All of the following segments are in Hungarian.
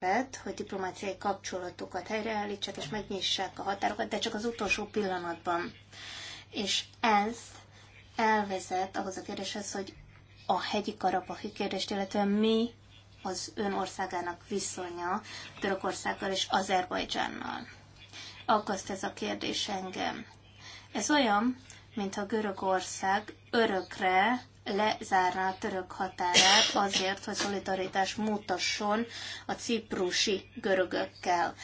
szerepet, hogy diplomáciai kapcsolatokat helyreállítsák és megnyissák a határokat, de csak az utolsó pillanatban. És ez elvezet ahhoz a kérdéshez, hogy a hegyi karabahi kérdést, illetve mi az ön országának viszonya Törökországgal és Azerbajdzsánnal. Akaszt ez a kérdés engem. Ez olyan, mintha Görögország örökre lezárná a török határát azért, hogy szolidaritás mutasson a ciprusi görögökkel.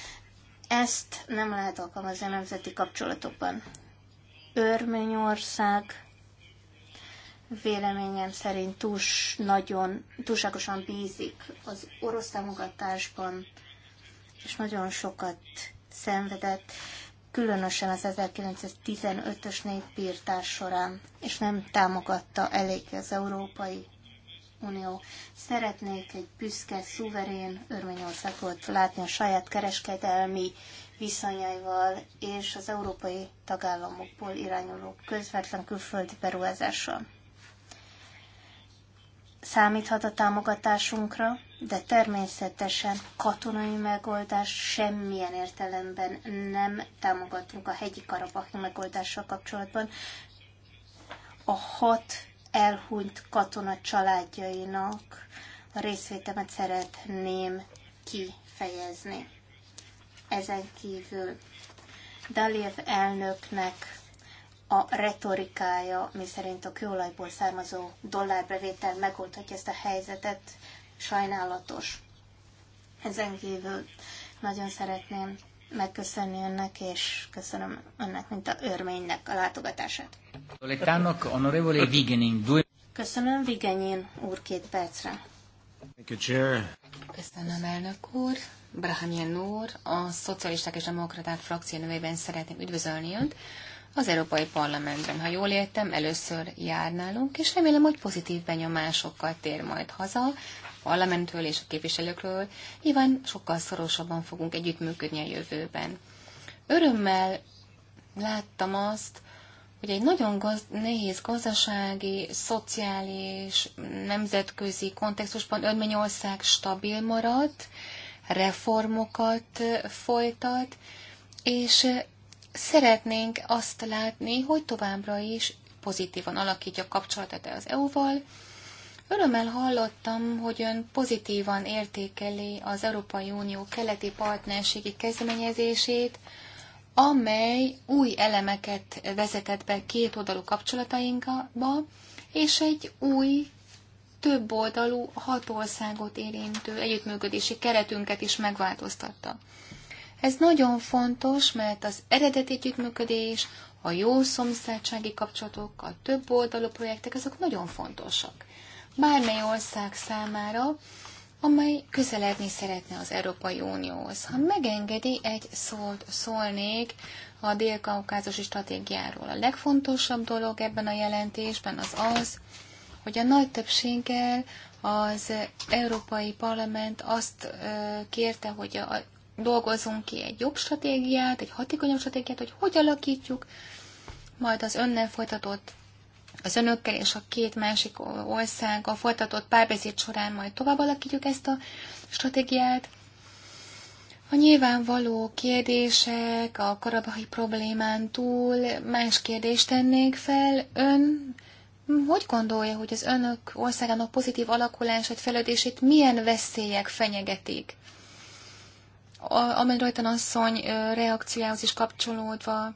Ezt nem lehet alkalmazni a nemzeti kapcsolatokban. Örményország véleményem szerint túls, nagyon, túlságosan bízik az orosz támogatásban, és nagyon sokat szenvedett különösen az 1915-ös népírtás során, és nem támogatta elég az Európai Unió. Szeretnék egy büszke, szuverén Örményországot látni a saját kereskedelmi viszonyaival és az európai tagállamokból irányuló közvetlen külföldi beruházással. Számíthat a támogatásunkra, de természetesen katonai megoldás semmilyen értelemben nem támogatunk a hegyi karabahi megoldással kapcsolatban. A hat elhunyt katona családjainak a részvétemet szeretném kifejezni. Ezen kívül Daliev elnöknek a retorikája, miszerint a kőolajból származó dollárbevétel megoldhatja ezt a helyzetet, sajnálatos. Ezen kívül nagyon szeretném megköszönni önnek, és köszönöm önnek, mint a örménynek a látogatását. Köszönöm, Vigenyin úr, két percre. Köszönöm, elnök úr. Brahamian úr, a Szocialisták és Demokraták frakció nevében szeretném üdvözölni önt az Európai Parlamentben. Ha jól értem, először jár nálunk, és remélem, hogy pozitív benyomásokkal tér majd haza, parlamentről és a képviselőkről, nyilván sokkal szorosabban fogunk együttműködni a jövőben. Örömmel láttam azt, hogy egy nagyon gaz- nehéz gazdasági, szociális, nemzetközi kontextusban Örményország stabil maradt, reformokat folytat, és szeretnénk azt látni, hogy továbbra is pozitívan alakítja kapcsolatát az EU-val, Örömmel hallottam, hogy ön pozitívan értékeli az Európai Unió keleti partnerségi kezdeményezését, amely új elemeket vezetett be két oldalú kapcsolatainkba, és egy új több oldalú hat országot érintő együttműködési keretünket is megváltoztatta. Ez nagyon fontos, mert az eredeti együttműködés, a jó szomszédsági kapcsolatok, a több oldalú projektek, azok nagyon fontosak bármely ország számára, amely közeledni szeretne az Európai Unióhoz. Ha megengedi, egy szót szólnék a dél-kaukázusi stratégiáról. A legfontosabb dolog ebben a jelentésben az az, hogy a nagy többséggel az Európai Parlament azt kérte, hogy a, dolgozunk ki egy jobb stratégiát, egy hatékonyabb stratégiát, hogy hogy alakítjuk majd az önnel folytatott az önökkel és a két másik országgal folytatott párbeszéd során majd tovább alakítjuk ezt a stratégiát. A nyilvánvaló kérdések a karabahi problémán túl más kérdést tennék fel. Ön hogy gondolja, hogy az önök országának pozitív alakulását, fejlődését milyen veszélyek fenyegetik? amely Rajtan asszony reakciához is kapcsolódva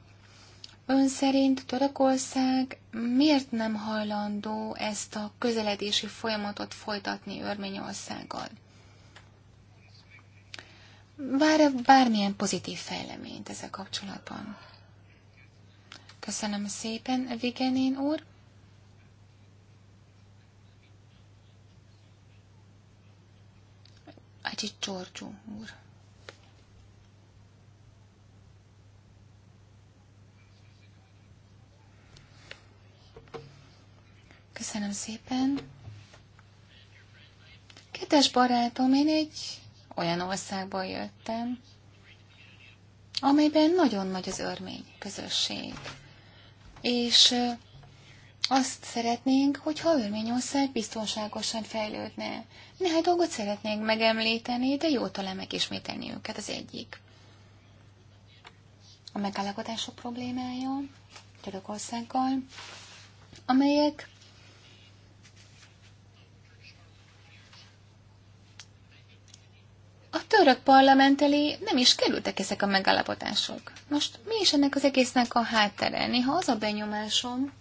Ön szerint Törökország miért nem hajlandó ezt a közeledési folyamatot folytatni Örményországgal? vár -e bármilyen pozitív fejleményt ezzel kapcsolatban? Köszönöm szépen, Vigenén úr. Acsi Csorcsú úr. Köszönöm szépen. Kedves barátom, én egy olyan országból jöttem, amelyben nagyon nagy az örmény közösség. És azt szeretnénk, hogyha Örményország biztonságosan fejlődne. Néhány dolgot szeretnénk megemlíteni, de jó talán megismételni őket az egyik. A megállapodások problémája Törökországgal, amelyek török parlament elé nem is kerültek ezek a megállapodások. Most mi is ennek az egésznek a háttere? Néha az a benyomásom,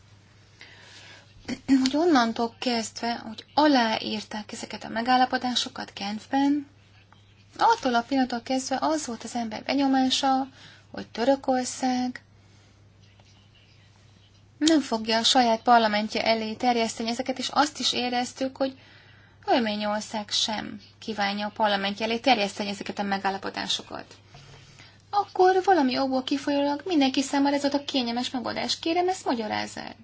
hogy onnantól kezdve, hogy aláírták ezeket a megállapodásokat Genfben, attól a pillanattól kezdve az volt az ember benyomása, hogy Törökország nem fogja a saját parlamentje elé terjeszteni ezeket, és azt is éreztük, hogy Örményország sem kívánja a parlament elé terjeszteni ezeket a megállapodásokat. Akkor valami óból kifolyólag mindenki számára ez a kényelmes megoldás. Kérem, ezt magyarázz el.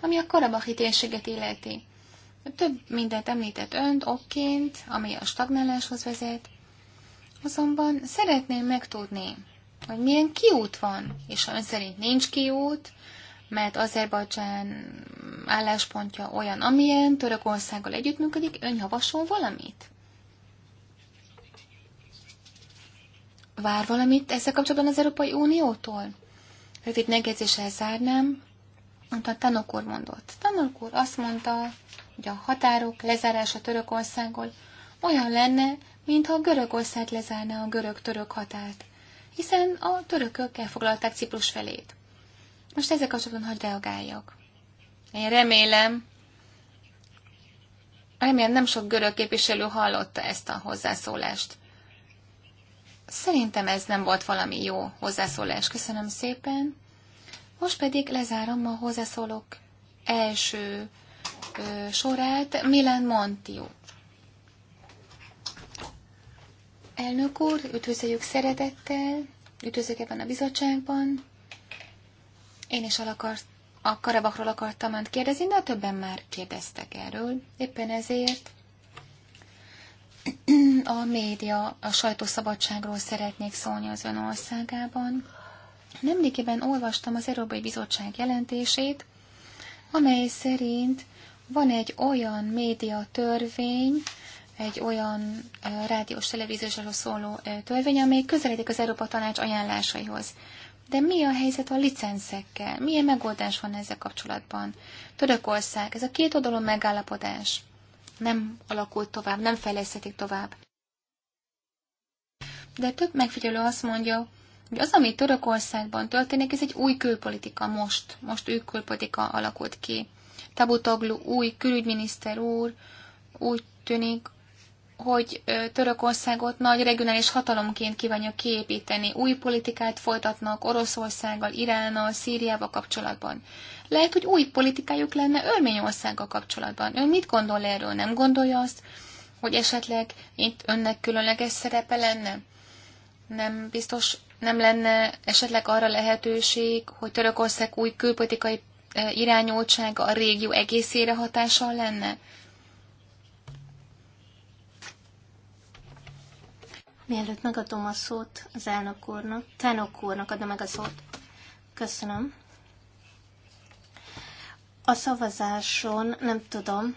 Ami a karabahi térséget illeti. Több mindent említett önt okként, ami a stagnáláshoz vezet. Azonban szeretném megtudni, hogy milyen kiút van, és ha ön szerint nincs kiút, mert Azerbajdzsán álláspontja olyan, amilyen Törökországgal együttműködik, ön javasol valamit? Vár valamit ezzel kapcsolatban az Európai Uniótól? Rövid megjegyzéssel zárnám, amit a Tanokor mondott. Tanokor azt mondta, hogy a határok lezárása Törökországgal olyan lenne, mintha Görögország lezárná a görög-török határt, hiszen a törökök elfoglalták Ciprus felét. Most ezzel kapcsolatban hadd reagáljak. Én remélem, remélem nem sok görög képviselő hallotta ezt a hozzászólást. Szerintem ez nem volt valami jó hozzászólás. Köszönöm szépen. Most pedig lezárom a hozzászólók első ö, sorát. Milan Montiu. Elnök úr, üdvözöljük szeretettel, üdvözlök ebben a bizottságban. Én is alakart a Karabakról akartam ment kérdezni, de a többen már kérdeztek erről. Éppen ezért a média, a sajtószabadságról szeretnék szólni az ön országában. Nemrégiben olvastam az Európai Bizottság jelentését, amely szerint van egy olyan média törvény, egy olyan rádiós televíziósról szóló törvény, amely közelítik az Európa Tanács ajánlásaihoz. De mi a helyzet a licenszekkel? Milyen megoldás van ezzel kapcsolatban? Törökország, ez a két oldalon megállapodás nem alakult tovább, nem fejleszthetik tovább. De több megfigyelő azt mondja, hogy az, ami Törökországban történik, ez egy új külpolitika most. Most új külpolitika alakult ki. Tabutoglu új külügyminiszter úr úgy tűnik, hogy Törökországot nagy regionális hatalomként kívánja kiépíteni, új politikát folytatnak Oroszországgal, Iránnal, Szíriával kapcsolatban. Lehet, hogy új politikájuk lenne Örményországgal kapcsolatban. Ön mit gondol erről? Nem gondolja azt, hogy esetleg itt önnek különleges szerepe lenne? Nem biztos, nem lenne esetleg arra lehetőség, hogy Törökország új külpolitikai irányultsága a régió egészére hatással lenne? Mielőtt megadom a szót az elnök úrnak, Tenok úrnak adom meg a szót. Köszönöm. A szavazáson nem tudom,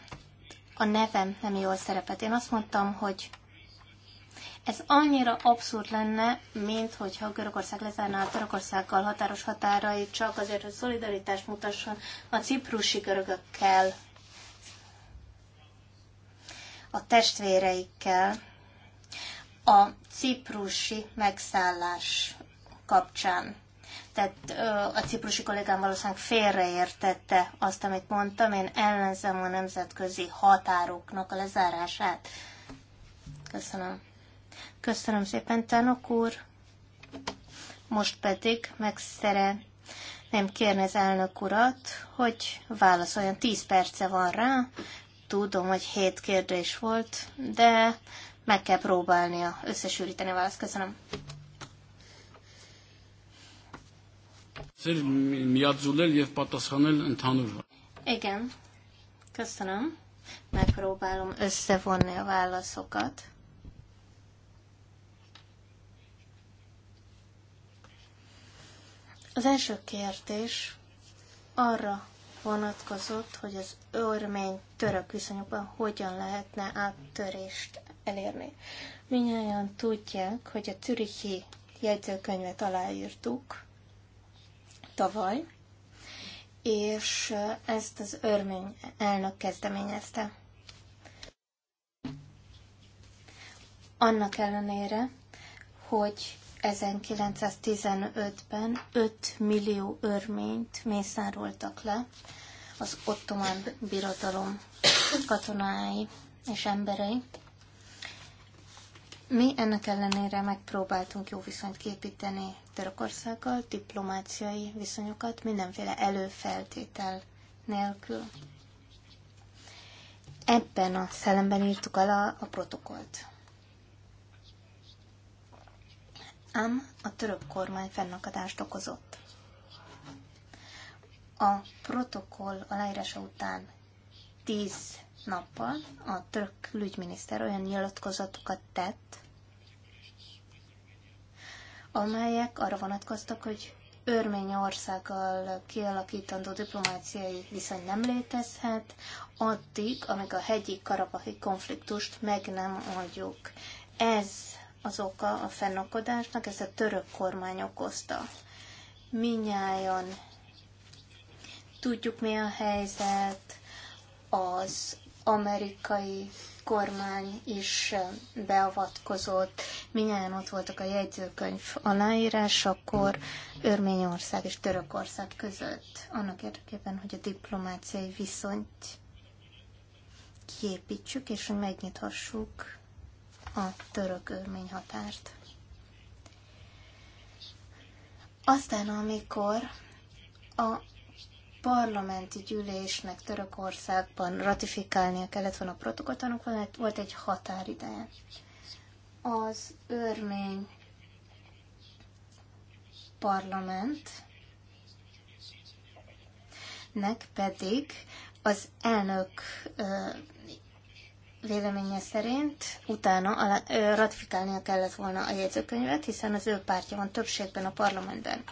a nevem nem jól szerepet. Én azt mondtam, hogy ez annyira abszurd lenne, mint hogyha Görögország lezárná a Törökországgal határos határait, csak azért, hogy szolidaritást mutasson a ciprusi görögökkel, a testvéreikkel a ciprusi megszállás kapcsán. Tehát a ciprusi kollégám valószínűleg félreértette azt, amit mondtam. Én ellenzem a nemzetközi határoknak a lezárását. Köszönöm. Köszönöm szépen, Tanok úr. Most pedig meg Nem kérni az elnök urat, hogy válaszoljon. Tíz perce van rá. Tudom, hogy hét kérdés volt, de meg kell próbálnia összesűríteni a választ. Köszönöm. Igen, köszönöm. Megpróbálom összevonni a válaszokat. Az első kérdés arra vonatkozott, hogy az örmény török viszonyokban hogyan lehetne áttörést elérni. Minnyáján tudják, hogy a Türihi jegyzőkönyvet aláírtuk tavaly, és ezt az örmény elnök kezdeményezte. Annak ellenére, hogy 1915-ben 5 millió örményt mészároltak le az ottomán birodalom katonái és emberei, mi ennek ellenére megpróbáltunk jó viszonyt képíteni Törökországgal, diplomáciai viszonyokat mindenféle előfeltétel nélkül. Ebben a szellemben írtuk alá a protokolt. Ám a török kormány fennakadást okozott. A protokoll aláírása után tíz nappal a török külügyminiszter olyan nyilatkozatokat tett, amelyek arra vonatkoztak, hogy Örményországgal kialakítandó diplomáciai viszony nem létezhet, addig, amíg a hegyi karabahi konfliktust meg nem adjuk. Ez az oka a fennokodásnak, ezt a török kormány okozta. Minnyáján tudjuk, mi a helyzet, az amerikai kormány is beavatkozott, minnyáján ott voltak a jegyzőkönyv akkor Örményország és Törökország között, annak érdekében, hogy a diplomáciai viszonyt kiépítsük, és hogy megnyithassuk a török-örmény határt. Aztán, amikor a parlamenti gyűlésnek Törökországban ratifikálnia kellett volna a protokollt, annak volt egy határideje. Az örmény parlament nek pedig az elnök véleménye szerint utána ratifikálnia kellett volna a jegyzőkönyvet, hiszen az ő pártja van többségben a parlamentben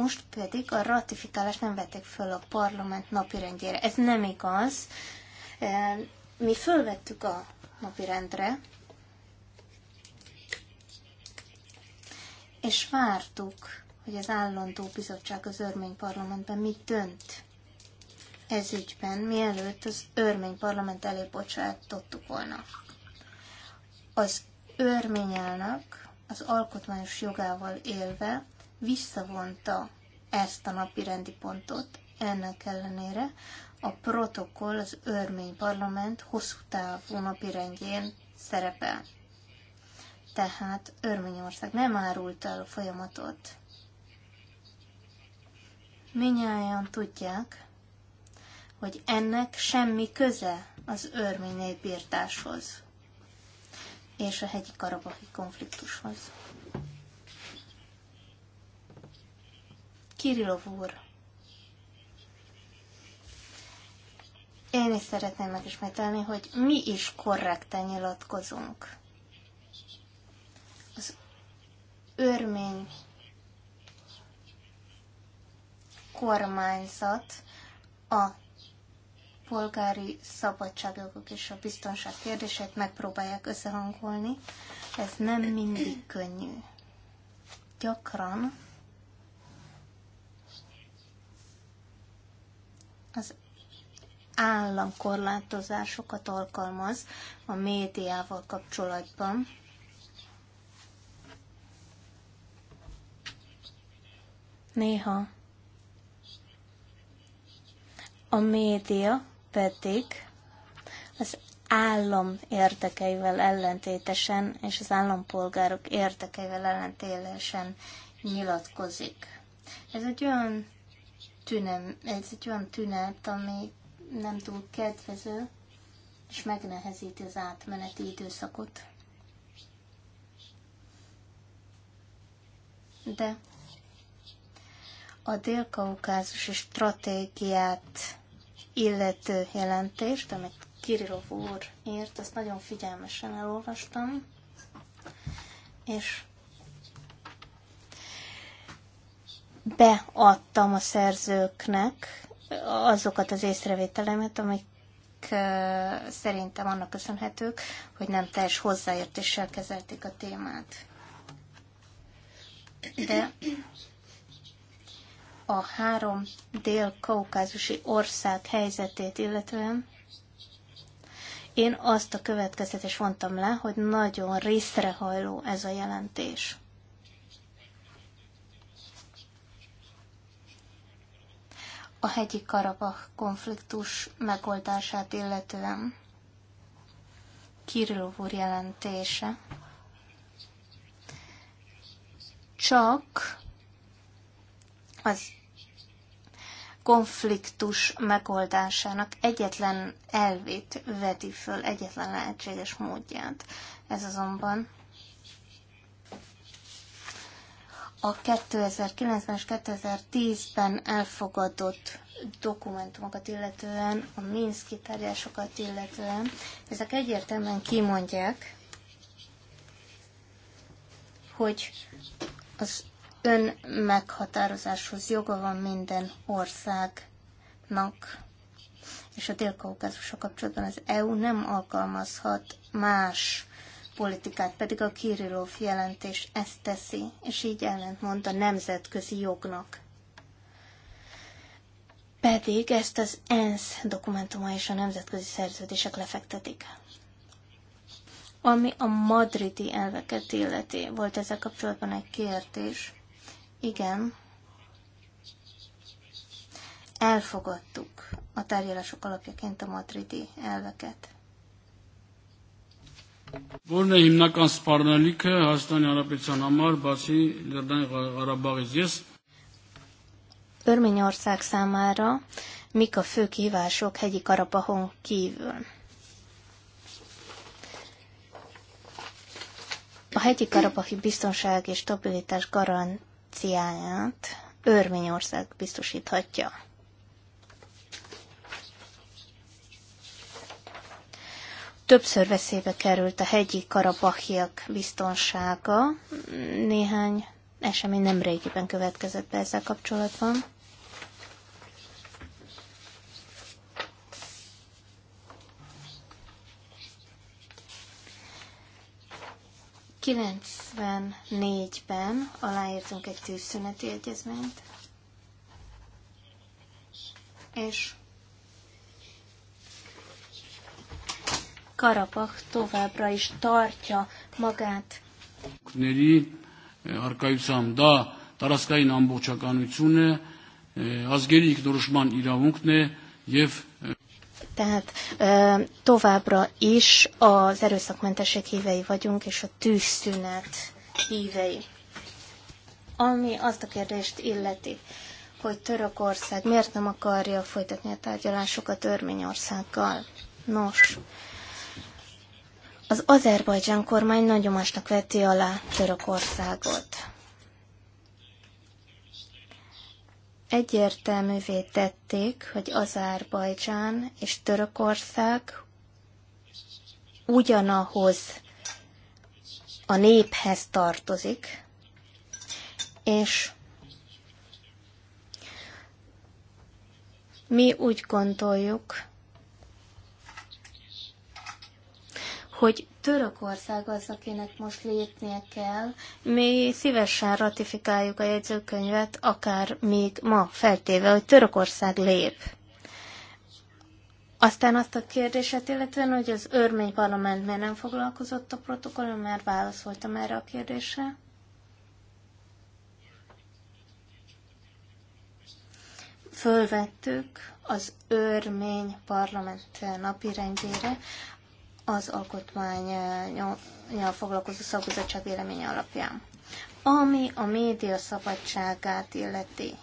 most pedig a ratifikálást nem vették föl a parlament napirendjére. Ez nem igaz. Mi fölvettük a napirendre, és vártuk, hogy az állandó bizottság az örmény parlamentben mit dönt ez ügyben, mielőtt az örmény parlament elé bocsátottuk volna. Az örmény elnök az alkotmányos jogával élve visszavonta ezt a napi rendi pontot. Ennek ellenére a protokoll az örmény parlament hosszú távú napi rendjén szerepel. Tehát Örményország nem árult el a folyamatot. Minnyáján tudják, hogy ennek semmi köze az örmény népírtáshoz és a hegyi karabahi konfliktushoz. Kirillov úr, én is szeretném megismételni, hogy mi is korrekten nyilatkozunk. Az örmény kormányzat a polgári szabadságjogok és a biztonság kérdését megpróbálják összehangolni. Ez nem mindig könnyű. Gyakran államkorlátozásokat alkalmaz a médiával kapcsolatban. Néha a média pedig az állam érdekeivel ellentétesen és az állampolgárok érdekeivel ellentétesen nyilatkozik. Ez egy olyan tünet, ez egy olyan tünet, ami nem túl kedvező, és megnehezíti az átmeneti időszakot. De a dél és stratégiát illető jelentést, amit Kirilov úr írt, azt nagyon figyelmesen elolvastam, és beadtam a szerzőknek, azokat az észrevételemet, amik szerintem annak köszönhetők, hogy nem teljes hozzáértéssel kezelték a témát. De a három dél-kaukázusi ország helyzetét illetően én azt a következetes vontam le, hogy nagyon részrehajló ez a jelentés. a hegyi Karabach konfliktus megoldását illetően. Kirillov úr jelentése. Csak az konfliktus megoldásának egyetlen elvét veti föl, egyetlen lehetséges módját. Ez azonban a 2009-ben és 2010-ben elfogadott dokumentumokat illetően, a Minszki tárgyásokat illetően, ezek egyértelműen kimondják, hogy az ön meghatározáshoz joga van minden országnak, és a délkaukázusok kapcsolatban az EU nem alkalmazhat más politikát, pedig a Kirillov jelentés ezt teszi, és így ellentmond a nemzetközi jognak. Pedig ezt az ENSZ dokumentuma és a nemzetközi szerződések lefektetik. Ami a madridi elveket illeti, volt ezzel kapcsolatban egy kérdés. Igen, elfogadtuk a tárgyalások alapjaként a madridi elveket. Որն է հիմնական սպառնալիքը Հայաստանի Հանրապետության համար, բացի Լեռնային Ղարաբաղից ես Örményország számára mik a fő kihívások hegyi Karapahon kívül? A hegyi Karapahi biztonság és stabilitás garanciáját Örményország biztosíthatja. Többször veszélybe került a hegyi karabahiak biztonsága. Néhány esemény nem régiben következett be ezzel kapcsolatban. ben aláírtunk egy tűzszüneti egyezményt, és Karabach továbbra is tartja magát. Արկայությամ դա տարածքային ամբողջականություն է, ազգերի ինքնորոշման իրավունքն է jev. tehát továbbra is az erőszakmentesség hívei vagyunk, és a tűzszünet hívei. Ami azt a kérdést illeti, hogy Törökország miért nem akarja folytatni a tárgyalásokat Örményországgal. Nos, az Azerbajdzsán kormány nagyon másnak veti alá Törökországot. Egyértelművé tették, hogy Azerbajdzsán és Törökország ugyanahoz a néphez tartozik, és mi úgy gondoljuk, hogy Törökország az, akinek most lépnie kell. Mi szívesen ratifikáljuk a jegyzőkönyvet, akár még ma, feltéve, hogy Törökország lép. Aztán azt a kérdéset illetően, hogy az örmény parlament miért nem foglalkozott a protokollon, mert válaszoltam erre a kérdésre. Fölvettük az örmény parlament napirendjére az alkotmányjal foglalkozó szakbizottság véleménye alapján. Ami a média szabadságát illeti,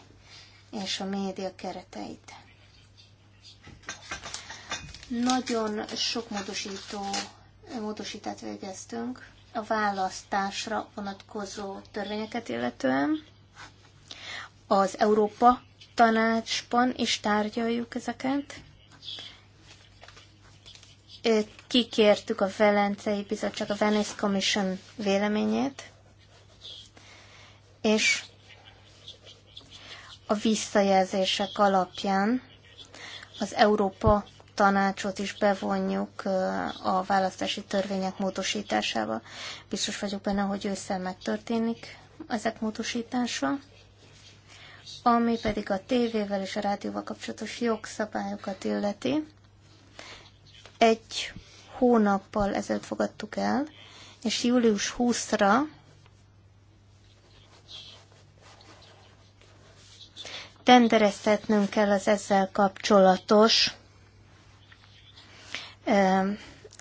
és a média kereteit. Nagyon sok módosító, módosítást végeztünk a választásra vonatkozó törvényeket illetően. Az Európa tanácsban is tárgyaljuk ezeket kikértük a Velencei Bizottság, a Venice Commission véleményét, és a visszajelzések alapján az Európa tanácsot is bevonjuk a választási törvények módosításába. Biztos vagyok benne, hogy ősszel megtörténik ezek módosítása. Ami pedig a tévével és a rádióval kapcsolatos jogszabályokat illeti, egy hónappal ezelőtt fogadtuk el, és július 20-ra tendereztetnünk kell az ezzel kapcsolatos ö,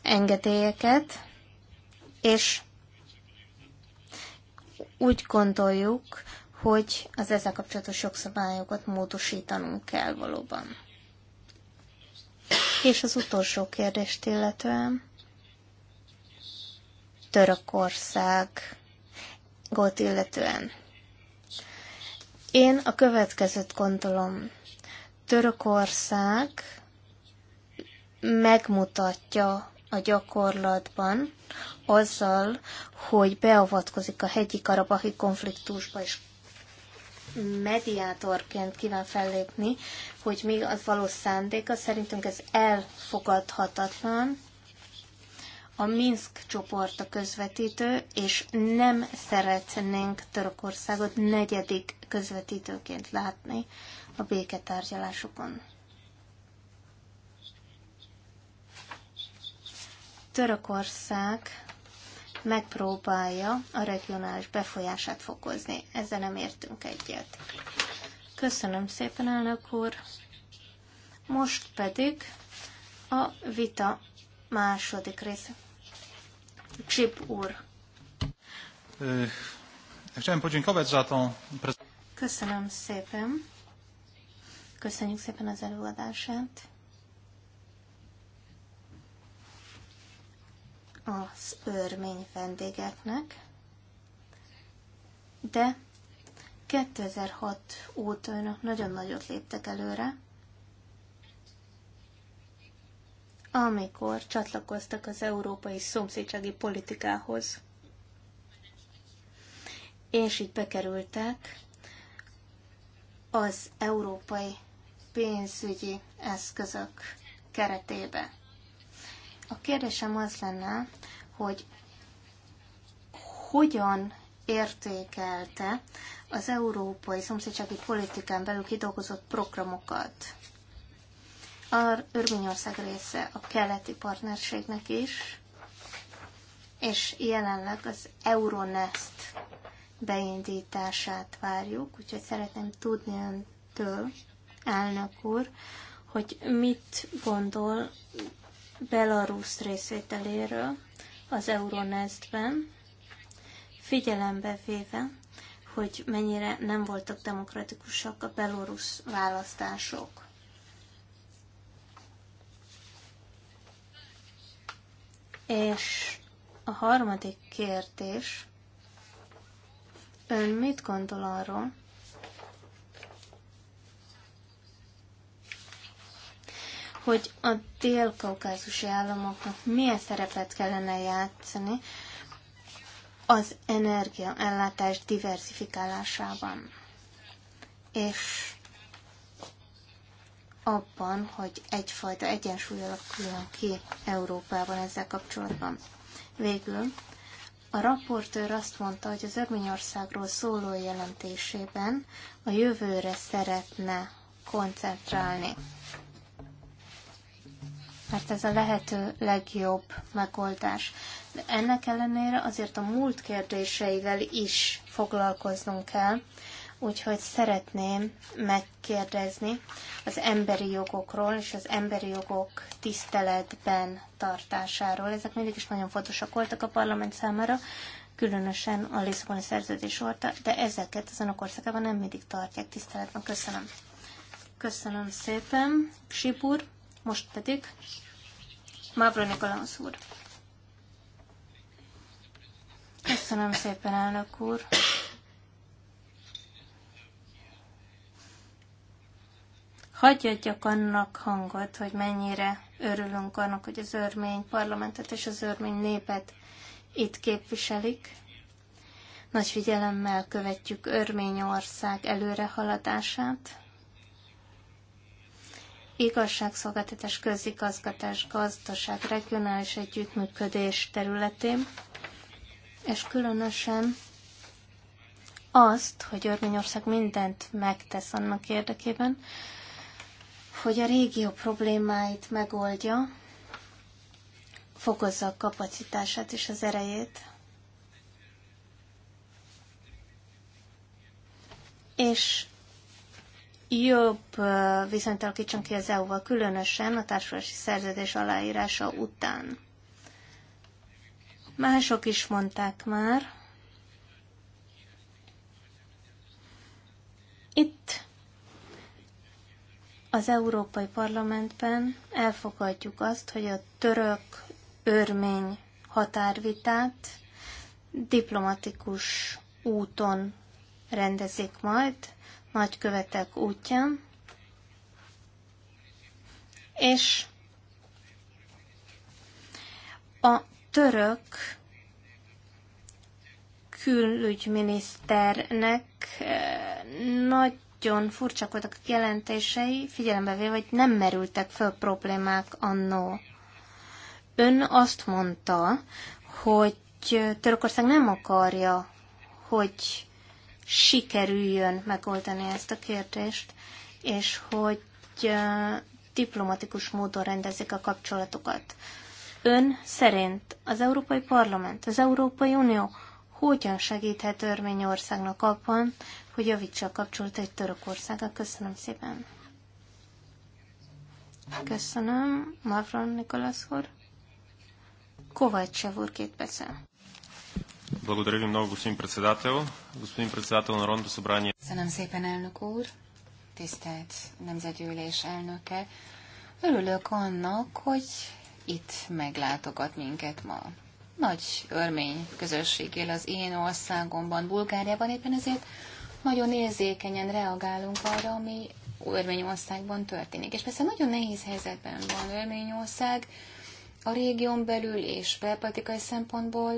engedélyeket, és úgy gondoljuk, hogy az ezzel kapcsolatos jogszabályokat módosítanunk kell valóban. És az utolsó kérdést illetően Törökország, gót illetően. Én a következőt gondolom. Törökország megmutatja a gyakorlatban azzal, hogy beavatkozik a hegyi karabahi konfliktusba, és mediátorként kíván fellépni, hogy mi az valós szándéka. Szerintünk ez elfogadhatatlan. A Minsk csoport a közvetítő, és nem szeretnénk Törökországot negyedik közvetítőként látni a béketárgyalásokon. Törökország megpróbálja a regionális befolyását fokozni. Ezzel nem értünk egyet. Köszönöm szépen, elnök úr. Most pedig a vita második része. Csip úr. Köszönöm szépen. Köszönjük szépen az előadását. Az örmény vendégeknek. De 2006 óta önök nagyon nagyot léptek előre, amikor csatlakoztak az európai szomszédsági politikához. És így bekerültek az európai pénzügyi eszközök keretébe. A kérdésem az lenne, hogy hogyan értékelte az európai szomszédsági politikán belül kidolgozott programokat. A Örményország része a keleti partnerségnek is, és jelenleg az Euronest beindítását várjuk, úgyhogy szeretném tudni öntől, elnök úr, hogy mit gondol Belarus részvételéről az Euronestben, figyelembe véve, hogy mennyire nem voltak demokratikusak a belorusz választások. És a harmadik kérdés, ön mit gondol arról, hogy a dél-kaukázusi államoknak milyen szerepet kellene játszani az energiaellátás diversifikálásában, és abban, hogy egyfajta egyensúly alakuljon ki Európában ezzel kapcsolatban. Végül a raportőr azt mondta, hogy az Örményországról szóló jelentésében a jövőre szeretne koncentrálni. Mert ez a lehető legjobb megoldás. De ennek ellenére azért a múlt kérdéseivel is foglalkoznunk kell, úgyhogy szeretném megkérdezni az emberi jogokról és az emberi jogok tiszteletben tartásáról. Ezek mindig is nagyon fontosak voltak a parlament számára, különösen a Lisszaboni szerződés óta, de ezeket az önök országában nem mindig tartják tiszteletben. Köszönöm. Köszönöm szépen, Sipur. Most pedig Mavro Nikolaus úr. Köszönöm szépen, elnök úr. Hagyj annak hangot, hogy mennyire örülünk annak, hogy az örmény parlamentet és az örmény népet itt képviselik. Nagy figyelemmel követjük Örményország előrehaladását. Igazságszolgáltatás, közigazgatás, gazdaság, regionális együttműködés területén és különösen azt, hogy Örményország mindent megtesz annak érdekében, hogy a régió problémáit megoldja, fokozza a kapacitását és az erejét. És jobb viszonyt alakítson ki az EU-val, különösen a társulási szerződés aláírása után. Mások is mondták már. Itt az Európai Parlamentben elfogadjuk azt, hogy a török örmény határvitát diplomatikus úton rendezik majd, nagykövetek útján, és a török külügyminiszternek eh, nagyon furcsak voltak a jelentései, figyelembe véve, hogy nem merültek föl problémák annó. Ön azt mondta, hogy Törökország nem akarja, hogy sikerüljön megoldani ezt a kérdést, és hogy eh, diplomatikus módon rendezik a kapcsolatokat. Ön szerint az Európai Parlament, az Európai Unió hogyan segíthet Örményországnak abban, hogy javítsa a kapcsolatait Törökországgal? Köszönöm szépen. Köszönöm, Mavron Nikolasz úr. Kovácsev úr, két percen. много, господин председател. Господин председател на Народното събрание. Köszönöm szépen, elnök úr, tisztelt nemzetgyűlés elnöke. Örülök annak, hogy itt meglátogat minket ma. Nagy örmény közösség él az én országomban, Bulgáriában, éppen ezért nagyon érzékenyen reagálunk arra, ami Örményországban történik. És persze nagyon nehéz helyzetben van Örményország a régión belül és belpolitikai szempontból.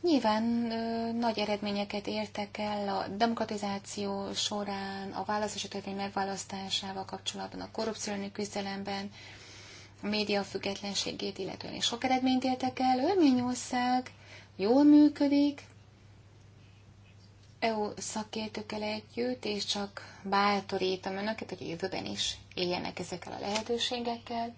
Nyilván ö, nagy eredményeket értek el a demokratizáció során, a választási törvény megválasztásával kapcsolatban, a korrupció küzdelemben, a média függetlenségét illetően. És sok eredményt éltek el, Örményország jól működik, EU szakértőkkel együtt, és csak bátorítom önöket, hogy jövőben is éljenek ezekkel a lehetőségekkel.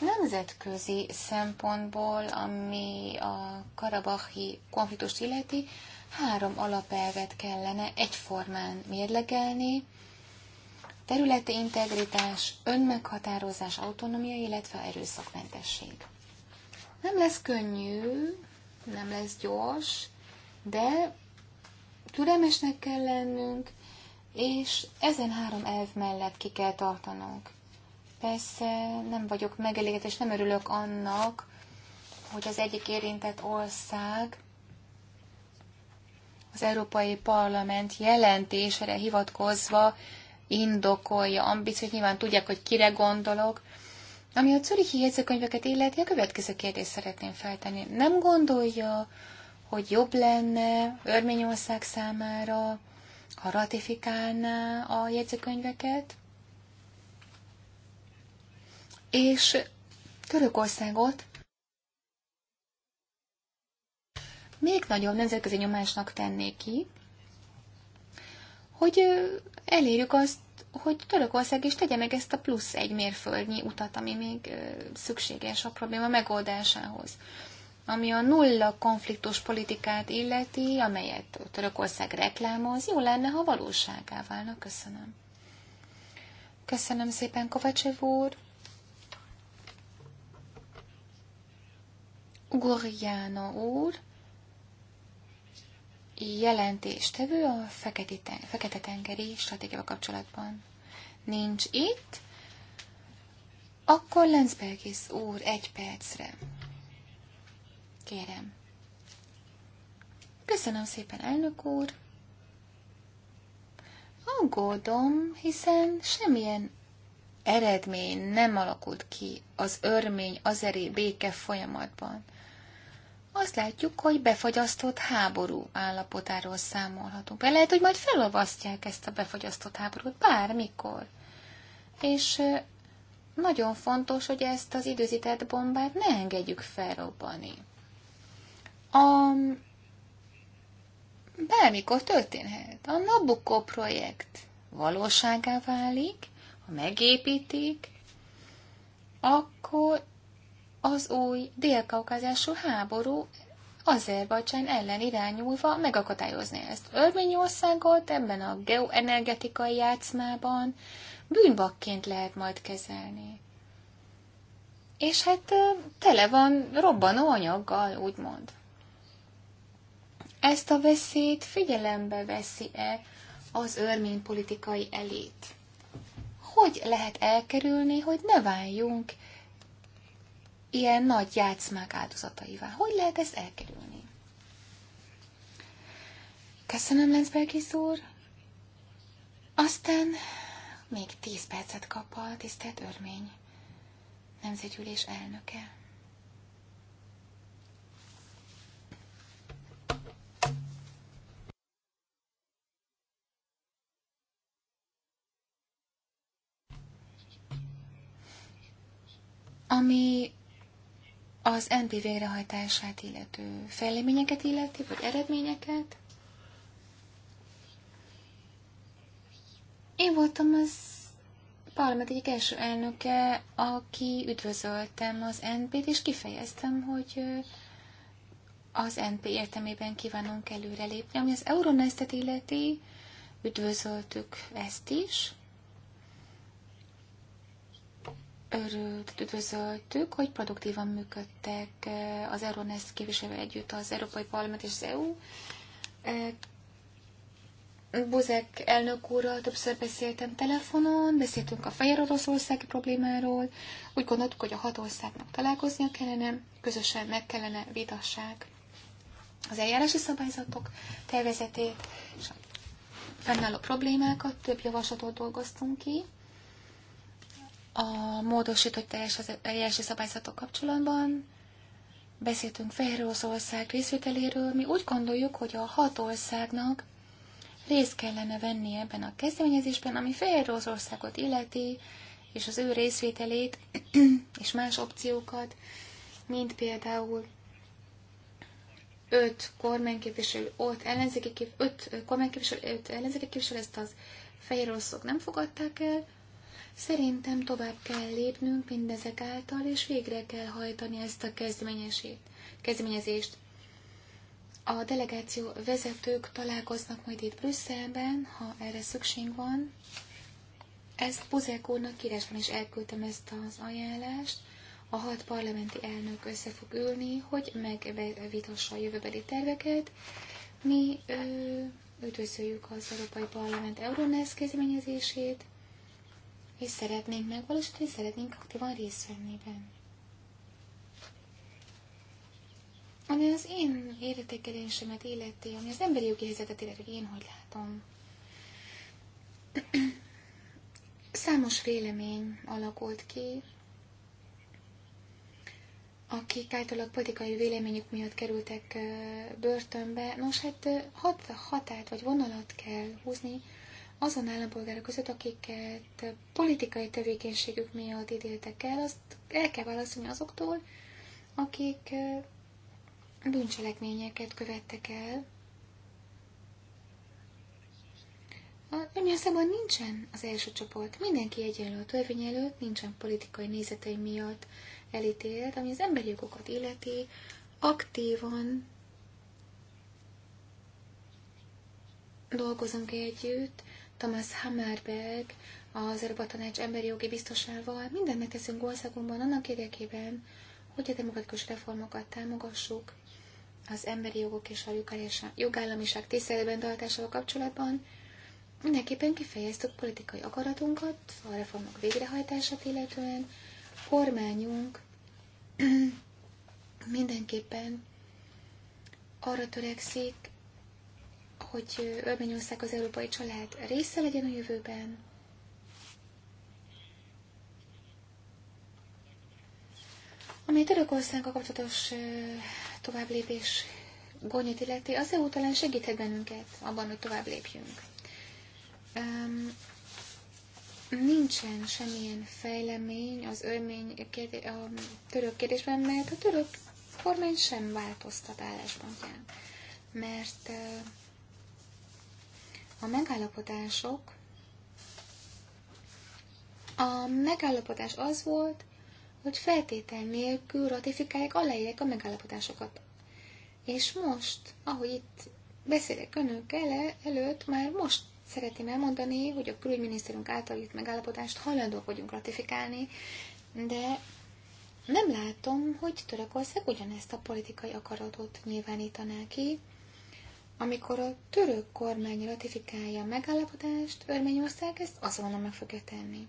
Nemzetközi szempontból, ami a karabahi konfliktust illeti, három alapelvet kellene egyformán mérlegelni, területi integritás, önmeghatározás, autonómia, illetve erőszakmentesség. Nem lesz könnyű, nem lesz gyors, de türelmesnek kell lennünk, és ezen három elv mellett ki kell tartanunk. Persze nem vagyok megelégedett, és nem örülök annak, hogy az egyik érintett ország az Európai Parlament jelentésére hivatkozva indokolja hogy nyilván tudják, hogy kire gondolok. Ami a Czürichi jegyzőkönyveket illeti, a következő kérdést szeretném feltenni. Nem gondolja, hogy jobb lenne Örményország számára, ha ratifikálná a jegyzőkönyveket? És Törökországot még nagyobb nemzetközi nyomásnak tenné ki, hogy elérjük azt, hogy Törökország is tegye meg ezt a plusz egy mérföldnyi utat, ami még szükséges a probléma megoldásához. Ami a nulla konfliktus politikát illeti, amelyet Törökország reklámoz, jó lenne, ha valóságá válna. Köszönöm. Köszönöm szépen, Kovacsev úr. Gurjána úr jelentéstevő a Fekete-tengeri stratégiával kapcsolatban nincs itt, akkor Lenzbergis úr egy percre. Kérem. Köszönöm szépen, elnök úr. Aggódom, hiszen semmilyen eredmény nem alakult ki az örmény azeri béke folyamatban azt látjuk, hogy befagyasztott háború állapotáról számolhatunk. Be lehet, hogy majd felolvasztják ezt a befagyasztott háborút bármikor. És nagyon fontos, hogy ezt az időzített bombát ne engedjük felrobbani. A... Bármikor történhet. A Nabucco projekt valóságá válik, ha megépítik, akkor az új délkaukázású háború Azerbajcsán ellen irányulva megakadályozni ezt. Örményországot ebben a geoenergetikai játszmában bűnbakként lehet majd kezelni. És hát tele van robbanó anyaggal, úgymond. Ezt a veszélyt figyelembe veszi-e az örmény politikai elit? Hogy lehet elkerülni, hogy ne váljunk ilyen nagy játszmák áldozataivá. Hogy lehet ezt elkerülni? Köszönöm, Lenzbergis úr. Aztán még tíz percet kap a tisztelt örmény, nemzetgyűlés elnöke. Ami az NP végrehajtását illető fejleményeket illeti, vagy eredményeket. Én voltam az parlament egyik első elnöke, aki üdvözöltem az NP-t, és kifejeztem, hogy az NP értelmében kívánunk előrelépni. Ami az Euronestet illeti, üdvözöltük ezt is, örült, üdvözöltük, hogy produktívan működtek eh, az Euronest képviselő együtt az Európai Parlament és az EU. Eh, Buzek elnök úrral többször beszéltem telefonon, beszéltünk a fehér oroszországi problémáról, úgy gondoltuk, hogy a hat országnak találkoznia kellene, közösen meg kellene vitassák az eljárási szabályzatok tervezetét, és a fennálló problémákat, több javaslatot dolgoztunk ki a módosított eljárási szabályzatok kapcsolatban. Beszéltünk Fehér Oroszország részvételéről. Mi úgy gondoljuk, hogy a hat országnak részt kellene venni ebben a kezdeményezésben, ami Fehér Oroszországot illeti, és az ő részvételét, és más opciókat, mint például öt kormányképviselő, ott ellenzéki képviselő, öt kormányképviselő, öt ellenzéki képviselő, ezt az fehér nem fogadták el, Szerintem tovább kell lépnünk mindezek által, és végre kell hajtani ezt a kezdeményezést. A delegáció vezetők találkoznak majd itt Brüsszelben, ha erre szükség van. Ezt Buzek úrnak írásban is elküldtem ezt az ajánlást. A hat parlamenti elnök össze fog ülni, hogy megvitassa a jövőbeli terveket. Mi ö, üdvözöljük az Európai Parlament Euronesz kezdeményezését, és szeretnénk megvalósítani, és szeretnénk aktívan részt venni benne. Ami az én értékelésemet illeti, ami az emberi jogi helyzetet illeti, hogy én hogy látom. Számos vélemény alakult ki, akik általában politikai véleményük miatt kerültek börtönbe. Nos, hát hat, határt vagy vonalat kell húzni azon állampolgárok között, akiket politikai tevékenységük miatt ítéltek el, azt el kell válaszolni azoktól, akik bűncselekményeket követtek el. Ami azonban nincsen az első csoport. Mindenki egyenlő a törvény előtt, nincsen politikai nézetei miatt elítélt, ami az emberi jogokat illeti, aktívan dolgozunk együtt, Thomas Hammerberg, az Európa Tanács emberi jogi biztosával mindent megteszünk országunkban annak érdekében, hogy a demokratikus reformokat támogassuk, az emberi jogok és a jogállamiság tiszteletben tartásával kapcsolatban, mindenképpen kifejeztük politikai akaratunkat a reformok végrehajtását illetően, kormányunk mindenképpen arra törekszik, hogy Örményország az európai család része legyen a jövőben. Ami Törökországgal kapcsolatos továbblépés gonyit illeti, az EU talán segíthet bennünket abban, hogy tovább lépjünk. Um, nincsen semmilyen fejlemény az örmény a török kérdésben, mert a török kormány sem változtat álláspontján. Mert uh, a megállapodások a megállapodás az volt, hogy feltétel nélkül ratifikálják, aláírják a megállapodásokat. És most, ahogy itt beszélek önök ele, előtt, már most szeretném elmondani, hogy a külügyminiszterünk által írt megállapodást hajlandók vagyunk ratifikálni, de nem látom, hogy Törökország ugyanezt a politikai akaratot nyilvánítaná ki, amikor a török kormány ratifikálja a megállapodást, Örményország ezt azonnal meg fogja tenni.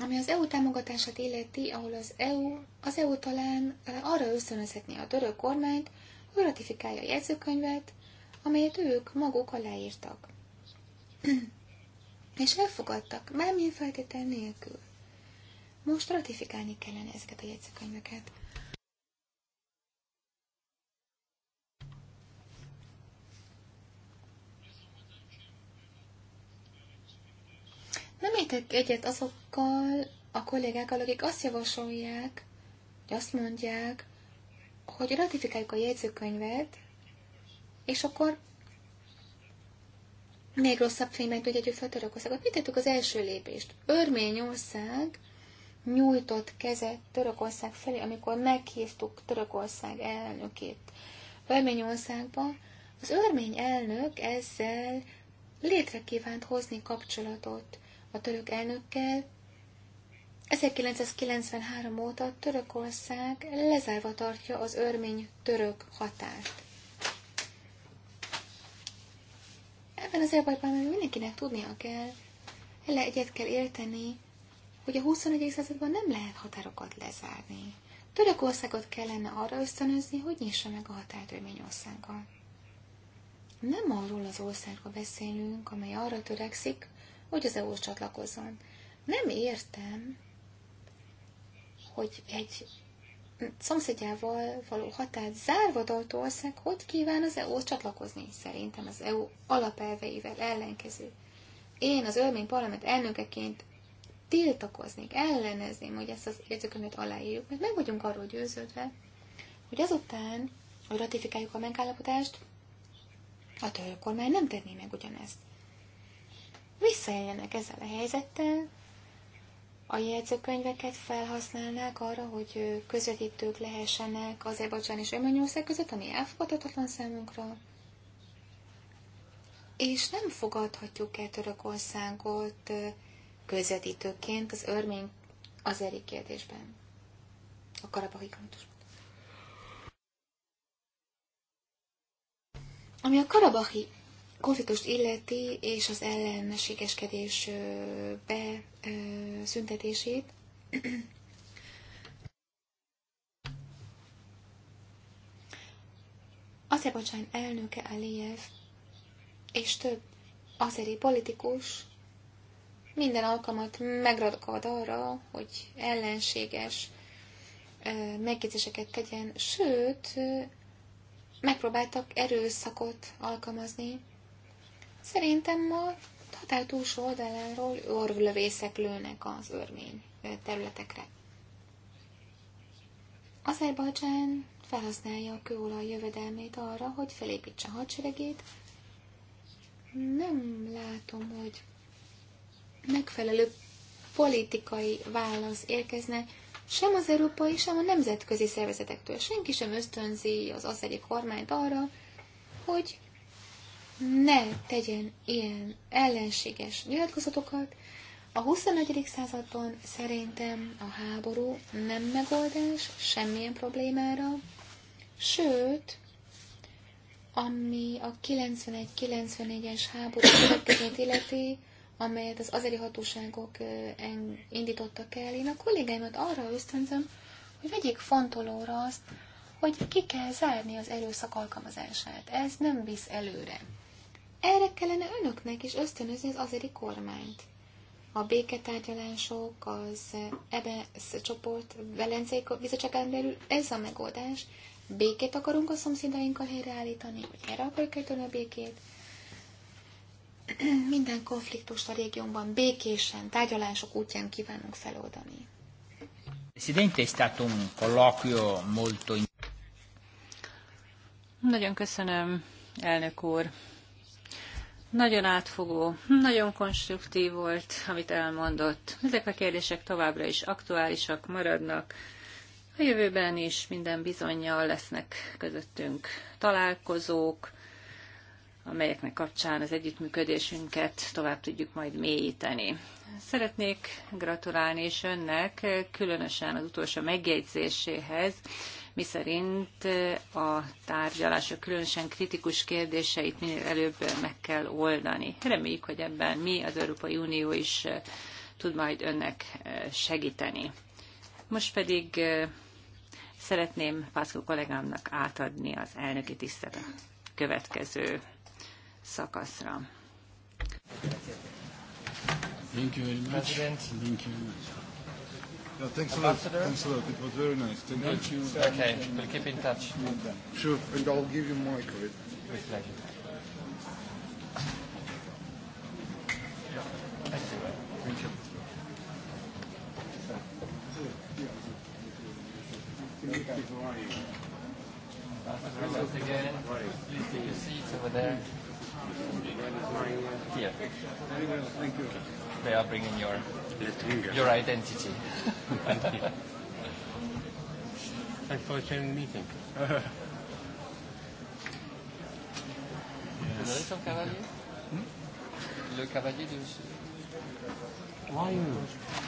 Ami az EU támogatását illeti, ahol az EU, az EU talán eh, arra összönözhetné a török kormányt, hogy ratifikálja a jegyzőkönyvet, amelyet ők maguk aláírtak. és elfogadtak, bármilyen feltétel nélkül. Most ratifikálni kellene ezeket a jegyzőkönyveket. Nem értek egyet azokkal a kollégákkal, akik azt javasolják, hogy azt mondják, hogy ratifikáljuk a jegyzőkönyvet, és akkor még rosszabb fényben tudjuk fel Törökországot. Mit tettük az első lépést? Örményország nyújtott kezet Törökország felé, amikor meghívtuk Törökország elnökét Örményországba. Az örmény elnök ezzel létre kívánt hozni kapcsolatot a török elnökkel. 1993 óta Törökország lezárva tartja az örmény-török határt. Ebben az elbajban mindenkinek tudnia kell, le egyet kell érteni, hogy a 21. században nem lehet határokat lezárni. Törökországot kellene arra ösztönözni, hogy nyissa meg a határt Örményországgal. Nem arról az országról beszélünk, amely arra törekszik, hogy az EU-hoz csatlakozzon. Nem értem, hogy egy szomszédjával való határt zárva tartó ország hogy kíván az eu csatlakozni. Szerintem az EU alapelveivel ellenkező. Én az örmény parlament elnökeként tiltakoznék, ellenezném, hogy ezt az érzőkönyvet aláírjuk, mert meg vagyunk arról győződve, hogy azután, hogy ratifikáljuk a megállapodást, a török kormány nem tenné meg ugyanezt visszaéljenek ezzel a helyzettel, a jegyzőkönyveket felhasználnák arra, hogy közvetítők lehessenek az Ebocsán és Örményország között, ami elfogadhatatlan számunkra. És nem fogadhatjuk el Törökországot közvetítőként az örmény azeri kérdésben, a karabahi konfliktusban. Ami a karabahi konfliktust illeti és az ellenségeskedés beszüntetését. Azerbajdzsán elnöke Aliyev és több azeri politikus minden alkalmat megrakad arra, hogy ellenséges megjegyzéseket tegyen, sőt, megpróbáltak erőszakot alkalmazni Szerintem ma határ túlsó oldaláról orvlövészek lőnek az örmény területekre. Azerbajdzsán felhasználja a kőolaj jövedelmét arra, hogy felépítse hadseregét. Nem látom, hogy megfelelő politikai válasz érkezne sem az európai, sem a nemzetközi szervezetektől. Senki sem ösztönzi az azeri kormányt arra, hogy ne tegyen ilyen ellenséges nyilatkozatokat. A 21. században szerintem a háború nem megoldás semmilyen problémára, sőt, ami a 91-94-es háború következőt illeti, amelyet az azeri hatóságok indítottak el, én a kollégáimat arra ösztönzöm, hogy vegyék fontolóra azt, hogy ki kell zárni az erőszak alkalmazását. Ez nem visz előre. Erre kellene önöknek is ösztönözni az azeri kormányt. A béketárgyalások, az EBS e csoport Velencei Bizottságán belül ez a megoldás. Békét akarunk a szomszédainkkal helyreállítani, hogy erre akarjuk eltörni a békét. Minden konfliktust a régiónban békésen, tárgyalások útján kívánunk feloldani. Nagyon köszönöm, elnök úr. Nagyon átfogó, nagyon konstruktív volt, amit elmondott. Ezek a kérdések továbbra is aktuálisak maradnak. A jövőben is minden bizonyjal lesznek közöttünk találkozók, amelyeknek kapcsán az együttműködésünket tovább tudjuk majd mélyíteni. Szeretnék gratulálni is önnek, különösen az utolsó megjegyzéséhez, miszerint a tárgyalások különösen kritikus kérdéseit minél előbb meg kell oldani. Reméljük, hogy ebben mi, az Európai Unió is eh, tud majd önnek eh, segíteni. Most pedig eh, szeretném Pászló kollégámnak átadni az elnöki tisztet a következő szakaszra. Thank you very much. President. Thank you. No, thanks Ambassador. a lot. Thanks a lot. It was very nice. Thank, Thank you. you. Okay, we'll keep in touch. Sure, and I'll give you my credit. With pleasure. Thank you. Thank you. Ambassador, again, please take your seats over there. Here. Thank you. They are bringing your your identity. Thank you. Thanks for attending the meeting. yes. Vous cavalier hmm? Le cavalier de... Why you?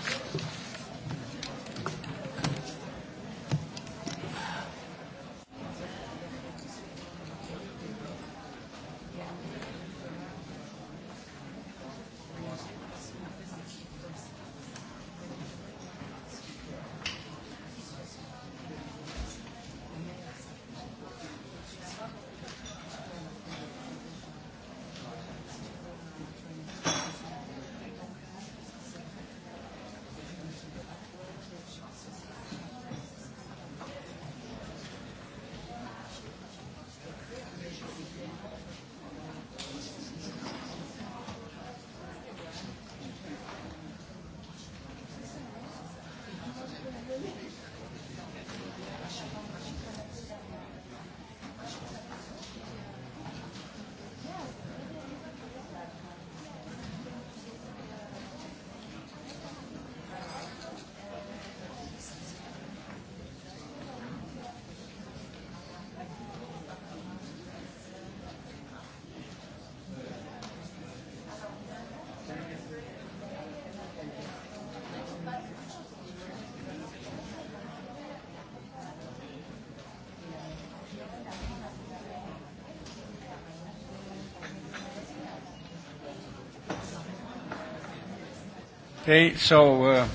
Okay, so uh,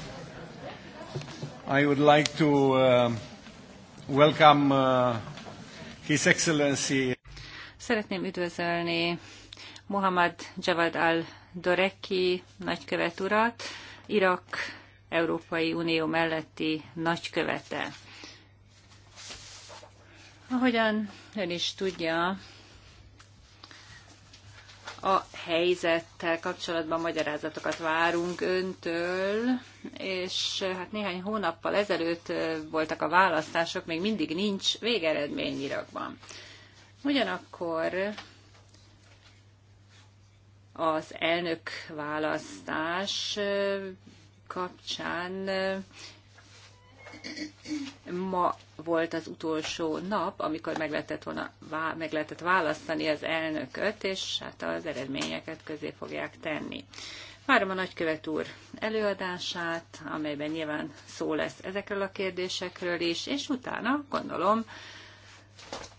I would like to uh, welcome uh, His Excellency. Szeretném üdvözölni Muhammad Javad al-Doreki nagykövet urat, Irak Európai Unió melletti nagykövete. Ahogyan ön is tudja, helyzettel kapcsolatban magyarázatokat várunk öntől, és hát néhány hónappal ezelőtt voltak a választások, még mindig nincs végeredmény nyirakban. Ugyanakkor az elnök választás kapcsán Ma volt az utolsó nap, amikor meg lehetett, volna, meg lehetett választani az elnököt, és hát az eredményeket közé fogják tenni. Várom a nagykövet úr előadását, amelyben nyilván szó lesz ezekről a kérdésekről is, és utána gondolom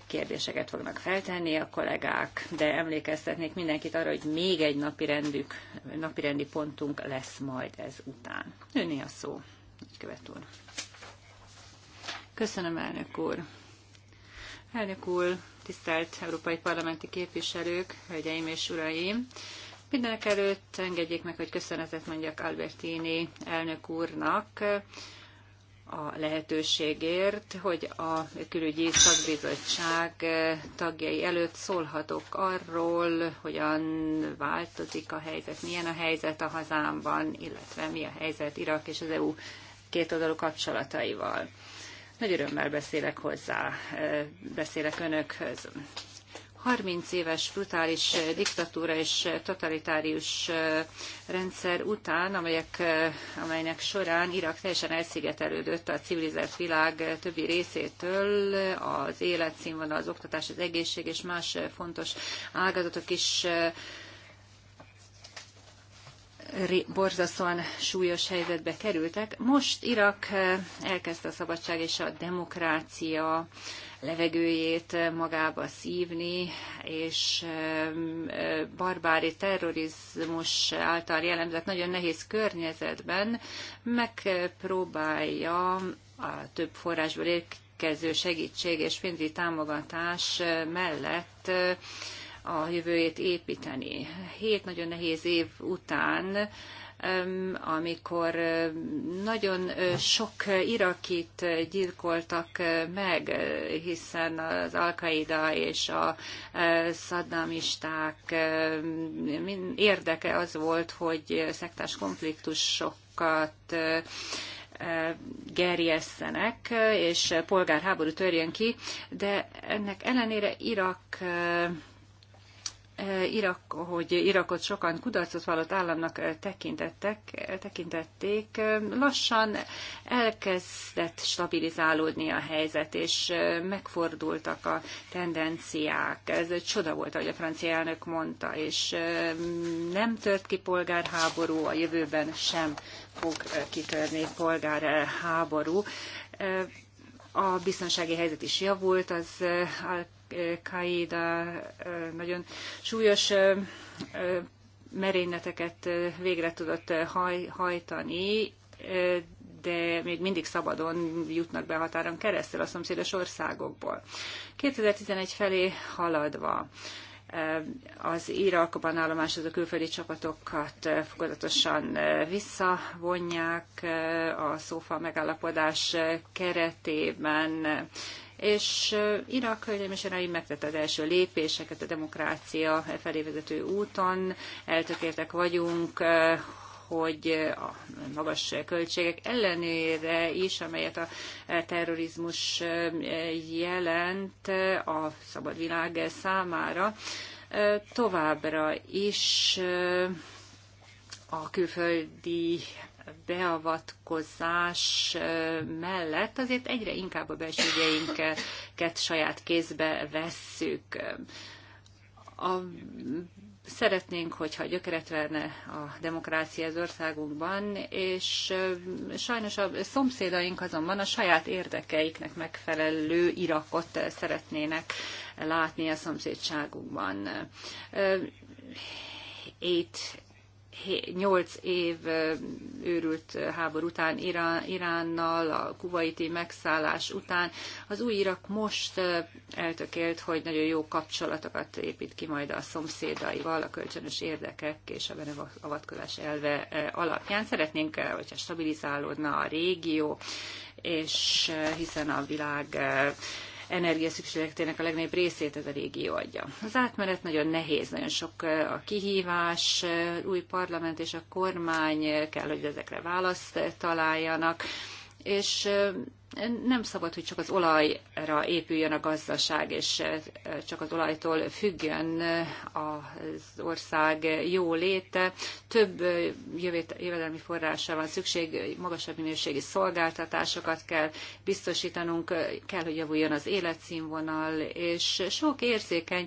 kérdéseket fognak feltenni a kollégák, de emlékeztetnék mindenkit arra, hogy még egy napi, rendük, napi rendi pontunk lesz majd ez után. Önni a szó, nagykövet úr. Köszönöm, elnök úr. Elnök úr, tisztelt európai parlamenti képviselők, hölgyeim és uraim! Mindenek előtt engedjék meg, hogy köszönetet mondjak Albertini elnök úrnak a lehetőségért, hogy a külügyi szakbizottság tagjai előtt szólhatok arról, hogyan változik a helyzet, milyen a helyzet a hazámban, illetve mi a helyzet Irak és az EU két oldalú kapcsolataival. Nagy örömmel beszélek hozzá, beszélek önökhöz. 30 éves brutális diktatúra és totalitárius rendszer után, amelyek, amelynek során Irak teljesen elszigetelődött a civilizált világ többi részétől, az életszínvonal, az oktatás, az egészség és más fontos ágazatok is borzasztóan súlyos helyzetbe kerültek. Most Irak eh, elkezdte a szabadság és a demokrácia levegőjét eh, magába szívni, és eh, barbári terrorizmus által jellemzett nagyon nehéz környezetben megpróbálja a több forrásból érkező segítség és pénzügyi támogatás mellett a jövőjét építeni. Hét nagyon nehéz év után amikor nagyon sok irakit gyilkoltak meg, hiszen az al Qaeda és a szaddamisták érdeke az volt, hogy szektás konfliktusokat gerjesszenek, és polgárháború törjön ki, de ennek ellenére Irak Irak, hogy Irakot sokan kudarcot vallott államnak tekintettek, tekintették, lassan elkezdett stabilizálódni a helyzet, és megfordultak a tendenciák. Ez egy csoda volt, ahogy a francia elnök mondta, és nem tört ki polgárháború, a jövőben sem fog kitörni polgárháború. A biztonsági helyzet is javult, az Kaida nagyon súlyos merényleteket végre tudott haj, hajtani, de még mindig szabadon jutnak be határon keresztül a szomszédos országokból. 2011 felé haladva az Irakban állomásozó külföldi csapatokat fokozatosan visszavonják a szófa megállapodás keretében és Irak, hölgyeim és uraim, megtett az első lépéseket a demokrácia felé vezető úton, eltökértek vagyunk, hogy a magas költségek ellenére is, amelyet a terrorizmus jelent a szabad világ számára, továbbra is a külföldi beavatkozás mellett azért egyre inkább a belső saját kézbe vesszük. A szeretnénk, hogyha gyökeret verne a demokrácia az országunkban, és sajnos a szomszédaink azonban a saját érdekeiknek megfelelő Irakot szeretnének látni a szomszédságunkban. Itt 8 év őrült háború után Irán, Iránnal, a kuvaiti megszállás után. Az új Irak most eltökélt, hogy nagyon jó kapcsolatokat épít ki majd a szomszédaival, a kölcsönös érdekek és a avatkozás elve alapján. Szeretnénk, hogyha stabilizálódna a régió, és hiszen a világ energiaszükségletének a legnagyobb részét ez a régió adja. Az átmenet nagyon nehéz, nagyon sok a kihívás, új parlament és a kormány kell, hogy ezekre választ találjanak, és nem szabad, hogy csak az olajra épüljön a gazdaság, és e, e, csak az olajtól függjön az ország jó léte. Több e, jövedelmi forrásra van szükség, magasabb minőségi szolgáltatásokat kell biztosítanunk, kell, hogy javuljon az életszínvonal, és sok érzékeny,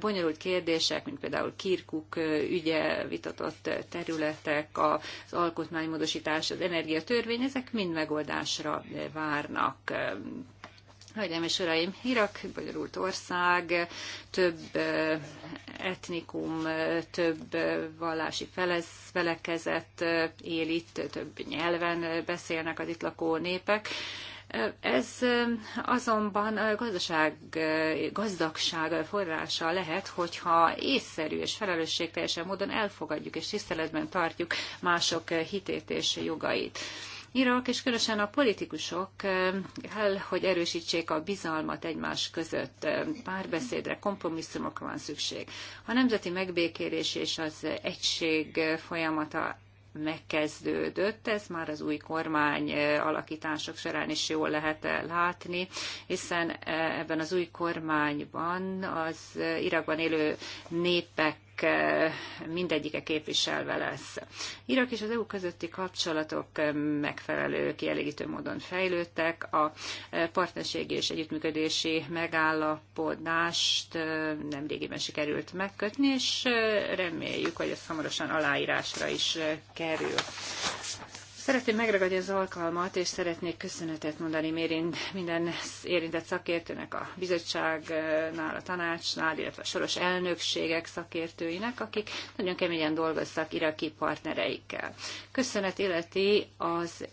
bonyolult kérdések, mint például Kirkuk ügye, vitatott területek, az alkotmánymódosítás, az energiatörvény, ezek mind megoldásra vár várnak. Hölgyeim és Uraim, Irak, bonyolult ország, több eh, etnikum, eh, több eh, vallási felekezet él itt, több nyelven beszélnek az itt lakó népek. Ez azonban a gazdaság, gazdagság forrása lehet, hogyha észszerű és felelősségteljesen módon elfogadjuk és tiszteletben tartjuk mások hitét és jogait. Irak, és különösen a politikusok kell, eh, hogy erősítsék a bizalmat egymás között. Eh, párbeszédre, kompromisszumokra van szükség. A nemzeti megbékélés és az egység folyamata megkezdődött. Ez már az új kormány eh, alakítások során is jól lehet látni, hiszen ebben az új kormányban az Irakban élő népek Eh, mindegyike képviselve lesz. Irak és az EU közötti kapcsolatok eh, megfelelő, kielégítő módon fejlődtek. A eh, partnerségi és együttműködési megállapodást nemrégiben sikerült megkötni, és reméljük, hogy ez hamarosan aláírásra is kerül. Szeretném megragadni az alkalmat, és szeretnék köszönetet mondani Mérint, minden érintett szakértőnek, a bizottságnál, a tanácsnál, illetve a soros elnökségek szakértőinek, akik nagyon keményen dolgoztak iraki partnereikkel. Köszönet illeti az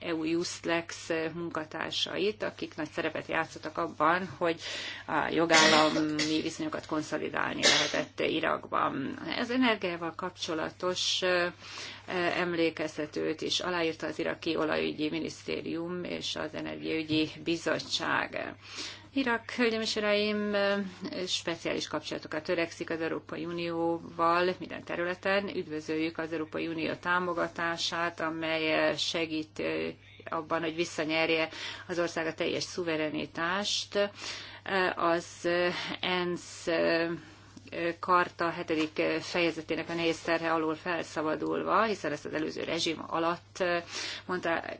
EU eh, e Justlex munkatársait, akik nagy szerepet játszottak abban, hogy a jogállami viszonyokat konszolidálni lehetett Irakban. Ez energiával kapcsolatos eh, emlékeztetőt is aláírta az iraki olajügyi minisztérium és az energiaügyi bizottság. Irak, hölgyeim és uraim, speciális kapcsolatokat törekszik az Európai Unióval minden területen. Üdvözöljük az Európai Unió támogatását, amely segít abban, hogy visszanyerje az ország a teljes szuverenitást. Az ENSZ karta hetedik fejezetének a nehéz terhe alól felszabadulva, hiszen ezt az előző rezsim alatt eh, mondták,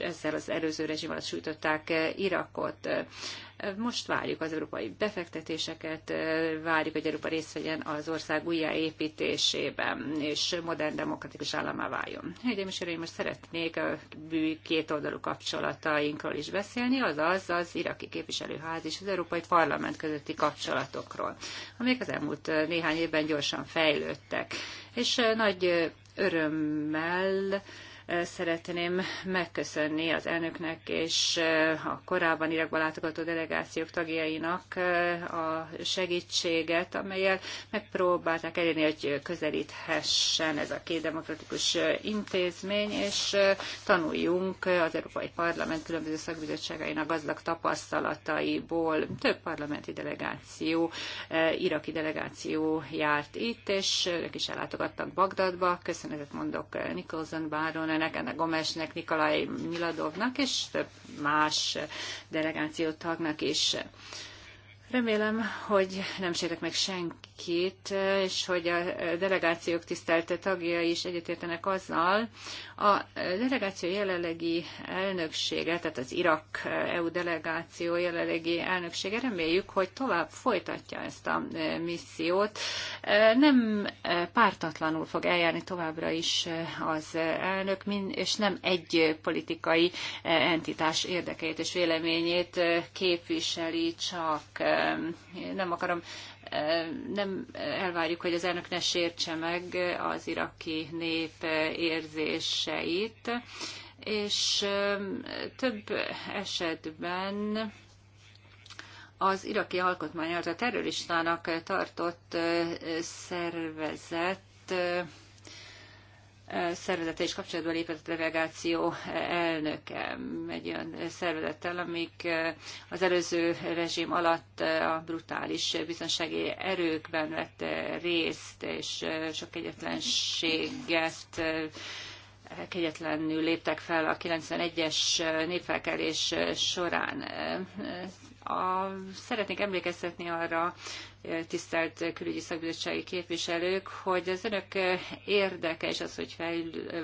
ezzel az előző rezsim alatt sújtották eh, Irakot. Most várjuk az európai befektetéseket, várjuk, hogy Európa részt vegyen az ország újjáépítésében, és modern demokratikus államá váljon. Hölgyeim is most szeretnék a két oldalú kapcsolatainkról is beszélni, azaz az iraki képviselőház és az Európai Parlament közötti kapcsolatokról, amelyek az elmúlt néhány évben gyorsan fejlődtek. És nagy örömmel Szeretném megköszönni az elnöknek és a korábban Irakba látogató delegációk tagjainak a segítséget, amelyel megpróbálták elérni, hogy közelíthessen ez a két demokratikus intézmény, és tanuljunk az Európai Parlament különböző szakbizottságainak gazdag tapasztalataiból. Több parlamenti delegáció, iraki delegáció járt itt, és ők is ellátogattak Bagdadba. Köszönetet mondok Nicholson Baron Gresslének, Anna Gomesnek, Nikolaj Miladovnak és több más delegációtagnak is. Remélem, hogy nem sérek meg senkit, és hogy a delegációk tisztelt tagja is egyetértenek azzal. A delegáció jelenlegi elnöksége, tehát az Irak EU delegáció jelenlegi elnöksége, reméljük, hogy tovább folytatja ezt a missziót. Nem pártatlanul fog eljárni továbbra is az elnök, és nem egy politikai entitás érdekeit és véleményét képviseli csak nem akarom, nem elvárjuk, hogy az elnök ne sértse meg az iraki nép érzéseit, és több esetben az iraki alkotmány, az a terroristának tartott szervezet szervezete is kapcsolatba lépett a delegáció elnöke egy olyan szervezettel, amik eh, az előző rezsim alatt eh, a brutális biztonsági erőkben vett eh, részt, és sok egyetlenséget kegyetlenül léptek fel a 91-es népfelkelés során. A, szeretnék emlékeztetni arra, eh, tisztelt külügyi szakbizottsági képviselők, hogy az önök eh, érdeke is az, hogy fejl, eh,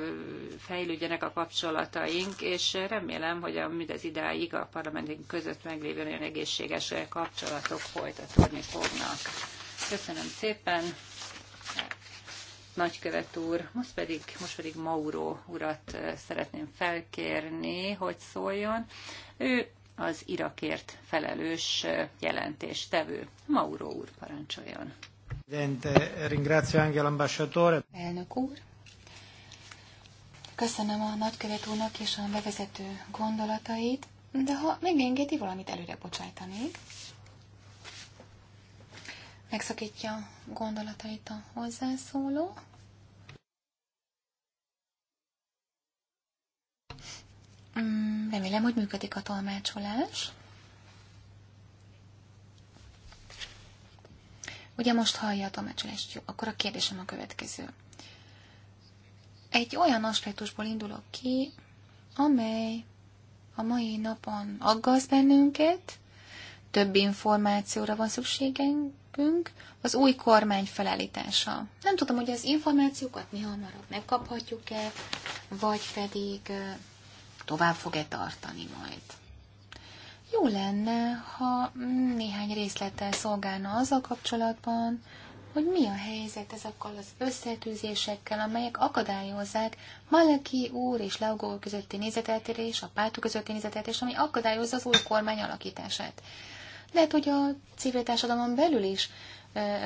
fejlődjenek a kapcsolataink, és remélem, hogy a mindez idáig a parlamentünk között meglévő olyan egészséges kapcsolatok folytatódni fognak. Köszönöm szépen, nagykövet úr. Most pedig, most pedig Mauro urat szeretném felkérni, hogy szóljon. Ő az Irakért felelős jelentéstevő. Mauro úr parancsoljon. Elnök úr, köszönöm a nagykövet úrnak és a bevezető gondolatait, de ha megengedi, valamit előre bocsájtanék. Megszakítja gondolatait a hozzászóló. Mm, remélem, hogy működik a tolmácsolás. Ugye most hallja a tolmácsolást, jó, akkor a kérdésem a következő. Egy olyan aspektusból indulok ki, amely a mai napon aggaszt bennünket, több információra van szükségünk, az új kormány felállítása. Nem tudom, hogy az információkat mi hamarabb megkaphatjuk-e, vagy pedig tovább fog-e tartani majd. Jó lenne, ha néhány részlettel szolgálna az a kapcsolatban, hogy mi a helyzet ezekkel az összetűzésekkel, amelyek akadályozzák Maleki úr és Leogó közötti nézeteltérés, a pártok közötti nézeteltérés, ami akadályozza az új kormány alakítását. Lehet, hogy a civil társadalom belül is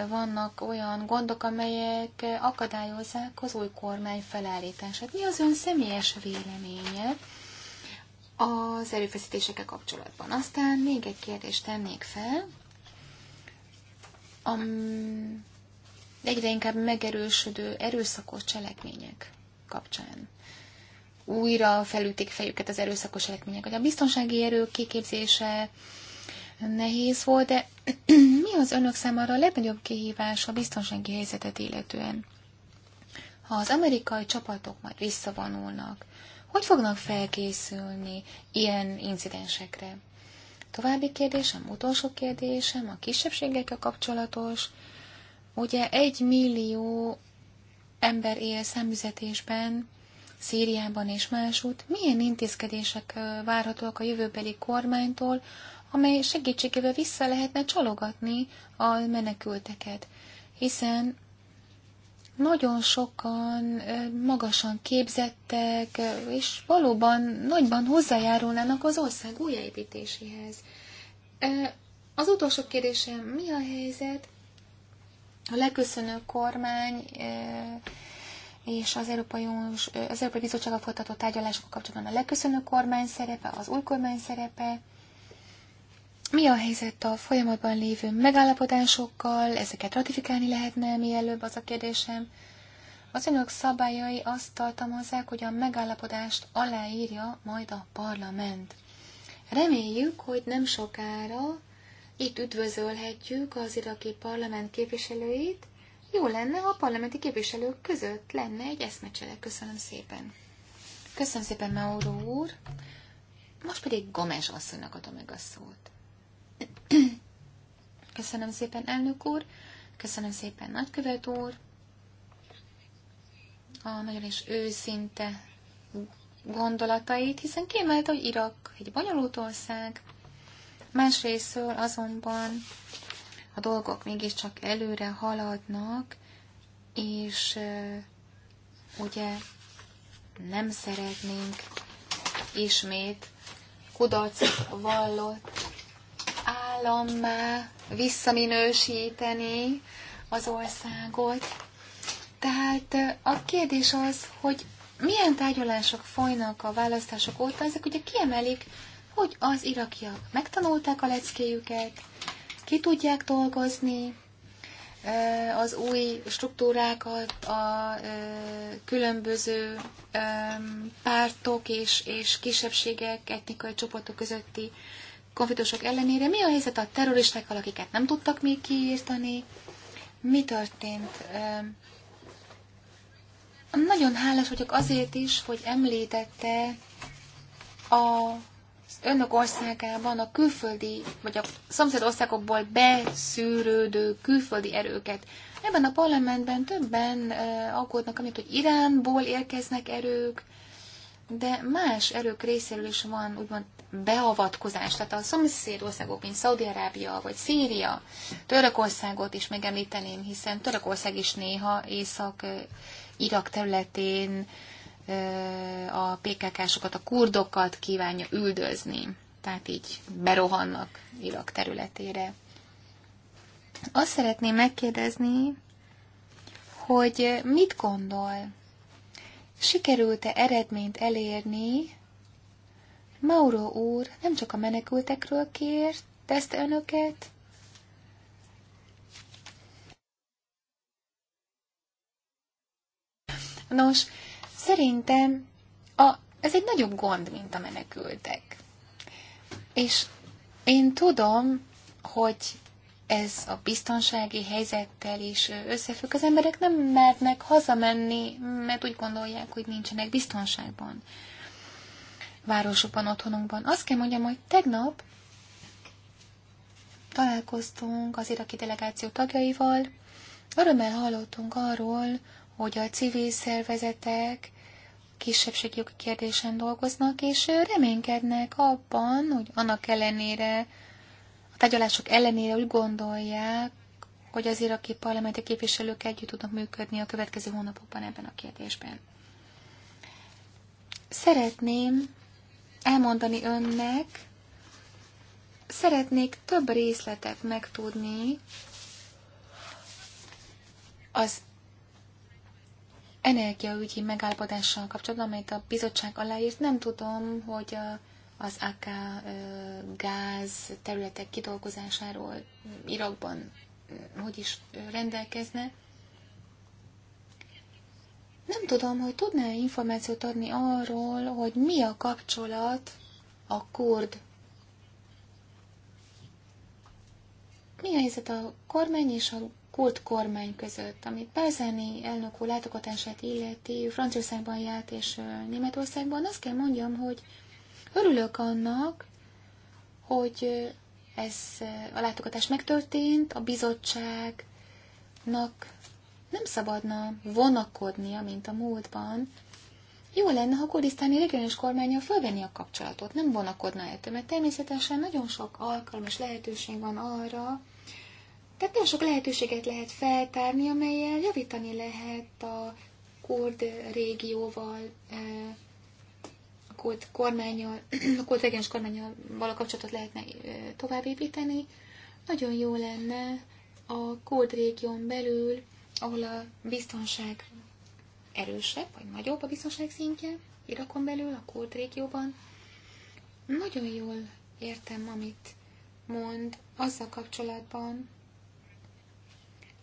vannak olyan gondok, amelyek akadályozzák az új kormány felállítását. Mi az ön személyes véleménye az erőfeszítésekkel kapcsolatban. Aztán még egy kérdést tennék fel. A egyre inkább megerősödő erőszakos cselekmények kapcsán újra felütik fejüket az erőszakos cselekmények, hogy a biztonsági erők kiképzése nehéz volt, de mi az önök számára a legnagyobb kihívás a biztonsági helyzetet illetően? Ha az amerikai csapatok majd visszavonulnak, hogy fognak felkészülni ilyen incidensekre? További kérdésem, utolsó kérdésem, a kisebbségekkel kapcsolatos. Ugye egy millió ember él szemüzetésben, Szíriában és másút. Milyen intézkedések várhatóak a jövőbeli kormánytól, amely segítségével vissza lehetne csalogatni a menekülteket? Hiszen nagyon sokan magasan képzettek, és valóban nagyban hozzájárulnának az ország újjáépítéséhez. Az utolsó kérdésem, mi a helyzet a leköszönő kormány és az Európai, Uniós, az Európai Bizottsága folytatott tárgyalások kapcsolatban a leköszönő kormány szerepe, az új kormány szerepe, mi a helyzet a folyamatban lévő megállapodásokkal? Ezeket ratifikálni lehetne mielőbb az a kérdésem. Az önök szabályai azt tartalmazzák, hogy a megállapodást aláírja majd a parlament. Reméljük, hogy nem sokára itt üdvözölhetjük az iraki parlament képviselőit. Jó lenne, ha a parlamenti képviselők között lenne egy eszmecsele. Köszönöm szépen. Köszönöm szépen, Mauro úr. Most pedig Gomes asszonynak adom meg a szót. Köszönöm szépen, elnök úr. Köszönöm szépen, nagykövet úr. A nagyon is őszinte gondolatait, hiszen kiemelt, hogy Irak egy bonyolult ország, másrésztől azonban a dolgok mégiscsak előre haladnak, és ugye nem szeretnénk ismét kudarcot vallott állammá visszaminősíteni az országot. Tehát a kérdés az, hogy milyen tárgyalások folynak a választások óta, ezek ugye kiemelik, hogy az irakiak megtanulták a leckéjüket, ki tudják dolgozni az új struktúrákat, a különböző pártok és, és kisebbségek, etnikai csoportok közötti konfliktusok ellenére mi a helyzet a terroristákkal, akiket nem tudtak még kiírtani? Mi történt? Nagyon hálás vagyok azért is, hogy említette a önök országában a külföldi, vagy a szomszéd országokból beszűrődő külföldi erőket. Ebben a parlamentben többen aggódnak, amit, hogy Iránból érkeznek erők, de más erők részéről is van úgymond beavatkozást, tehát a szomszéd országok, mint Szaudi-Arábia vagy Szíria, Törökországot is megemlíteném, hiszen Törökország is néha Észak-Irak eh, területén eh, a PKK-sokat, a kurdokat kívánja üldözni. Tehát így berohannak Irak területére. Azt szeretném megkérdezni, hogy mit gondol? Sikerült-e eredményt elérni Mauro úr nem csak a menekültekről kért ezt önöket, Nos, szerintem a, ez egy nagyobb gond, mint a menekültek. És én tudom, hogy ez a biztonsági helyzettel is összefügg. Az emberek nem mernek hazamenni, mert úgy gondolják, hogy nincsenek biztonságban városokban, otthonunkban. Azt kell mondjam, hogy tegnap találkoztunk az iraki delegáció tagjaival, örömmel hallottunk arról, hogy a civil szervezetek kisebbségi jogi kérdésen dolgoznak, és reménykednek abban, hogy annak ellenére, a tárgyalások ellenére úgy gondolják, hogy az iraki parlamenti képviselők együtt tudnak működni a következő hónapokban ebben a kérdésben. Szeretném elmondani önnek, szeretnék több részletet megtudni az energiaügyi megállapodással kapcsolatban, amelyet a bizottság aláírt. Nem tudom, hogy a, az AK gáz területek kidolgozásáról Irakban hogy is rendelkezne. Nem tudom, hogy tudná-e információt adni arról, hogy mi a kapcsolat a kurd. Mi a helyzet a kormány és a kurd kormány között, amit Bázáni elnök úr látogatását illeti, Franciaországban járt és Németországban, azt kell mondjam, hogy örülök annak, hogy ez a látogatás megtörtént, a bizottságnak nem szabadna vonakodnia, mint a múltban. Jó lenne, ha kurdisztáni regionális kormánya fölvenni a kapcsolatot, nem vonakodna ettől, mert természetesen nagyon sok alkalom és lehetőség van arra, tehát nagyon sok lehetőséget lehet feltárni, amelyel javítani lehet a kurd régióval, eh, a kurd kormányjal, a kurd regionális kormányjal való kapcsolatot lehetne eh, továbbépíteni. Nagyon jó lenne a kurd régión belül ahol a biztonság erősebb, vagy nagyobb a biztonság szintje, Irakon belül, a kult régióban. Nagyon jól értem, amit mond azzal kapcsolatban,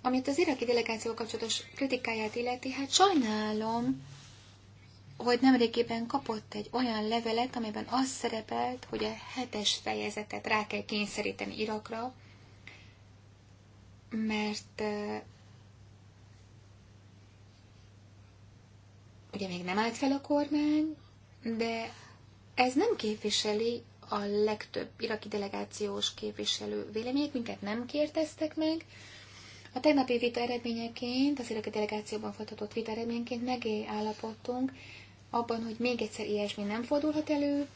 amit az iraki delegáció kapcsolatos kritikáját illeti, hát sajnálom, hogy nemrégében kapott egy olyan levelet, amiben az szerepelt, hogy a hetes fejezetet rá kell kényszeríteni Irakra, mert Ugye még nem állt fel a kormány, de ez nem képviseli a legtöbb iraki delegációs képviselő véleményét, minket nem kérdeztek meg. A tegnapi vita eredményeként, az iraki delegációban folytatott vita eredményeként megállapodtunk abban, hogy még egyszer ilyesmi nem fordulhat elő.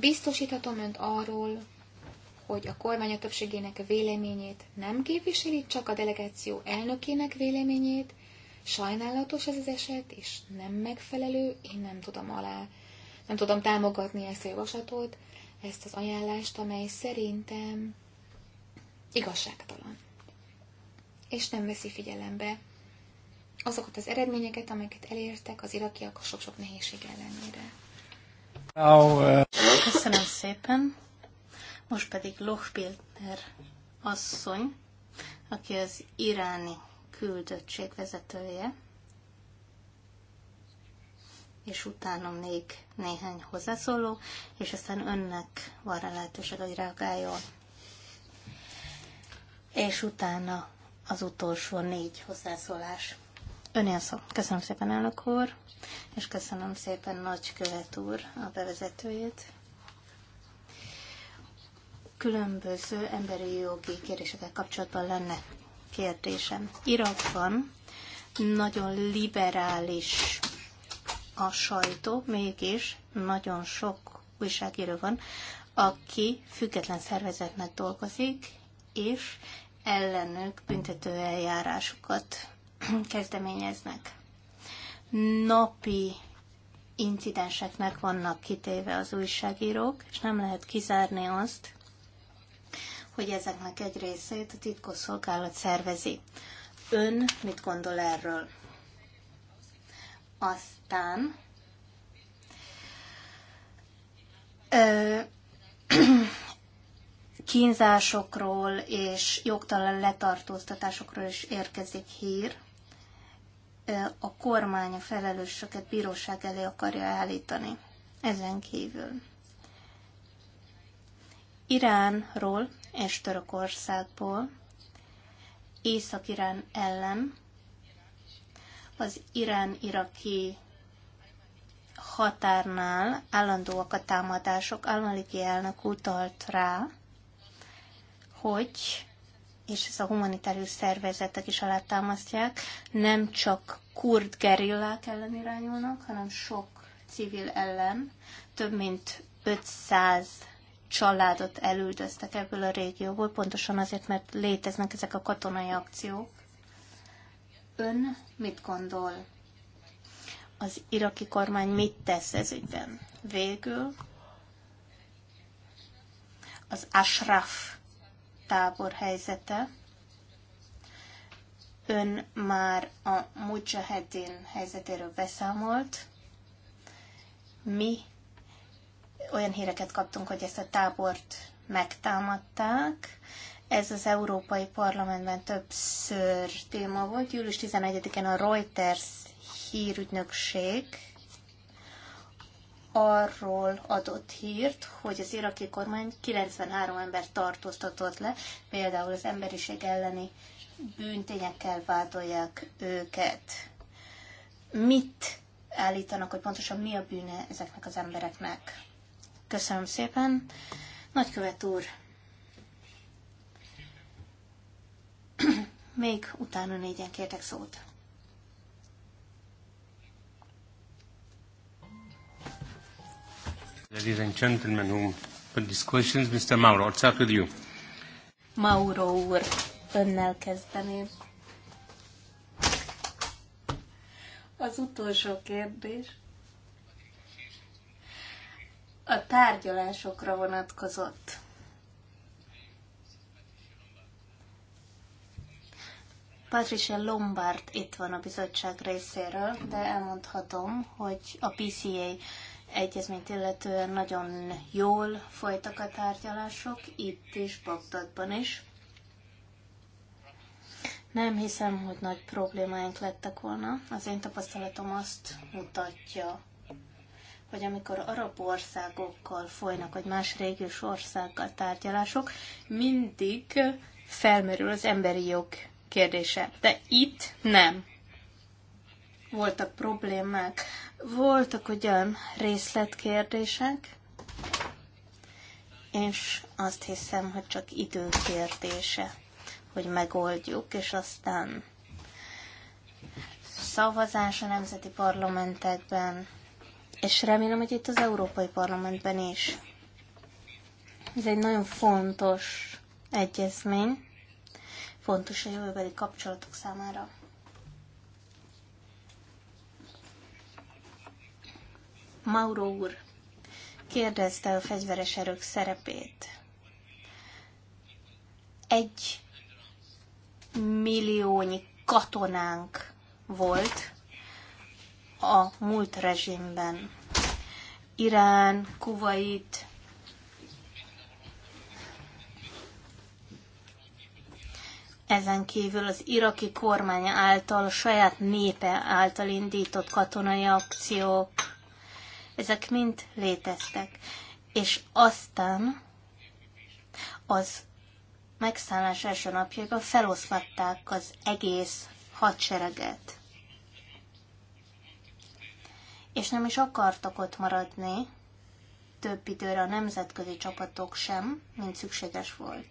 Biztosíthatom önt arról, hogy a kormány a többségének véleményét nem képviseli, csak a delegáció elnökének véleményét, Sajnálatos ez az eset, és nem megfelelő, én nem tudom alá, nem tudom támogatni ezt a javaslatot, ezt az ajánlást, amely szerintem igazságtalan. És nem veszi figyelembe azokat az eredményeket, amelyeket elértek az irakiak a sok-sok nehézség ellenére. Uh, Köszönöm szépen. Most pedig Lochbilder asszony, aki az iráni küldöttség vezetője, és utána még néhány hozzászóló, és aztán önnek van rá lehetőség, hogy reagáljon. És utána az utolsó négy hozzászólás. Önél szó. Köszönöm szépen, elnök úr, és köszönöm szépen követ úr a bevezetőjét. Különböző emberi jogi kérdésekkel kapcsolatban lenne kérdésem. Irakban nagyon liberális a sajtó, mégis nagyon sok újságíró van, aki független szervezetnek dolgozik, és ellenük büntető eljárásokat kezdeményeznek. Napi incidenseknek vannak kitéve az újságírók, és nem lehet kizárni azt, hogy ezeknek egy részét a szolgálat szervezi. Ön mit gondol erről? Aztán ö, kínzásokról és jogtalan letartóztatásokról is érkezik hír. A kormány a felelősöket bíróság elé akarja állítani. Ezen kívül. Iránról és Törökországból Észak-Irán ellen az irán-iraki határnál állandóak a támadások. Almaliki elnök utalt rá, hogy, és ez a humanitárius szervezetek is alátámasztják, nem csak kurd gerillák ellen irányulnak, hanem sok civil ellen, több mint 500 családot elüldöztek ebből a régióból, pontosan azért, mert léteznek ezek a katonai akciók. Ön mit gondol? Az iraki kormány mit tesz ez ügyben? Végül az Ashraf tábor helyzete. Ön már a Mujahedin helyzetéről beszámolt. Mi olyan híreket kaptunk, hogy ezt a tábort megtámadták. Ez az Európai Parlamentben többször téma volt. Július 11-én a Reuters hírügynökség arról adott hírt, hogy az iraki kormány 93 ember tartóztatott le, például az emberiség elleni bűntényekkel vádolják őket. Mit állítanak, hogy pontosan mi a bűne ezeknek az embereknek? Köszönöm szépen. Nagykövet úr, még utána négyen kértek szót. Ladies and gentlemen, who put these questions, Mr. Mauro, what's up with you? Mauro úr, önnel kezdeném. Az utolsó kérdés a tárgyalásokra vonatkozott. Patricia Lombard itt van a bizottság részéről, de elmondhatom, hogy a PCA egyezményt illetően nagyon jól folytak a tárgyalások, itt is, Bagdadban is. Nem hiszem, hogy nagy problémáink lettek volna. Az én tapasztalatom azt mutatja, hogy amikor arab országokkal folynak, vagy más régiós országgal tárgyalások, mindig felmerül az emberi jog kérdése. De itt nem. Voltak problémák, voltak olyan részletkérdések, és azt hiszem, hogy csak idő kérdése, hogy megoldjuk, és aztán szavazás a nemzeti parlamentekben, és remélem, hogy itt az Európai Parlamentben is. Ez egy nagyon fontos egyezmény, fontos a jövőbeli kapcsolatok számára. Mauro úr kérdezte a fegyveres erők szerepét. Egy milliónyi katonánk volt, a múlt rezsimben. Irán, Kuwait, Ezen kívül az iraki kormány által, a saját népe által indított katonai akciók, ezek mind léteztek. És aztán az megszállás első napjaiban feloszlatták az egész hadsereget és nem is akartak ott maradni, több időre a nemzetközi csapatok sem, mint szükséges volt.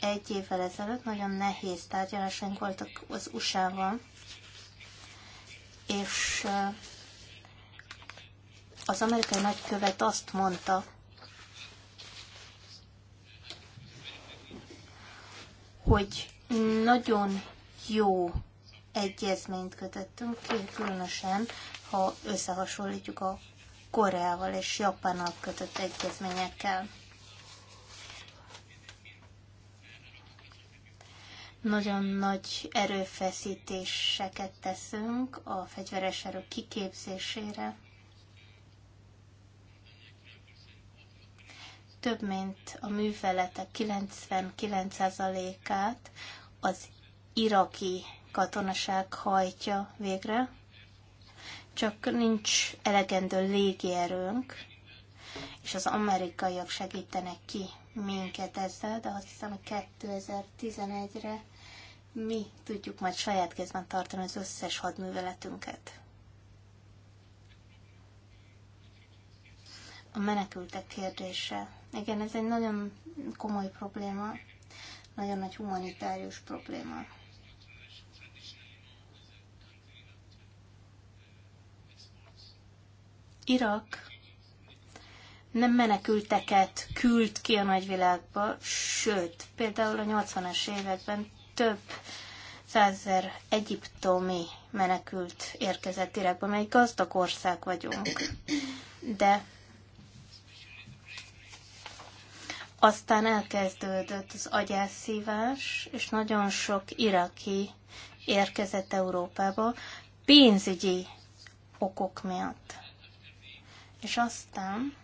Egy évvel ezelőtt nagyon nehéz tárgyalásaink voltak az USA-val, és az amerikai nagykövet azt mondta, hogy nagyon jó egyezményt kötöttünk ki, különösen ha összehasonlítjuk a Koreával és Japánnal kötött egyezményekkel. Nagyon nagy erőfeszítéseket teszünk a fegyveres erő kiképzésére. Több mint a műveletek 99%-át az iraki katonaság hajtja végre, csak nincs elegendő légierőnk, és az amerikaiak segítenek ki minket ezzel, de azt hiszem, hogy 2011-re mi tudjuk majd saját kezben tartani az összes hadműveletünket. A menekültek kérdése. Igen, ez egy nagyon komoly probléma, nagyon nagy humanitárius probléma. Irak nem menekülteket küld ki a nagyvilágba, sőt, például a 80-as években több százer egyiptomi menekült érkezett Irakba, mely gazdag ország vagyunk. De aztán elkezdődött az agyászívás, és nagyon sok iraki érkezett Európába pénzügyi okok miatt. És aztán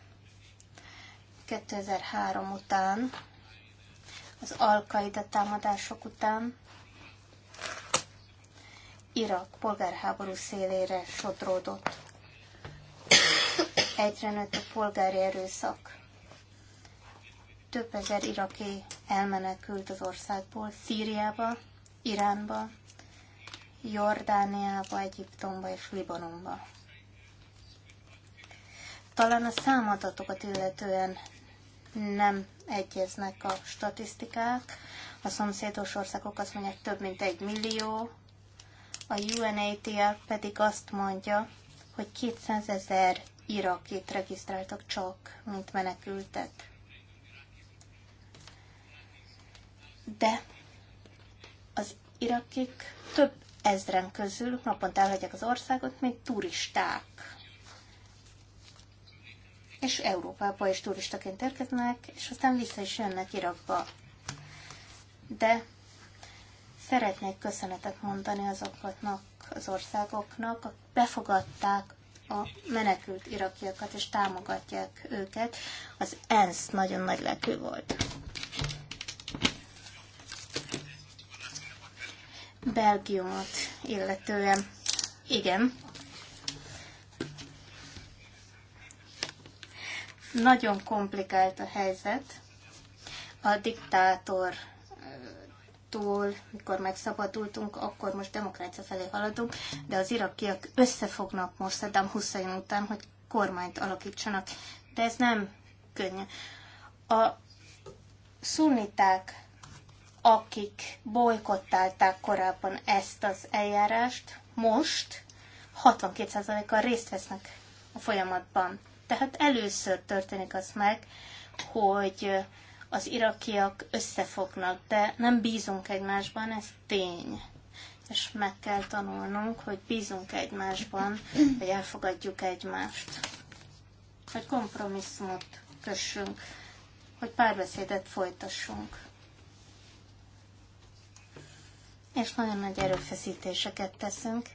2003 után, az al támadások után Irak polgárháború szélére sodródott. Egyre nőtt a polgári erőszak. Több ezer iraki elmenekült az országból, Szíriába, Iránba, Jordániába, Egyiptomba és Libanonba talán a számadatokat illetően nem egyeznek a statisztikák. A szomszédos országok azt mondják több mint egy millió, a UNATR pedig azt mondja, hogy 200 ezer irakit regisztráltak csak, mint menekültet. De az irakik több ezren közül naponta elhagyják az országot, mint turisták és Európába is turistaként érkeznek, és aztán vissza is jönnek Irakba. De szeretnék köszönetet mondani azoknak az országoknak, akik befogadták a menekült irakiakat, és támogatják őket. Az ENSZ nagyon nagy lelkű volt. Belgiumot illetően. Igen, Nagyon komplikált a helyzet. A diktátor túl, mikor megszabadultunk, akkor most demokrácia felé haladunk, de az irakiak összefognak most Saddam Hussein után, hogy kormányt alakítsanak. De ez nem könnyű. A szunniták, akik bolykottálták korábban ezt az eljárást, most 62%-kal részt vesznek a folyamatban. Tehát először történik az meg, hogy az irakiak összefognak, de nem bízunk egymásban, ez tény. És meg kell tanulnunk, hogy bízunk egymásban, hogy elfogadjuk egymást. Hogy kompromisszumot kössünk, hogy párbeszédet folytassunk. És nagyon nagy erőfeszítéseket teszünk,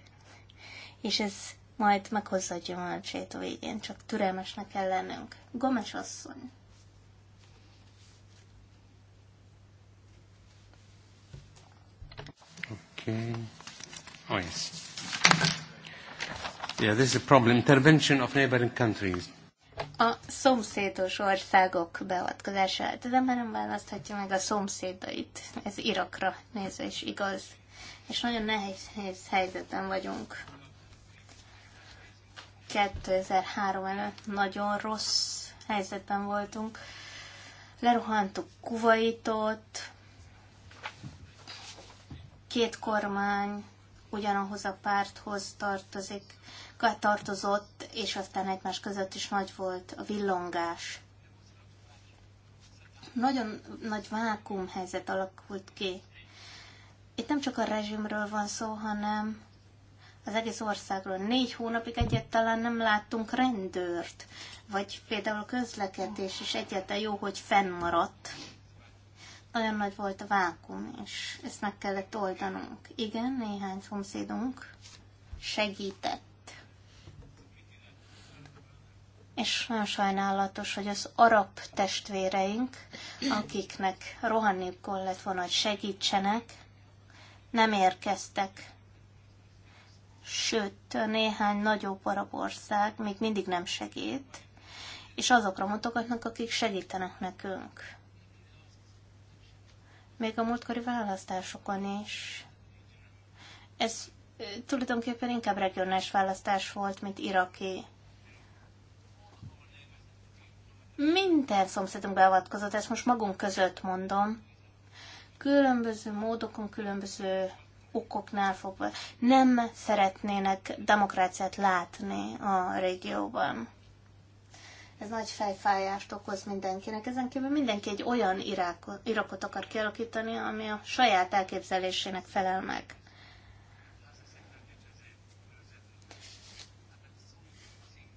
és ez majd meghozza a gyümölcsét a végén, csak türelmesnek kell lennünk. Gomes asszony. Okay. Oh, yes. Yeah, this is a problem. Intervention of neighboring countries. A szomszédos országok beavatkozását. Az ember nem választhatja meg a szomszédait. Ez Irakra nézve is igaz. És nagyon nehéz helyzetben vagyunk 2003 előtt nagyon rossz helyzetben voltunk. Leruhantuk Kuwaitot, két kormány ugyanahoz a párthoz tartozik, tartozott, és aztán egymás között is nagy volt a villongás. Nagyon nagy vákum helyzet alakult ki. Itt nem csak a rezsimről van szó, hanem az egész országról. Négy hónapig egyáltalán nem láttunk rendőrt, vagy például a közlekedés is egyáltalán jó, hogy fennmaradt. Nagyon nagy volt a vákum, és ezt meg kellett oldanunk. Igen, néhány szomszédunk segített. És nagyon sajnálatos, hogy az arab testvéreink, akiknek rohanniuk kellett volna, hogy segítsenek, nem érkeztek sőt, néhány nagyobb arab ország még mindig nem segít, és azokra mutogatnak, akik segítenek nekünk. Még a múltkori választásokon is. Ez tulajdonképpen inkább regionális választás volt, mint iraki. Minden szomszédunk beavatkozott, ezt most magunk között mondom. Különböző módokon, különböző okoknál fogva nem szeretnének demokráciát látni a régióban. Ez nagy fejfájást okoz mindenkinek. Ezen kívül mindenki egy olyan irákot, irakot akar kialakítani, ami a saját elképzelésének felel meg.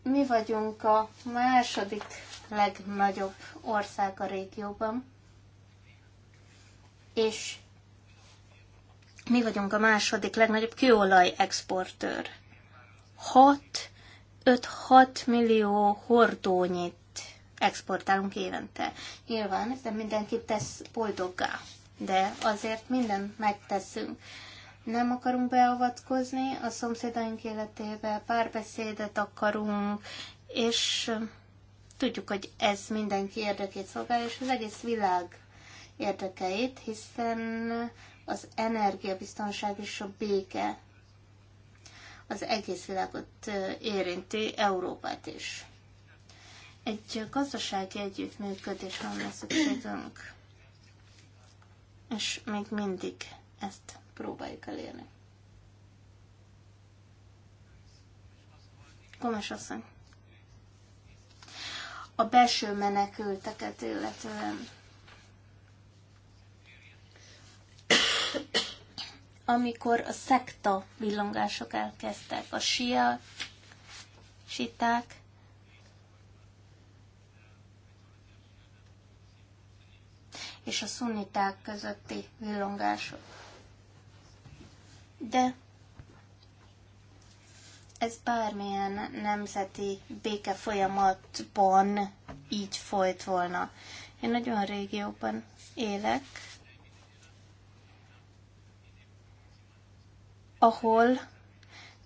Mi vagyunk a második legnagyobb ország a régióban, és mi vagyunk a második legnagyobb kőolaj exportőr. 5 6 millió hordónyit exportálunk évente. Nyilván ez nem mindenkit tesz boldoggá, de azért mindent megteszünk. Nem akarunk beavatkozni a szomszédaink életébe, párbeszédet akarunk, és tudjuk, hogy ez mindenki érdekét szolgálja, és az egész világ érdekeit, hiszen az energiabiztonság és a béke az egész világot érinti, Európát is. Egy gazdasági együttműködés van szükségünk, és még mindig ezt próbáljuk elérni. Gomes asszony. A belső menekülteket illetően amikor a szekta villongások elkezdtek, a sia, siták, és a szuniták közötti villongások. De ez bármilyen nemzeti béke folyamatban így folyt volna. Én nagyon régióban élek, ahol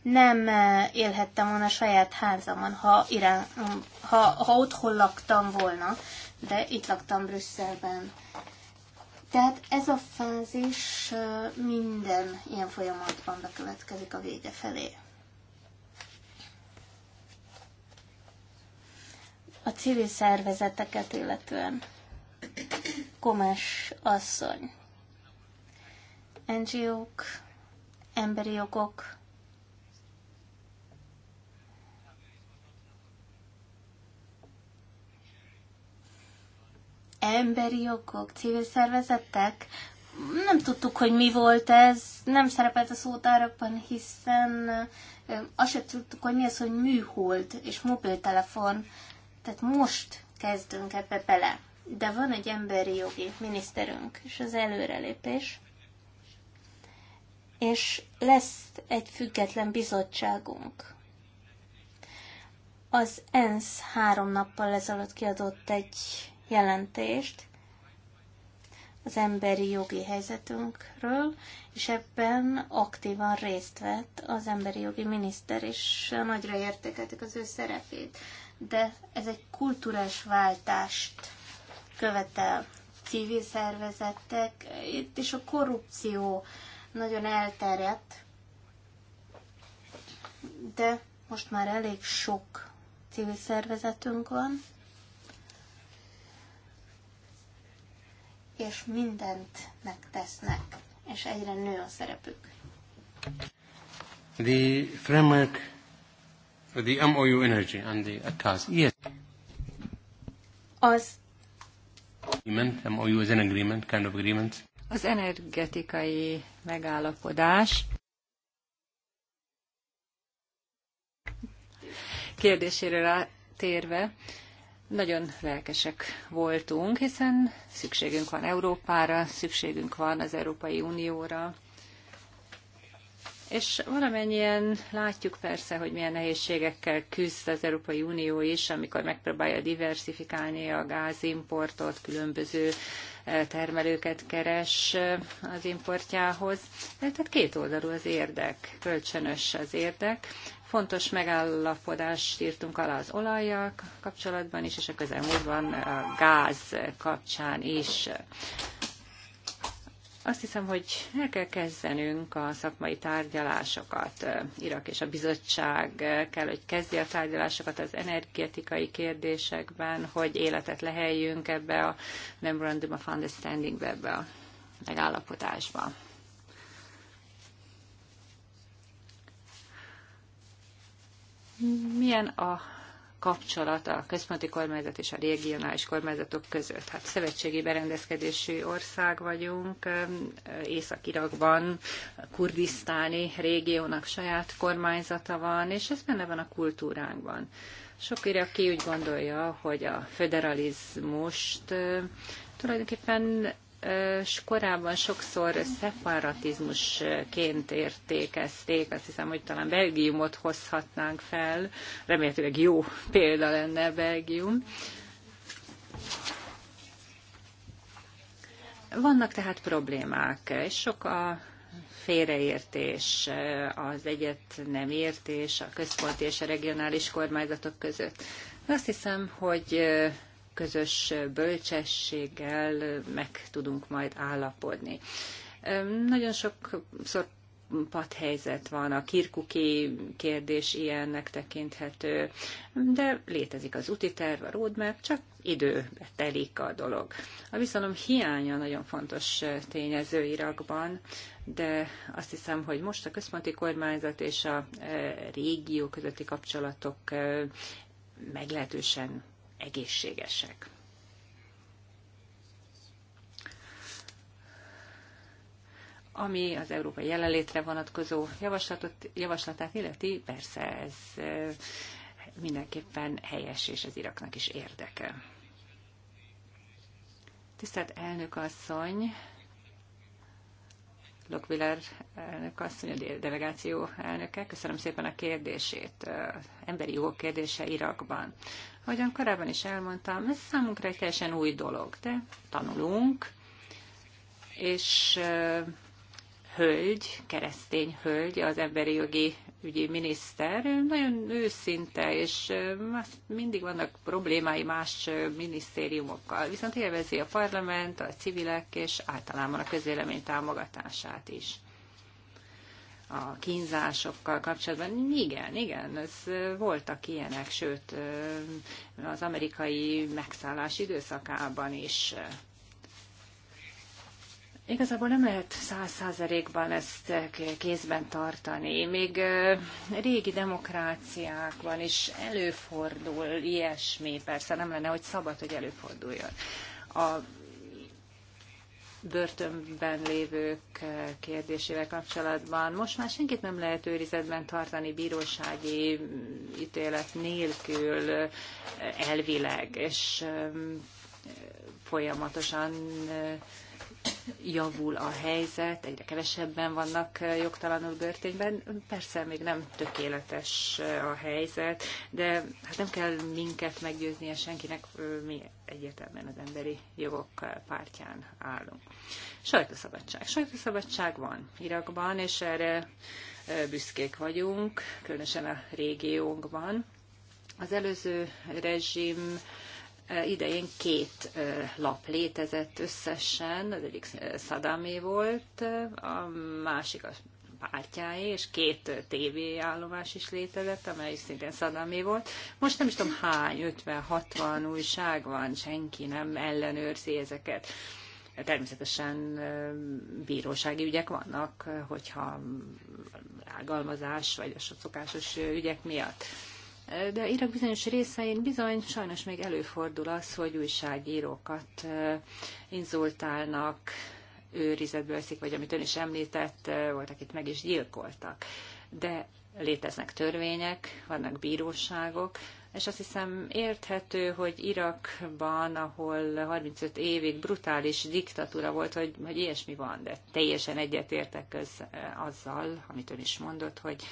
nem eh, élhettem volna a saját házamon, ha, irán, ha, ha otthon laktam volna, de itt laktam Brüsszelben. Tehát ez a fázis eh, minden ilyen folyamatban bekövetkezik a vége felé. A civil szervezeteket illetően. Komás asszony. NGO-k, emberi jogok. Emberi jogok, civil szervezetek. Nem tudtuk, hogy mi volt ez, nem szerepelt a szótárakban, hiszen azt sem tudtuk, hogy mi az, hogy műhold és mobiltelefon. Tehát most kezdünk ebbe bele. De van egy emberi jogi miniszterünk, és az előrelépés és lesz egy független bizottságunk. Az ENSZ három nappal ezelőtt kiadott egy jelentést az emberi jogi helyzetünkről, és ebben aktívan részt vett az emberi jogi miniszter, és nagyra értékeltük az ő szerepét. De ez egy kulturális váltást követel civil szervezetek, itt is a korrupció nagyon elterjedt, de most már elég sok civil szervezetünk van, és mindent megtesznek, és egyre nő a szerepük. The framework, the MOU energy and the ACAS, yes. Az agreement, MOU is an agreement, kind of agreement. Az energetikai megállapodás kérdésére térve, nagyon lelkesek voltunk, hiszen szükségünk van Európára, szükségünk van az Európai Unióra, és valamennyien látjuk persze, hogy milyen nehézségekkel küzd az Európai Unió is, amikor megpróbálja diversifikálni a gázimportot, különböző termelőket keres az importjához. Tehát két oldalú az érdek, kölcsönös az érdek. Fontos megállapodást írtunk alá az olajjal kapcsolatban is, és a közelmúltban a gáz kapcsán is. Azt hiszem, hogy el kell kezdenünk a szakmai tárgyalásokat. Irak és a bizottság kell, hogy kezdje a tárgyalásokat az energetikai kérdésekben, hogy életet leheljünk ebbe a Memorandum of Understandingbe, ebbe a megállapodásba. Milyen a kapcsolat a központi kormányzat és a regionális kormányzatok között. Hát szövetségi berendezkedésű ország vagyunk, Észak-Irakban kurdisztáni régiónak saját kormányzata van, és ez benne van a kultúránkban. Sok iraki úgy gondolja, hogy a föderalizmust eh, tulajdonképpen korábban sokszor szeparatizmusként értékezték, azt hiszem, hogy talán Belgiumot hozhatnánk fel, remélhetőleg jó példa lenne Belgium. Vannak tehát problémák, és sok a félreértés, az egyet nem értés a központi és a regionális kormányzatok között. Azt hiszem, hogy közös bölcsességgel meg tudunk majd állapodni. Nagyon sokszor padhelyzet van, a kirkuki kérdés ilyennek tekinthető, de létezik az úti terv, a roadmap, csak időbe telik a dolog. A viszonyom hiánya nagyon fontos tényező Irakban, de azt hiszem, hogy most a központi kormányzat és a e, régió közötti kapcsolatok e, meglehetősen egészségesek. Ami az európai jelenlétre vonatkozó javaslatot, javaslatát illeti, persze ez mindenképpen helyes, és az Iraknak is érdeke. Tisztelt elnök asszony, Lokviller elnök asszony, a delegáció elnöke. Köszönöm szépen a kérdését, emberi jogok kérdése Irakban. Ahogyan korábban is elmondtam, ez számunkra egy teljesen új dolog, de tanulunk, és hölgy, keresztény hölgy az emberi jogi ügyi miniszter, nagyon őszinte, és mindig vannak problémái más minisztériumokkal, viszont élvezi a parlament, a civilek és általában a közélemény támogatását is. A kínzásokkal kapcsolatban, igen, igen, ez voltak ilyenek, sőt, az amerikai megszállás időszakában is Igazából nem lehet száz százalékban ezt kézben tartani. Még régi demokráciákban is előfordul ilyesmi, persze nem lenne, hogy szabad, hogy előforduljon. A börtönben lévők kérdésével kapcsolatban. Most már senkit nem lehet őrizetben tartani bírósági ítélet nélkül elvileg, és folyamatosan javul a helyzet, egyre kevesebben vannak eh, jogtalanul börtényben. Persze még nem tökéletes eh, a helyzet, de hát nem kell minket meggyőznie senkinek, eh, mi egyértelműen az emberi jogok pártján állunk. Sajtószabadság. Sajtószabadság van Irakban, és erre büszkék vagyunk, különösen a régiónkban. Az előző rezsim Eh, idején két eh, lap létezett összesen, az egyik eh, Szadámé volt, a másik a pártjáé, és két tévéállomás is létezett, amely is szintén Szadámé volt. Most nem is tudom hány, 50-60 újság van, senki nem ellenőrzi ezeket. Természetesen bírósági ügyek vannak, hogyha rágalmazás vagy a szokásos ügyek miatt de Irak bizonyos részein bizony sajnos még előfordul az, hogy újságírókat inzultálnak, őrizetbe veszik, vagy amit ön is említett, voltak itt meg is gyilkoltak. De léteznek törvények, vannak bíróságok, és azt hiszem érthető, hogy Irakban, ahol 35 évig brutális diktatúra volt, hogy, hogy ilyesmi van, de teljesen egyetértek az, azzal, amit ön is mondott, hogy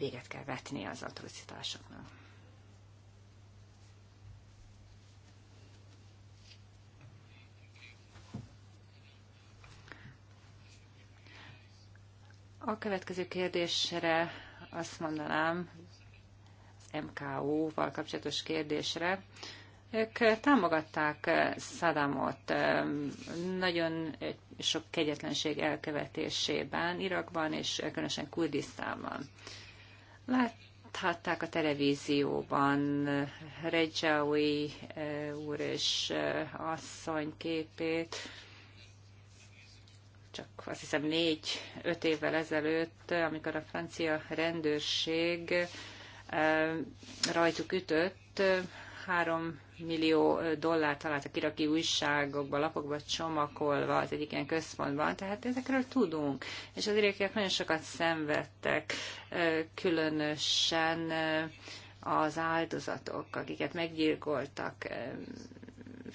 véget kell vetni az atrocitásoknak. A következő kérdésre azt mondanám, az MKO-val kapcsolatos kérdésre, ők támogatták Szadámot nagyon sok kegyetlenség elkövetésében, Irakban és különösen Kurdisztánban. Láthatták a televízióban Rejawi eh, úr és eh, asszony képét, csak azt hiszem négy-öt évvel ezelőtt, amikor a francia rendőrség eh, rajtuk ütött, három millió dollár találtak iraki újságokba, lapokba csomakolva, az egyik ilyen központban, tehát ezekről tudunk. És az irakiak nagyon sokat szenvedtek, különösen az áldozatok, akiket meggyilkoltak,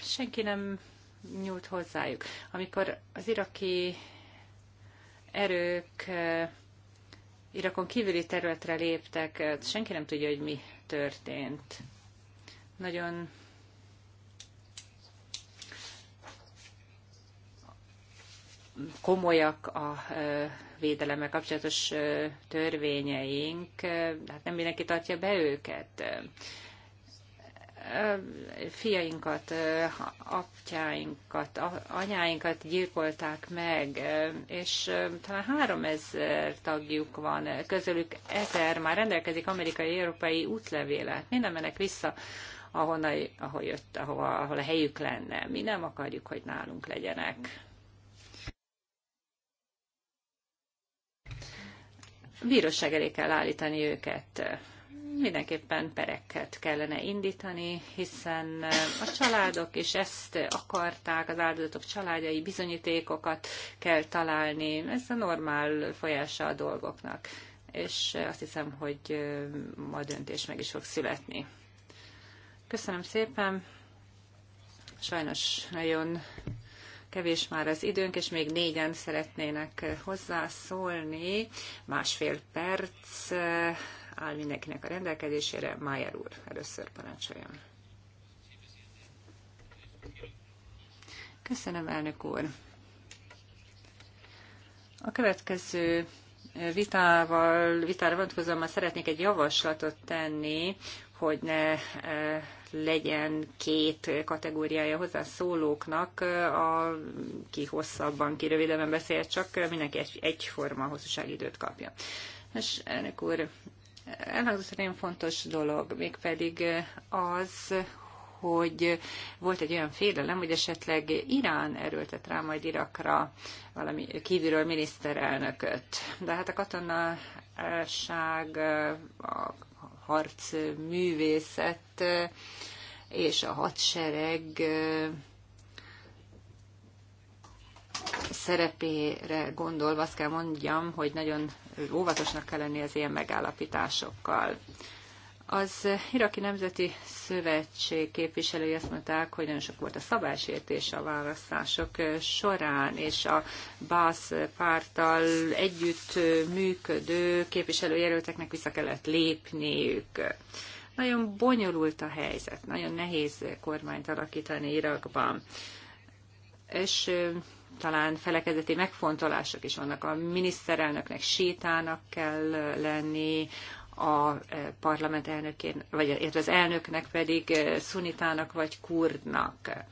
senki nem nyúlt hozzájuk. Amikor az iraki erők Irakon kívüli területre léptek, senki nem tudja, hogy mi történt. Nagyon komolyak a védelemmel kapcsolatos törvényeink, hát nem mindenki tartja be őket. Fiainkat, apjáinkat, anyáinkat gyilkolták meg, és talán három ezer tagjuk van, közülük ezer már rendelkezik amerikai-európai útlevélet. nem menek vissza ahonnan, ahol jött, ahol ahol a helyük lenne. Mi nem akarjuk, hogy nálunk legyenek. bíróság elé kell állítani őket. Mindenképpen pereket kellene indítani, hiszen a családok is ezt akarták, az áldozatok családjai bizonyítékokat kell találni. Ez a normál folyása a dolgoknak. És azt hiszem, hogy ma döntés meg is fog születni. Köszönöm szépen. Sajnos nagyon kevés már az időnk, és még négyen szeretnének hozzászólni. Másfél perc eh, áll mindenkinek a rendelkezésére. Májer úr, először parancsoljon. Köszönöm, elnök úr. A következő vitával, vitára vonatkozóan már szeretnék egy javaslatot tenni, hogy ne eh, legyen két kategóriája hozzá szólóknak, a, ki hosszabban, ki rövidebben beszél, csak mindenki egy, egyforma időt kapja. És elnök úr, elhangzott nagyon fontos dolog, mégpedig az, hogy volt egy olyan félelem, hogy esetleg Irán erőltet rá majd Irakra valami kívülről miniszterelnököt. De hát a katonaság, a harc művészet és a hadsereg szerepére gondolva azt kell mondjam, hogy nagyon óvatosnak kell lenni az ilyen megállapításokkal. Az Iraki Nemzeti Szövetség képviselői azt mondták, hogy nagyon sok volt a szabálysértés a választások során, és a BASZ párttal együtt működő képviselőjelölteknek vissza kellett lépniük. Nagyon bonyolult a helyzet, nagyon nehéz kormányt alakítani Irakban. És talán felekezeti megfontolások is vannak. A miniszterelnöknek sétának kell lenni, a e, parlament elnökén, vagy az elnöknek pedig e, szunitának vagy kurdnak. E,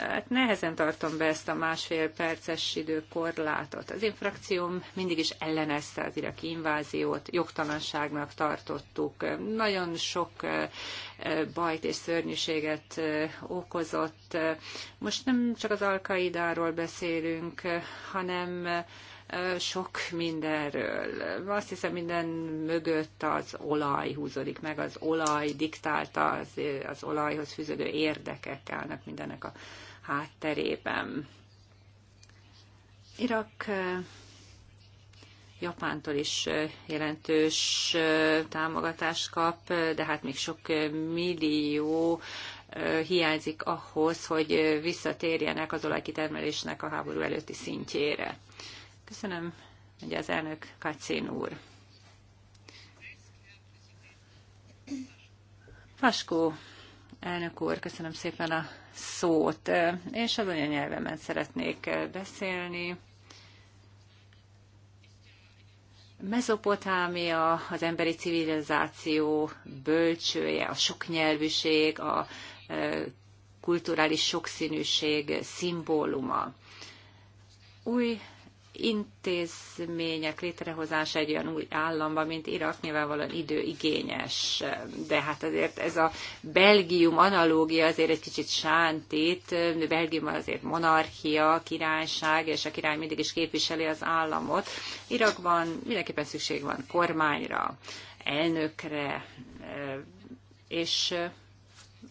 hát nehezen tartom be ezt a másfél perces időkorlátot. Az én frakcióm mindig is ellenezte az iraki inváziót, jogtalanságnak tartottuk. Nagyon sok bajt és szörnyűséget okozott. Most nem csak az alkaidáról beszélünk, hanem sok mindenről. Azt hiszem, minden mögött az olaj húzódik meg, az olaj diktálta, az, az olajhoz fűződő érdekek állnak mindennek a hátterében. Irak Japántól is jelentős támogatást kap, de hát még sok millió hiányzik ahhoz, hogy visszatérjenek az olajkitermelésnek a háború előtti szintjére. Köszönöm, hogy az elnök Kacén úr. Paskó elnök úr, köszönöm szépen a szót, és az anyanyelvemen szeretnék beszélni. Mezopotámia, az emberi civilizáció bölcsője, a soknyelvűség, a e, kulturális sokszínűség szimbóluma. Új intézmények létrehozása egy olyan új államban, mint Irak, nyilvánvalóan időigényes. De hát azért ez a Belgium analógia azért egy kicsit sántít. Belgium azért monarchia, királyság, és a király mindig is képviseli az államot. Irakban mindenképpen szükség van kormányra, elnökre, és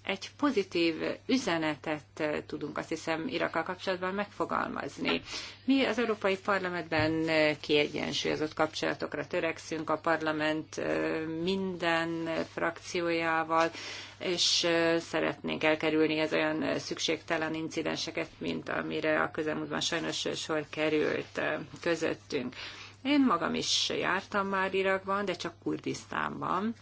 egy pozitív üzenetet eh, tudunk azt hiszem Irakkal kapcsolatban megfogalmazni. Mi az Európai Parlamentben eh, kiegyensúlyozott kapcsolatokra törekszünk a parlament eh, minden frakciójával, és szeretnénk elkerülni ez olyan szükségtelen incidenseket, mint amire a közelmúltban sajnos sor került közöttünk. Én magam is jártam már Irakban, de csak Kurdisztánban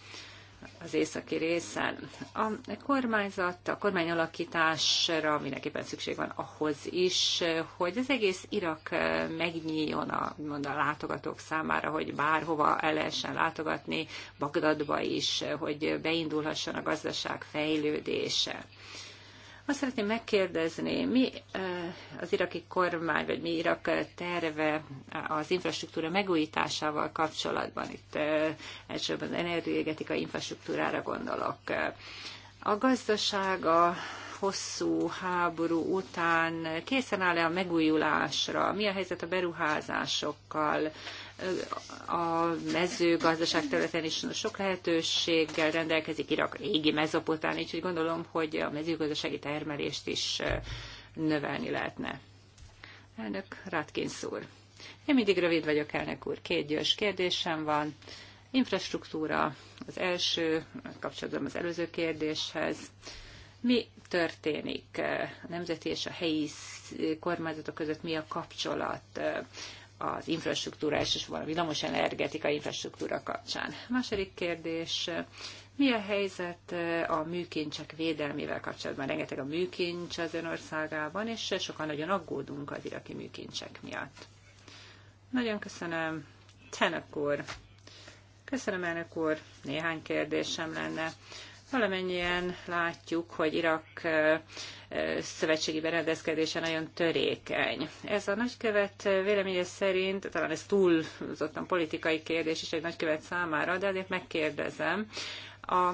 az északi részen. A kormányzat, a kormányalakításra mindenképpen szükség van ahhoz is, hogy az egész Irak megnyíljon a, a látogatók számára, hogy bárhova el lehessen látogatni, Bagdadba is, hogy beindulhasson a gazdaság fejlődése. Azt szeretném megkérdezni, mi eh, az iraki kormány, vagy mi Irak eh, terve eh, az infrastruktúra megújításával kapcsolatban? Itt elsősorban az energetikai infrastruktúrára gondolok. A gazdasága hosszú háború után készen áll-e a megújulásra? Mi a helyzet a beruházásokkal? a mezőgazdaság területen is sok lehetőséggel rendelkezik Irak régi mezopotán, így gondolom, hogy a mezőgazdasági termelést is növelni lehetne. Elnök Ratkins úr. Én mindig rövid vagyok, elnök úr. Két gyors kérdésem van. Infrastruktúra az első, kapcsolatban az előző kérdéshez. Mi történik a nemzeti és a helyi kormányzatok között, mi a kapcsolat? az infrastruktúra, elsősorban a villamos energetika infrastruktúra kapcsán. A második kérdés, mi a helyzet a műkincsek védelmével kapcsolatban? Rengeteg a műkincs az ön országában, és sokan nagyon aggódunk az iraki műkincsek miatt. Nagyon köszönöm. Tenek úr. Köszönöm, elnök úr. Néhány kérdésem lenne valamennyien látjuk, hogy Irak szövetségi berendezkedése nagyon törékeny. Ez a nagykövet véleménye szerint, talán ez túlzottan politikai kérdés is egy nagykövet számára, de azért megkérdezem, a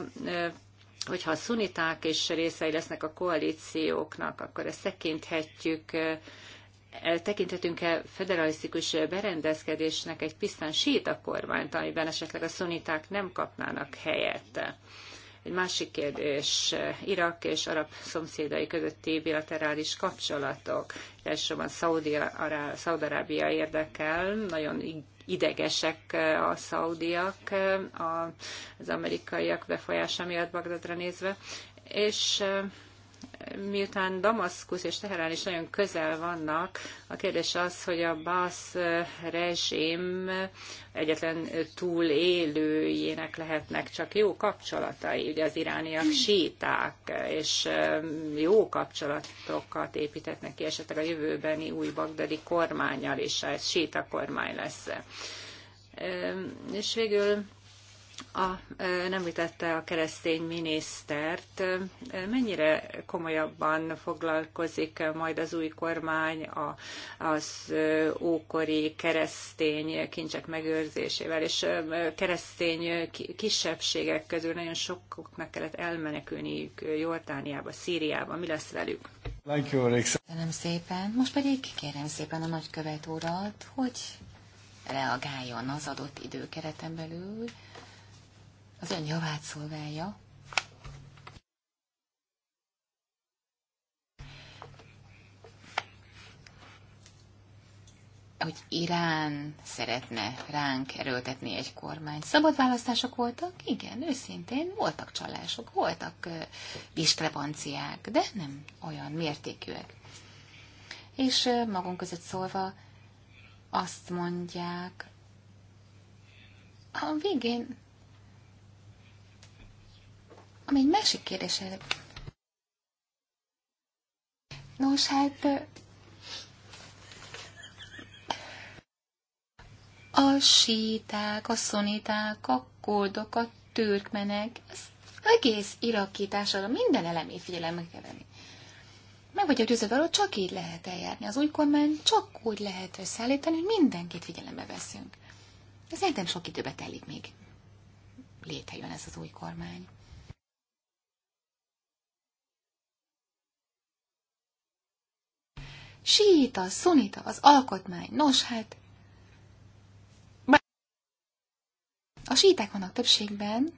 hogyha a szuniták is részei lesznek a koalícióknak, akkor ezt tekinthetjük tekinthetünk-e federalisztikus berendezkedésnek egy pisztán síta kormányt, amiben esetleg a szuniták nem kapnának helyet? Egy másik kérdés, Irak és arab szomszédai közötti bilaterális kapcsolatok. Elsősorban Szaudarábia érdekel, nagyon idegesek a szaudiak, az amerikaiak befolyása miatt Bagdadra nézve, és miután Damaszkusz és Teherán is nagyon közel vannak, a kérdés az, hogy a Basz rezsim egyetlen túlélőjének lehetnek csak jó kapcsolatai. Ugye az irániak hmm. síták, és jó kapcsolatokat építetnek ki esetleg a jövőbeni új bagdadi kormányal, és ez síta kormány lesz. És végül a, nem vitette a keresztény minisztert. Mennyire komolyabban foglalkozik majd az új kormány a, az ókori keresztény kincsek megőrzésével, és keresztény kisebbségek közül nagyon sokoknak kellett elmenekülniük Jordániába, Szíriába. Mi lesz velük? Köszönöm szépen. Most pedig kérem szépen a nagykövet urat, hogy reagáljon az adott időkereten belül az ön javát szolgálja. hogy Irán szeretne ránk erőltetni egy kormány. Szabad választások voltak? Igen, őszintén voltak csalások, voltak diskrepanciák, de nem olyan mértékűek. És magunk között szólva azt mondják, a végén ami egy másik kérdés. Nos, hát a síták, a szoniták, a kurdok, a türkmenek, az egész iraki társadalom minden elemét figyelembe kell venni. Meg vagyok győződve arról, csak így lehet eljárni. Az új kormány csak úgy lehet összeállítani, hogy mindenkit figyelembe veszünk. Ez nem sok időbe telik, még létrejön ez az új kormány. síita, szunita, az alkotmány. Nos, hát... A síták vannak többségben,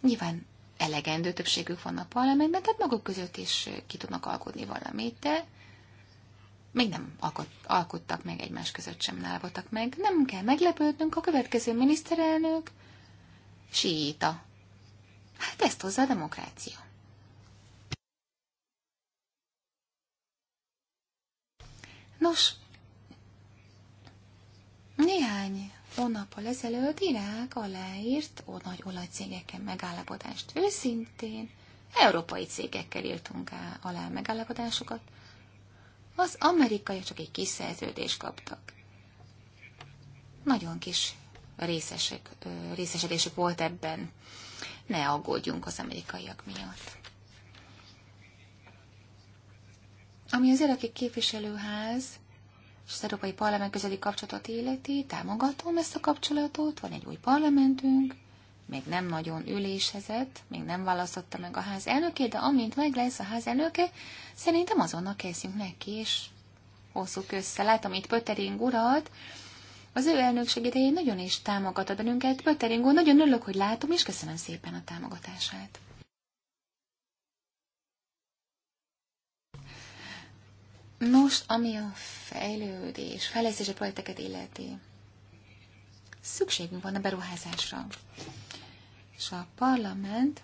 nyilván elegendő többségük van a parlamentben, tehát maguk között is ki tudnak alkotni valamit, de még nem alkot, alkottak meg, egymás között sem nálvottak meg. Nem kell meglepődnünk, a következő miniszterelnök síita. Hát ezt hozza a demokrácia. Nos, néhány hónappal ezelőtt Irák aláírt ó, nagy olajcégekkel megállapodást. Őszintén európai cégekkel írtunk alá megállapodásokat. Az amerikai csak egy kis szerződést kaptak. Nagyon kis részesek, részesedésük volt ebben. Ne aggódjunk az amerikaiak miatt. Ami az iraki képviselőház és az Európai Parlament közeli kapcsolatot életi, támogatom ezt a kapcsolatot, van egy új parlamentünk, még nem nagyon ülésezett, még nem választotta meg a ház elnökét, de amint meg lesz a ház elnöke, szerintem azonnal kezdjünk neki, és hozzuk össze. Látom itt Pöttering urat, az ő elnökség idején nagyon is támogatott bennünket. Pöttering úr, nagyon örülök, hogy látom, és köszönöm szépen a támogatását. Nos, ami a fejlődés, fejlesztési projekteket illeti, szükségünk van a beruházásra. És a parlament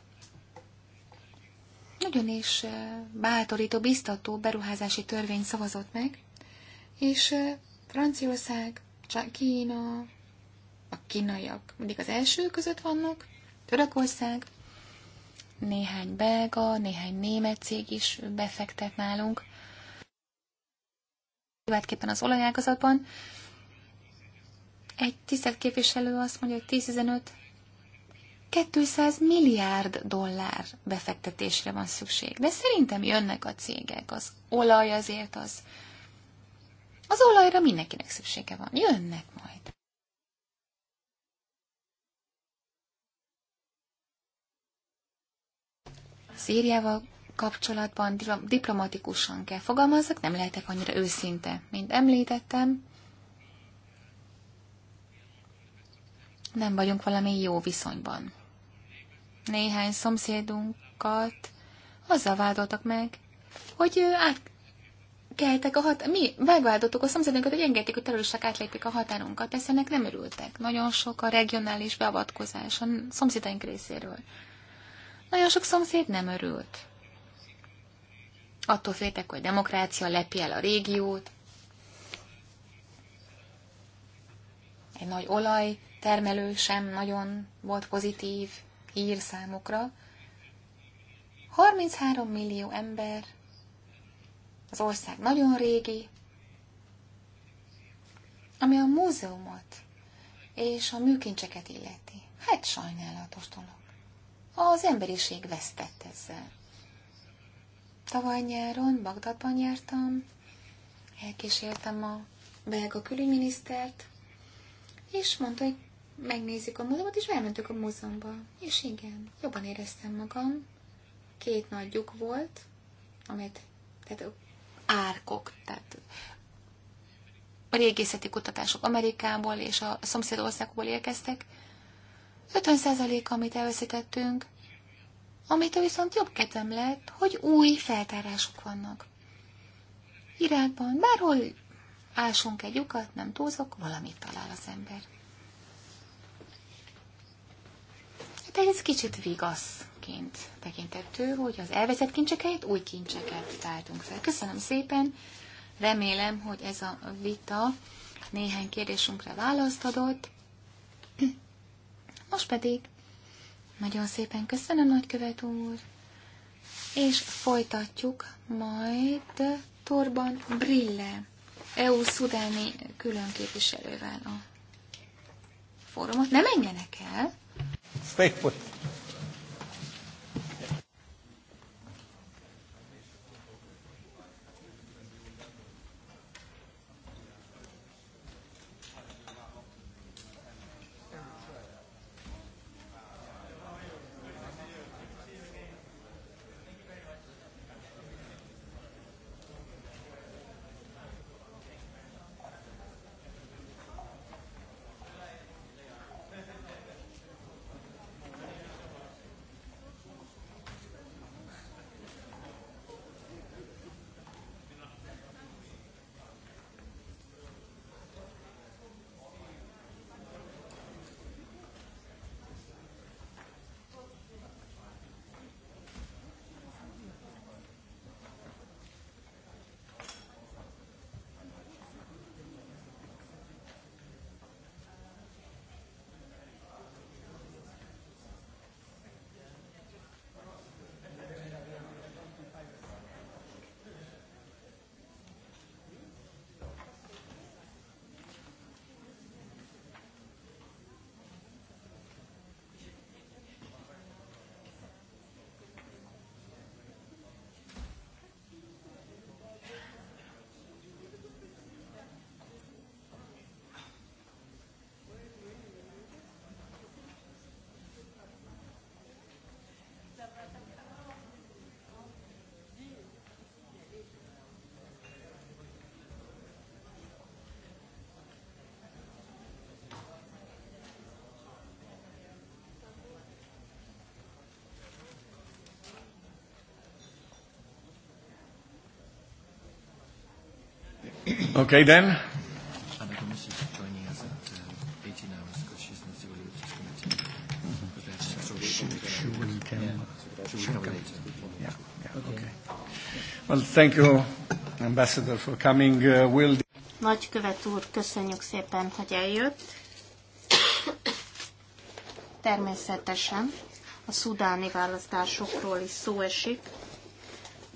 nagyon is bátorító, biztató beruházási törvény szavazott meg, és Franciaország, Kína, a kínaiak mindig az első között vannak, Törökország, néhány belga, néhány német cég is befektet nálunk következőképpen az olajágazatban. Egy tisztelt képviselő azt mondja, hogy 10-15 200 milliárd dollár befektetésre van szükség. De szerintem jönnek a cégek, az olaj azért az. Az olajra mindenkinek szüksége van. Jönnek majd. Szíriával kapcsolatban diplomatikusan kell fogalmazzak, nem lehetek annyira őszinte, mint említettem. Nem vagyunk valami jó viszonyban. Néhány szomszédunkat azzal vádoltak meg, hogy átkeltek a hat... Mi megvádoltuk a szomszédunkat, hogy engedték, hogy terroristák átlépik a határunkat. Ezt ennek nem örültek. Nagyon sok a regionális beavatkozás a szomszédaink részéről. Nagyon sok szomszéd nem örült. Attól féltek, hogy demokrácia lepi el a régiót. Egy nagy olajtermelő sem nagyon volt pozitív hír számukra. 33 millió ember, az ország nagyon régi, ami a múzeumot és a műkincseket illeti. Hát sajnálatos dolog. Az emberiség vesztett ezzel. Tavaly nyáron Bagdadban jártam, elkísértem a belga külügyminisztert, és mondta, hogy megnézzük a múzeumot, és elmentük a múzeumba. És igen, jobban éreztem magam. Két nagy lyuk volt, amit, tehát árkok, tehát a régészeti kutatások Amerikából és a szomszédországból érkeztek. 50% amit elveszítettünk, Amitől viszont jobb kedvem lett, hogy új feltárások vannak. Irákban bárhol ásunk egy lyukat, nem túlzok, valamit talál az ember. Hát ez kicsit vigaszként tekintettő, hogy az elveszett kincseket, új kincseket tártunk fel. Köszönöm szépen, remélem, hogy ez a vita néhány kérdésünkre választ adott. Most pedig nagyon szépen köszönöm, nagykövet úr. És folytatjuk majd Torban Brille, EU-szudáni képviselővel a fórumot. Ne menjenek el! Stay put. Okay then. Well, thank you, Ambassador, for coming. Uh, Nagy követ úr, köszönjük szépen, hogy eljött. Természetesen a szudáni választásokról is szó esik.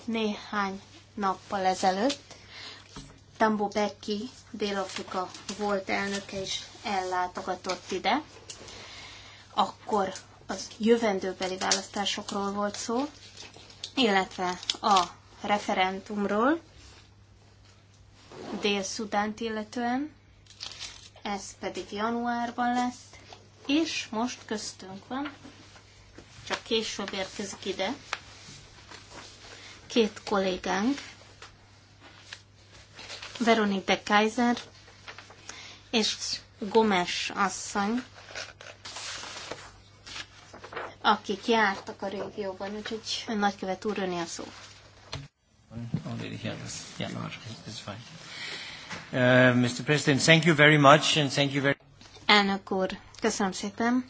Néhány nappal ezelőtt Tambo Becky, Dél-Afrika volt elnöke és ellátogatott ide. Akkor az jövendőbeli választásokról volt szó, illetve a referendumról Dél-Szudánt illetően, ez pedig januárban lesz, és most köztünk van, csak később érkezik ide, két kollégánk, Veronique de Kaiser és Gomes asszony, akik jártak a régióban, úgyhogy nagykövet úr, a szó. Mr. President, thank you very much, and thank you very Elnök úr, köszönöm szépen.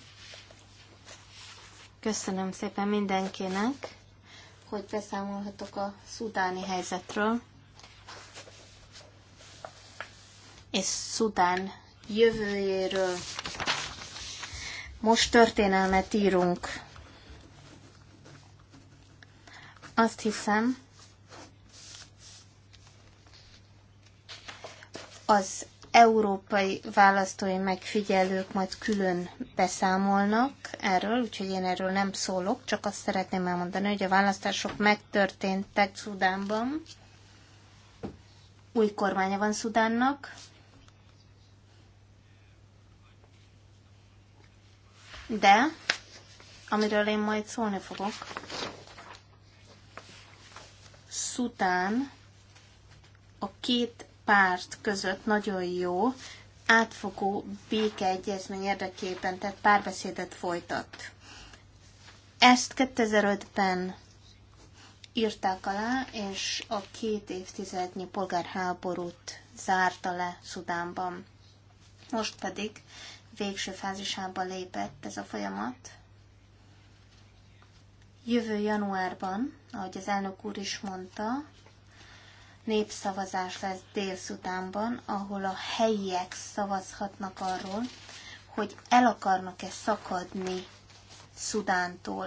Köszönöm szépen mindenkinek, hogy beszámolhatok a szudáni helyzetről. és Szudán jövőjéről. Most történelmet írunk. Azt hiszem, az európai választói megfigyelők majd külön beszámolnak erről, úgyhogy én erről nem szólok, csak azt szeretném elmondani, hogy a választások megtörténtek Szudánban. Új kormánya van Szudánnak, de amiről én majd szólni fogok, Szután a két párt között nagyon jó átfogó békeegyezmény érdekében, tehát párbeszédet folytat. Ezt 2005-ben írták alá, és a két évtizednyi polgárháborút zárta le Szudánban. Most pedig végső fázisába lépett ez a folyamat. Jövő januárban, ahogy az elnök úr is mondta, népszavazás lesz Dél-Szudánban, ahol a helyiek szavazhatnak arról, hogy el akarnak-e szakadni Szudántól.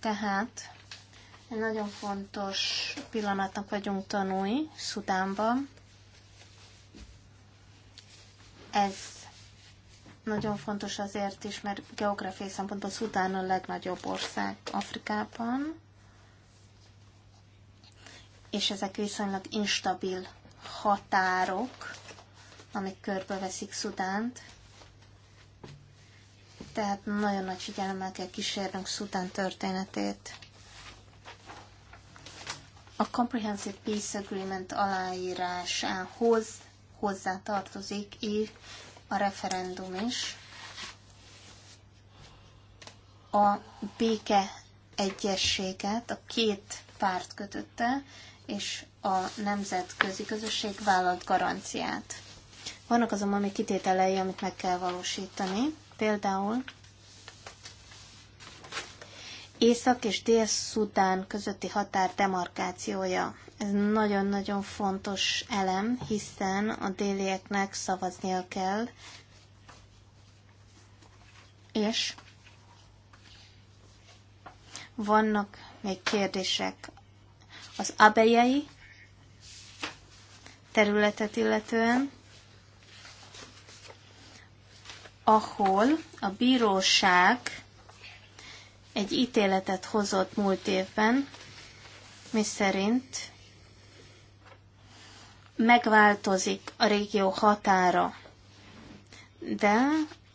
Tehát egy nagyon fontos pillanatnak vagyunk tanulni Szudánban, ez nagyon fontos azért is, mert geográfiai szempontból Szudán a legnagyobb ország Afrikában, és ezek viszonylag instabil határok, amik körbeveszik Szudánt. Tehát nagyon nagy figyelemmel kell kísérnünk Szudán történetét. A Comprehensive Peace Agreement aláírásához hozzá tartozik így a referendum is. A béke egyességet a két párt kötötte, és a nemzetközi közösség vállalt garanciát. Vannak azonban még kitételei, amit meg kell valósítani. Például Észak és Dél-Szudán közötti határ demarkációja ez nagyon-nagyon fontos elem, hiszen a délieknek szavaznia kell, és vannak még kérdések az abejei területet illetően, ahol a bíróság egy ítéletet hozott múlt évben, szerint? megváltozik a régió határa, de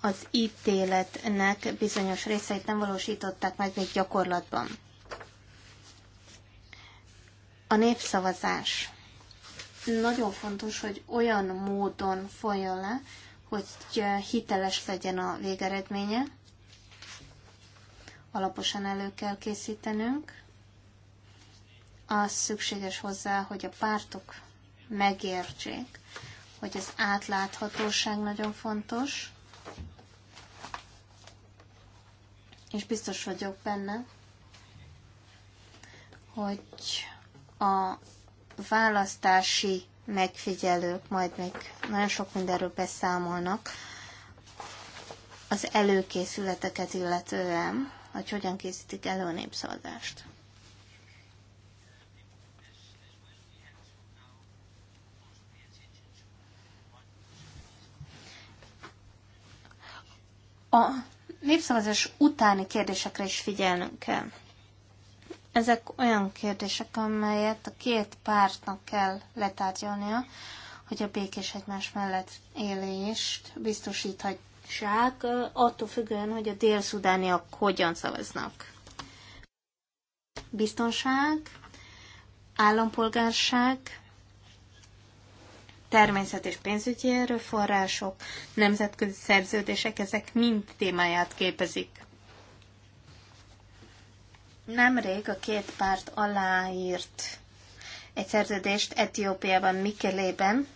az ítéletnek bizonyos részeit nem valósították meg még gyakorlatban. A népszavazás. Nagyon fontos, hogy olyan módon folyjon le, hogy hiteles legyen a végeredménye. Alaposan elő kell készítenünk. Az szükséges hozzá, hogy a pártok megértsék, hogy az átláthatóság nagyon fontos, és biztos vagyok benne, hogy a választási megfigyelők majd még nagyon sok mindenről beszámolnak az előkészületeket illetően, hogy hogyan készítik elő a népszavazást. A népszavazás utáni kérdésekre is figyelnünk kell. Ezek olyan kérdések, amelyet a két pártnak kell letárgyalnia, hogy a békés egymás mellett élést biztosíthatják, attól függően, hogy a dél-szudániak hogyan szavaznak. Biztonság, állampolgárság, természet és pénzügyi erőforrások, nemzetközi szerződések, ezek mind témáját képezik. Nemrég a két párt aláírt egy szerződést Etiópiában, Mikelében,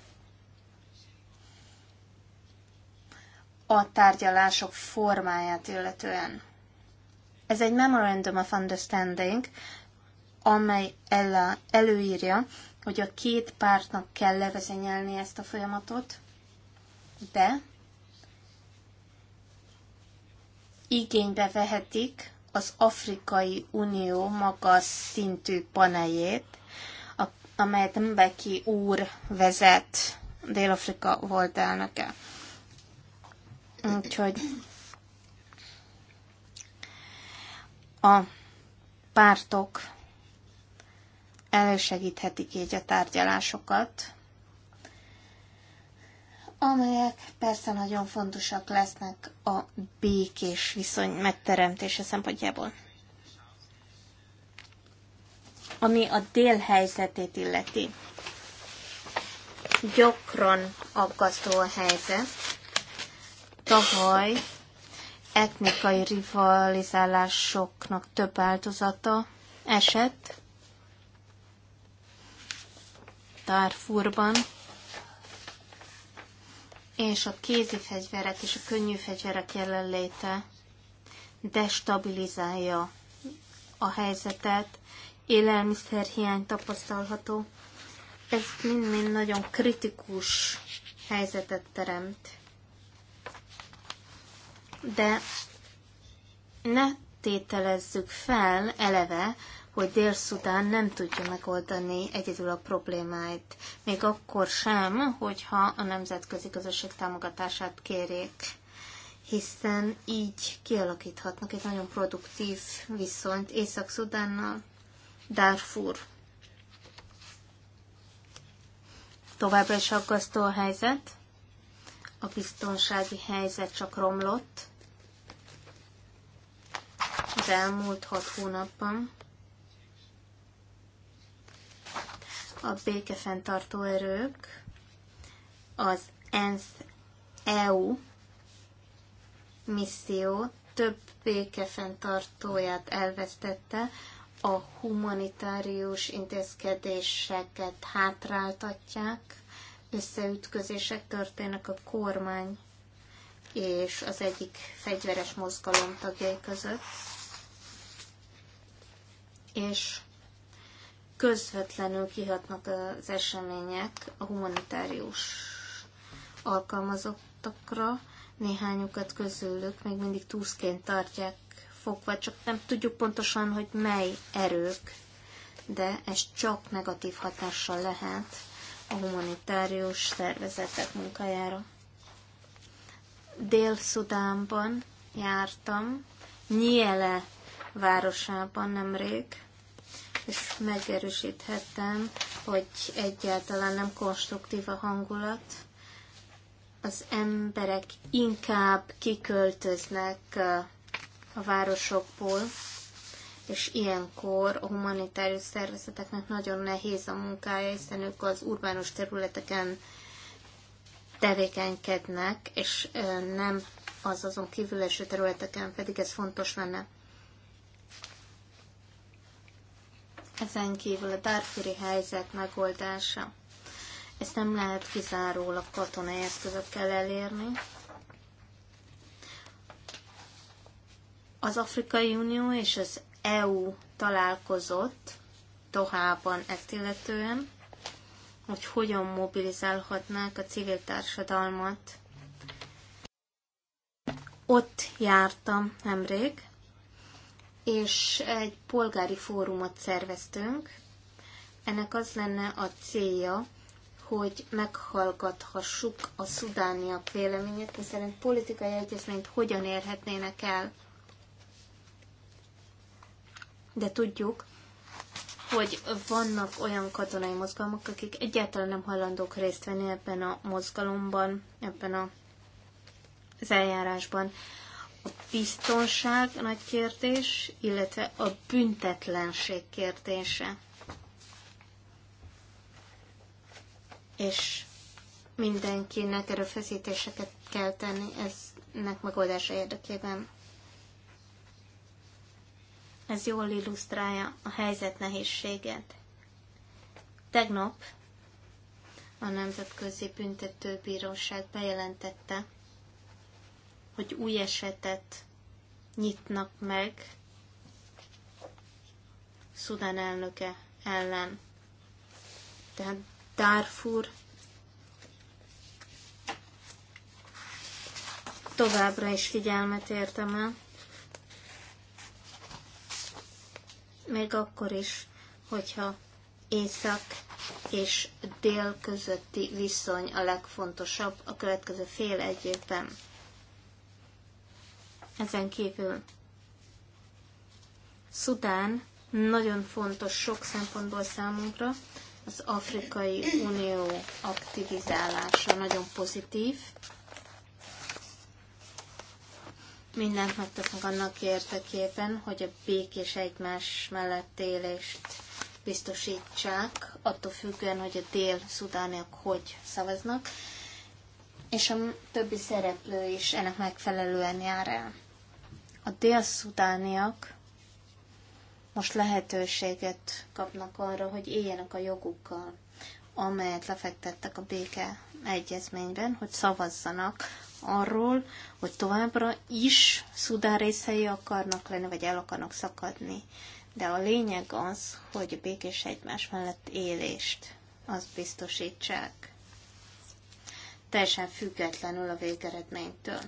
a tárgyalások formáját illetően. Ez egy Memorandum of Understanding, amely előírja, hogy a két pártnak kell levezényelni ezt a folyamatot, de igénybe vehetik az Afrikai Unió magas szintű paneljét, amelyet Mbeki úr vezet, Dél-Afrika volt elnöke. Úgyhogy a pártok elősegíthetik így a tárgyalásokat, amelyek persze nagyon fontosak lesznek a békés viszony megteremtése szempontjából. Ami a dél helyzetét illeti. Gyakran aggasztó a helyzet. Tavaly etnikai rivalizálásoknak több áldozata esett, Darfurban, és a kézi fegyverek és a könnyű fegyverek jelenléte destabilizálja a helyzetet, élelmiszerhiány tapasztalható. Ez mind-mind nagyon kritikus helyzetet teremt. De ne tételezzük fel eleve, hogy Dél-Szudán nem tudja megoldani egyedül a problémáit, még akkor sem, hogyha a nemzetközi közösség támogatását kérik, hiszen így kialakíthatnak egy nagyon produktív viszonyt Észak-Szudánnal, Darfur. Továbbra is aggasztó a helyzet, a biztonsági helyzet csak romlott az elmúlt hat hónapban. a békefenntartó erők, az ENSZ EU misszió több békefenntartóját elvesztette, a humanitárius intézkedéseket hátráltatják, összeütközések történnek a kormány és az egyik fegyveres mozgalom tagjai között, és közvetlenül kihatnak az események a humanitárius alkalmazottakra. Néhányukat közülük még mindig túszként tartják fogva, csak nem tudjuk pontosan, hogy mely erők, de ez csak negatív hatással lehet a humanitárius szervezetek munkájára. Dél-Szudánban jártam, Nyiele városában nemrég, és megerősíthettem, hogy egyáltalán nem konstruktív a hangulat. Az emberek inkább kiköltöznek a városokból, és ilyenkor a humanitárius szervezeteknek nagyon nehéz a munkája, hiszen ők az urbánus területeken tevékenykednek, és nem az azon kívül eső területeken, pedig ez fontos lenne. ezen kívül a Darfuri helyzet megoldása. Ezt nem lehet kizárólag katonai eszközökkel elérni. Az Afrikai Unió és az EU találkozott Tohában ezt illetően, hogy hogyan mobilizálhatnák a civil társadalmat. Ott jártam nemrég, és egy polgári fórumot szerveztünk. Ennek az lenne a célja, hogy meghallgathassuk a szudániak véleményét, miszerint politikai egyezményt hogyan érhetnének el. De tudjuk, hogy vannak olyan katonai mozgalmak, akik egyáltalán nem hajlandók részt venni ebben a mozgalomban, ebben a, az eljárásban biztonság nagy kérdés, illetve a büntetlenség kérdése. És mindenkinek erőfeszítéseket kell tenni eznek megoldása érdekében. Ez jól illusztrálja a helyzet nehézséget. Tegnap a Nemzetközi Büntetőbíróság bejelentette, hogy új esetet nyitnak meg Szudán elnöke ellen. Tehát Darfur továbbra is figyelmet értem el. Még akkor is, hogyha észak és dél közötti viszony a legfontosabb a következő fél egy évben. Ezen kívül Szudán nagyon fontos sok szempontból számunkra. Az Afrikai Unió aktivizálása nagyon pozitív. Mindent megtesznek annak érdekében, hogy a békés egymás mellett élést biztosítsák, attól függően, hogy a dél-szudániak hogy szavaznak és a többi szereplő is ennek megfelelően jár el. A délszutániak most lehetőséget kapnak arra, hogy éljenek a jogukkal, amelyet lefektettek a béke egyezményben, hogy szavazzanak arról, hogy továbbra is Szudán részei akarnak lenni, vagy el akarnak szakadni. De a lényeg az, hogy a békés egymás mellett élést az biztosítsák teljesen függetlenül a végeredménytől.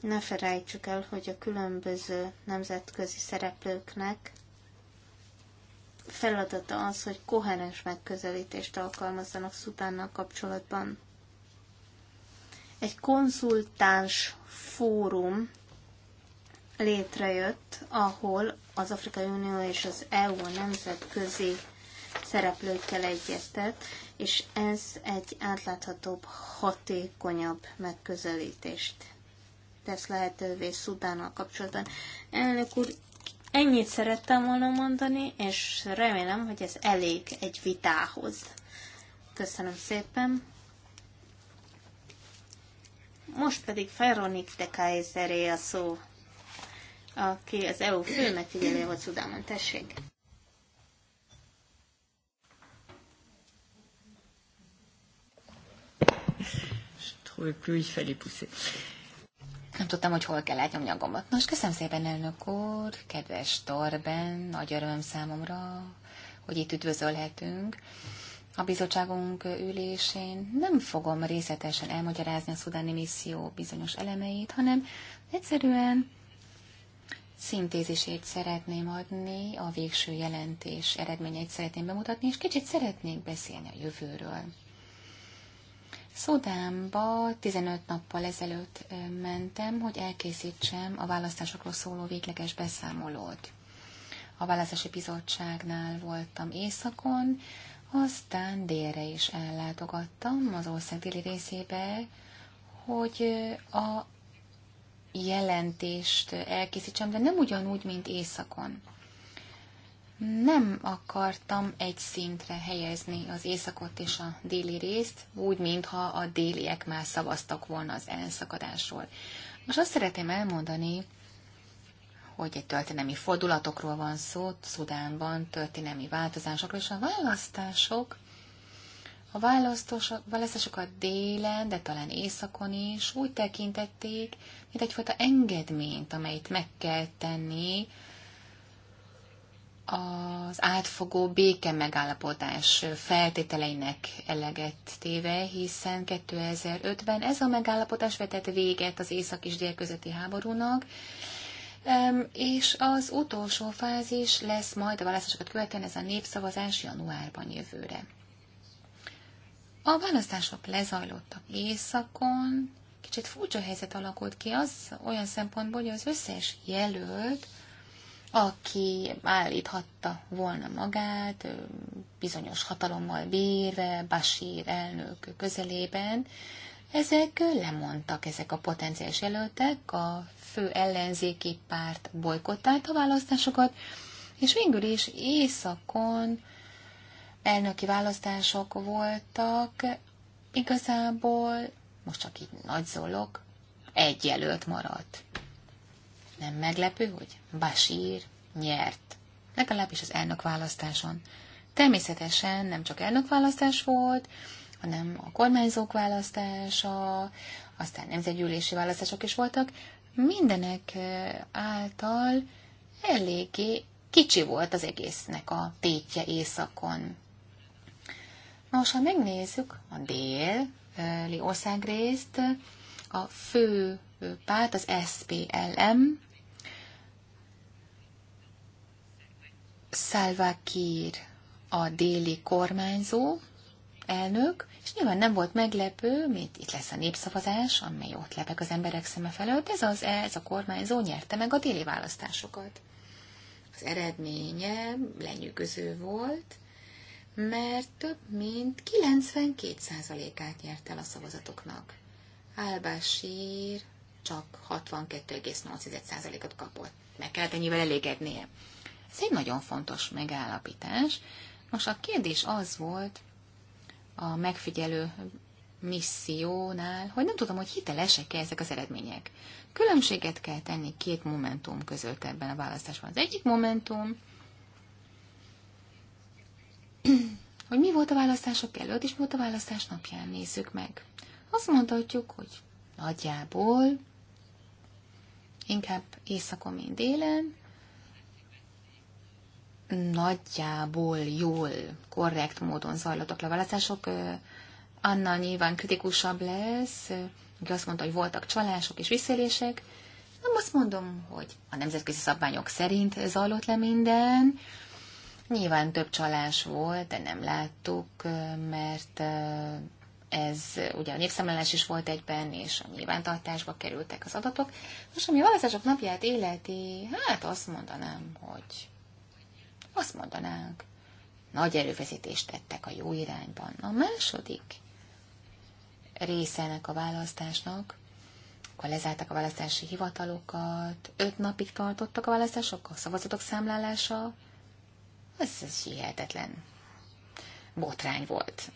Ne felejtsük el, hogy a különböző nemzetközi szereplőknek feladata az, hogy koherens megközelítést alkalmazzanak Szutánnal kapcsolatban. Egy konzultáns fórum létrejött, ahol az Afrikai Unió és az EU nemzetközi szereplőkkel egyeztet, és ez egy átláthatóbb, hatékonyabb megközelítést tesz lehetővé Szudánnal kapcsolatban. Elnök úr, ennyit szerettem volna mondani, és remélem, hogy ez elég egy vitához. Köszönöm szépen. Most pedig Feronik de Kaiseré a szó, aki az EU főmegfigyelője volt Szudánon. Tessék! Nem tudtam, hogy hol kell átnyomni a gombot. Nos, köszönöm szépen, elnök úr, kedves Torben, nagy öröm számomra, hogy itt üdvözölhetünk. A bizottságunk ülésén nem fogom részletesen elmagyarázni a szudáni misszió bizonyos elemeit, hanem egyszerűen szintézisét szeretném adni, a végső jelentés eredményeit szeretném bemutatni, és kicsit szeretnék beszélni a jövőről. Szudánba 15 nappal ezelőtt mentem, hogy elkészítsem a választásokról szóló végleges beszámolót. A választási bizottságnál voltam északon, aztán délre is ellátogattam az ország déli részébe, hogy a jelentést elkészítsem, de nem ugyanúgy, mint északon nem akartam egy szintre helyezni az északot és a déli részt, úgy, mintha a déliek már szavaztak volna az elszakadásról. Most azt szeretném elmondani, hogy egy történelmi fordulatokról van szó, Szudánban történelmi változásokról, és a választások, a választások a délen, de talán északon is úgy tekintették, mint egyfajta engedményt, amelyet meg kell tenni az átfogó béke megállapodás feltételeinek eleget téve, hiszen 2005-ben ez a megállapodás vetett véget az észak és dél közötti háborúnak, és az utolsó fázis lesz majd a választásokat követően ez a népszavazás januárban jövőre. A választások lezajlottak északon, kicsit furcsa helyzet alakult ki az olyan szempontból, hogy az összes jelölt, aki állíthatta volna magát, bizonyos hatalommal bírve, Basír elnök közelében, ezek lemondtak, ezek a potenciális jelöltek, a fő ellenzéki párt bolykottált a választásokat, és végül is északon elnöki választások voltak, igazából, most csak így nagyzolok, egy jelölt maradt. Nem meglepő, hogy Basír nyert, legalábbis az elnökválasztáson. Természetesen nem csak elnökválasztás volt, hanem a kormányzók választása, aztán nemzetgyűlési választások is voltak. Mindenek eh, által eléggé kicsi volt az egésznek a tétje északon. Nos, ha megnézzük a déli országrészt, a fő párt az SPLM, Salva Kiir a déli kormányzó elnök, és nyilván nem volt meglepő, mint itt lesz a népszavazás, amely ott lebeg az emberek szeme felett, ez, az, ez a kormányzó nyerte meg a déli választásokat. Az eredménye lenyűgöző volt, mert több mint 92%-át nyert el a szavazatoknak. Álbásír csak 62,8%-ot kapott. Meg kellett ennyivel elégednie. Ez egy nagyon fontos megállapítás. Most a kérdés az volt a megfigyelő missziónál, hogy nem tudom, hogy hitelesek-e ezek az eredmények. Különbséget kell tenni két momentum között ebben a választásban. Az egyik momentum, hogy mi volt a választások előtt, és mi volt a választás napján, nézzük meg. Azt mondhatjuk, hogy nagyjából inkább éjszakon, mint délen, nagyjából jól, korrekt módon zajlottak le választások, annál nyilván kritikusabb lesz, aki azt mondta, hogy voltak csalások és visszélések. Nem azt mondom, hogy a nemzetközi szabványok szerint zajlott le minden. Nyilván több csalás volt, de nem láttuk, mert ez ugye a népszámlálás is volt egyben, és a nyilvántartásba kerültek az adatok. Most ami a választások napját életi, hát azt mondanám, hogy azt mondanánk, nagy erőfeszítést tettek a jó irányban. A második részenek a választásnak, akkor lezártak a választási hivatalokat, öt napig tartottak a választások, a szavazatok számlálása, ez, ez hihetetlen botrány volt.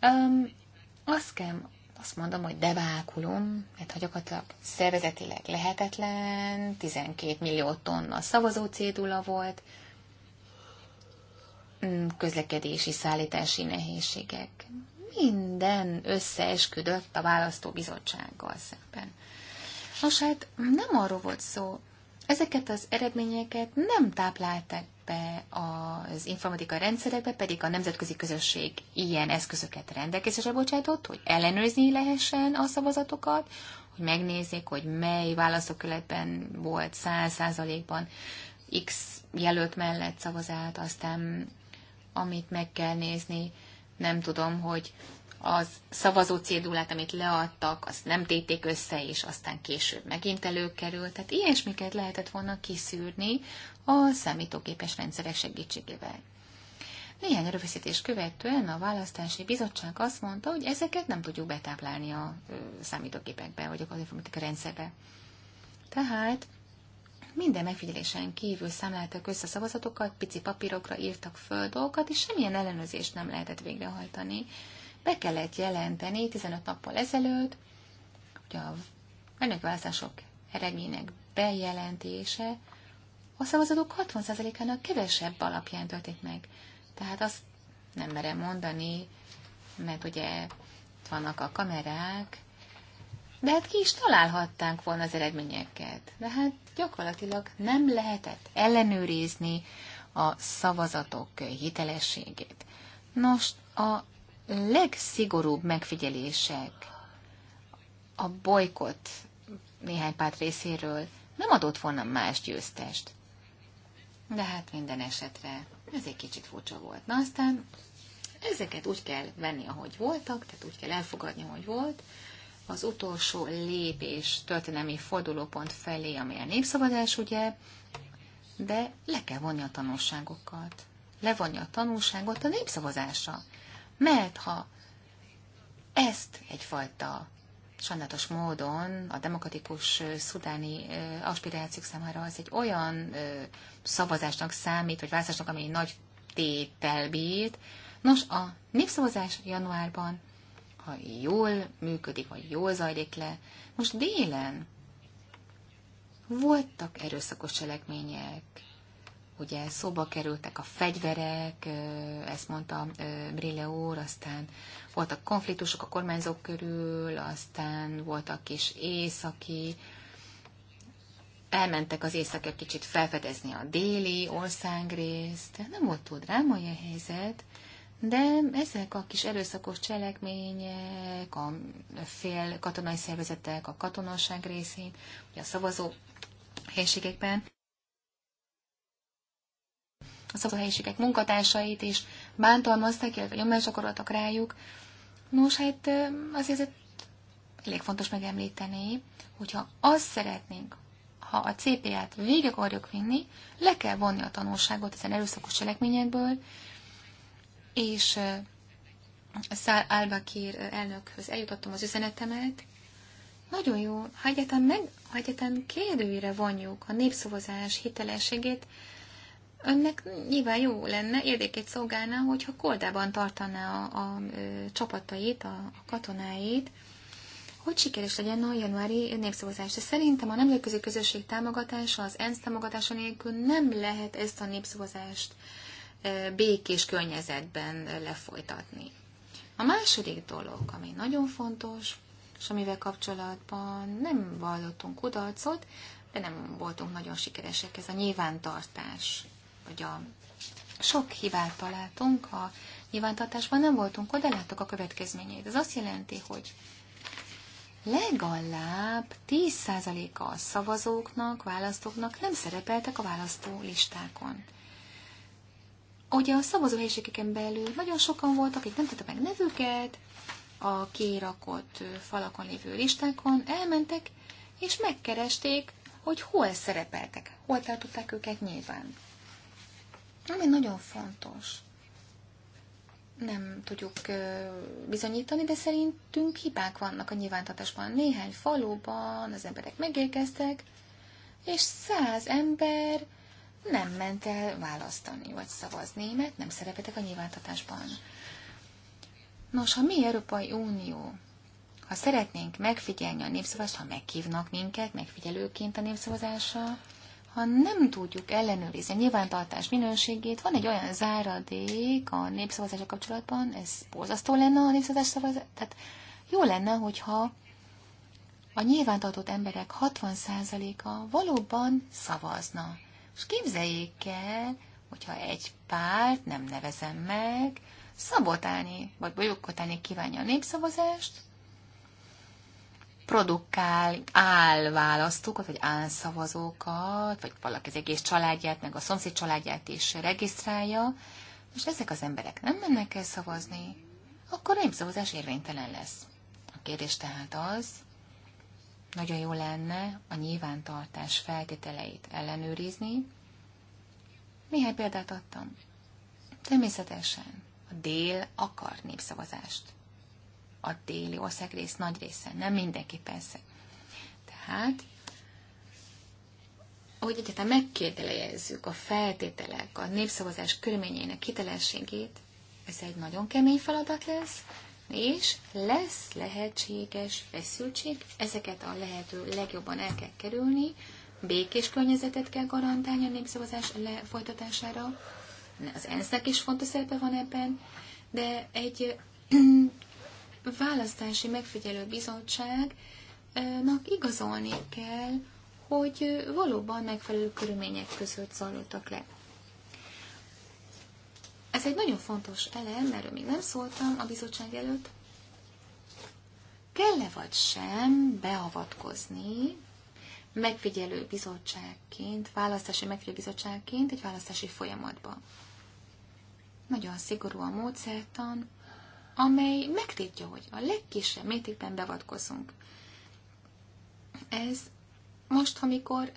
Um, azt kell, azt mondom, hogy devákulum, mert ha gyakorlatilag szervezetileg lehetetlen, 12 millió tonna szavazó cédula volt, közlekedési szállítási nehézségek. Minden összeesküdött a választóbizottsággal szemben. Nos, hát nem arról volt szó, ezeket az eredményeket nem táplálták be az informatika rendszerekbe, pedig a nemzetközi közösség ilyen eszközöket rendelkezésre bocsátott, hogy ellenőrizni lehessen a szavazatokat, hogy megnézzék, hogy mely választókületben volt száz százalékban X jelölt mellett szavazált, aztán amit meg kell nézni. Nem tudom, hogy az szavazó cédulát, amit leadtak, azt nem téték össze, és aztán később megint előkerült. Tehát ilyesmiket lehetett volna kiszűrni a számítógépes rendszerek segítségével. Néhány rövidítés követően a választási bizottság azt mondta, hogy ezeket nem tudjuk betáplálni a számítógépekbe, vagy az informatika rendszerbe. Tehát minden megfigyelésen kívül számláltak össze szavazatokat, pici papírokra írtak föl dolgokat, és semmilyen ellenőrzést nem lehetett végrehajtani. Be kellett jelenteni 15 nappal ezelőtt, hogy a elnökválasztások eredmények bejelentése a szavazatok 60%-ának kevesebb alapján történt meg. Tehát azt nem merem mondani, mert ugye vannak a kamerák, de hát ki is találhatták volna az eredményeket. De hát gyakorlatilag nem lehetett ellenőrizni a szavazatok hitelességét. Nos, a legszigorúbb megfigyelések a bolykot néhány párt részéről nem adott volna más győztest. De hát minden esetre ez egy kicsit furcsa volt. Na aztán ezeket úgy kell venni, ahogy voltak, tehát úgy kell elfogadni, ahogy volt az utolsó lépés történelmi fordulópont felé, ami a népszavazás, ugye, de le kell vonni a tanulságokat. Levonja a tanulságot a népszavazásra. Mert ha ezt egyfajta sajnálatos módon a demokratikus szudáni aspirációk számára az egy olyan szavazásnak számít, vagy választásnak, ami nagy tétel bírt. Nos, a népszavazás januárban ha jól működik, vagy jól zajlik le. Most délen voltak erőszakos cselekmények, ugye szóba kerültek a fegyverek, ezt mondta Brille úr, aztán voltak konfliktusok a kormányzók körül, aztán voltak is északi, elmentek az északi kicsit felfedezni a déli országrészt, nem volt túl drámai a helyzet, de ezek a kis erőszakos cselekmények, a fél katonai szervezetek, a katonaság részén, ugye a szavazó helységekben, a szavazóhelyiségek munkatársait is bántalmazták, illetve nyomást akaroltak rájuk. Nos, hát azért ez elég fontos megemlíteni, hogyha azt szeretnénk, ha a CPA-t végig akarjuk vinni, le kell vonni a tanulságot ezen erőszakos cselekményekből, és Szál Álbakír elnökhöz eljutottam az üzenetemet. Nagyon jó, ha egyetem, meg, ha egyetem kérdőire vonjuk a népszavazás hitelességét, önnek nyilván jó lenne, érdekét szolgálna, hogyha koldában tartaná a, a, a csapatait, a, a katonáit, hogy sikeres legyen a januári népszavazás. De szerintem a nemzetközi közösség támogatása, az ENSZ támogatása nélkül nem lehet ezt a népszavazást békés környezetben lefolytatni. A második dolog, ami nagyon fontos, és amivel kapcsolatban nem vallottunk kudarcot, de nem voltunk nagyon sikeresek, ez a nyilvántartás, vagy a sok hibát találtunk a nyilvántartásban, nem voltunk oda, láttuk a következményeit. Ez azt jelenti, hogy legalább 10%-a a szavazóknak, választóknak nem szerepeltek a választó listákon. Ugye a szavazóhelyiségeken belül nagyon sokan voltak, akik nem tette meg nevüket, a kirakott falakon lévő listákon elmentek, és megkeresték, hogy hol szerepeltek, hol tartották őket nyilván. Ami nagyon fontos. Nem tudjuk bizonyítani, de szerintünk hibák vannak a nyilvántartásban. Néhány faluban az emberek megérkeztek, és száz ember nem ment el választani vagy szavazni, mert nem szerepeltek a nyilvántatásban. Nos, ha mi Európai Unió, ha szeretnénk megfigyelni a népszavazást, ha meghívnak minket megfigyelőként a népszavazásra, ha nem tudjuk ellenőrizni a nyilvántartás minőségét, van egy olyan záradék a népszavazása kapcsolatban, ez borzasztó lenne a népszavazás szavazás, tehát jó lenne, hogyha a nyilvántartott emberek 60%-a valóban szavazna. És képzeljék el, hogyha egy párt, nem nevezem meg, szabotálni, vagy bolyogkotálni kívánja a népszavazást, produkál állválasztókat, vagy álszavazókat, vagy valaki az egész családját, meg a szomszéd családját is regisztrálja, és ezek az emberek nem mennek el szavazni, akkor a népszavazás érvénytelen lesz. A kérdés tehát az, nagyon jó lenne a nyilvántartás feltételeit ellenőrizni. Néhány példát adtam. Természetesen a dél akar népszavazást. A déli országrész nagy része, nem mindenki persze. Tehát ahogy egyáltalán megkérdelejezzük a feltételek, a népszavazás körülményeinek hitelességét, ez egy nagyon kemény feladat lesz, és lesz lehetséges feszültség, ezeket a lehető legjobban el kell kerülni, békés környezetet kell garantálni a népszavazás lefolytatására, az ENSZ-nek is fontos szerepe van ebben, de egy választási megfigyelő bizottságnak igazolni kell, hogy valóban megfelelő körülmények között zajlottak le ez egy nagyon fontos elem, erről még nem szóltam a bizottság előtt. Kell-e vagy sem beavatkozni megfigyelő bizottságként, választási megfigyelő bizottságként egy választási folyamatba? Nagyon szigorú a módszertan, amely megtiltja, hogy a legkisebb mértékben beavatkozunk. Ez most, amikor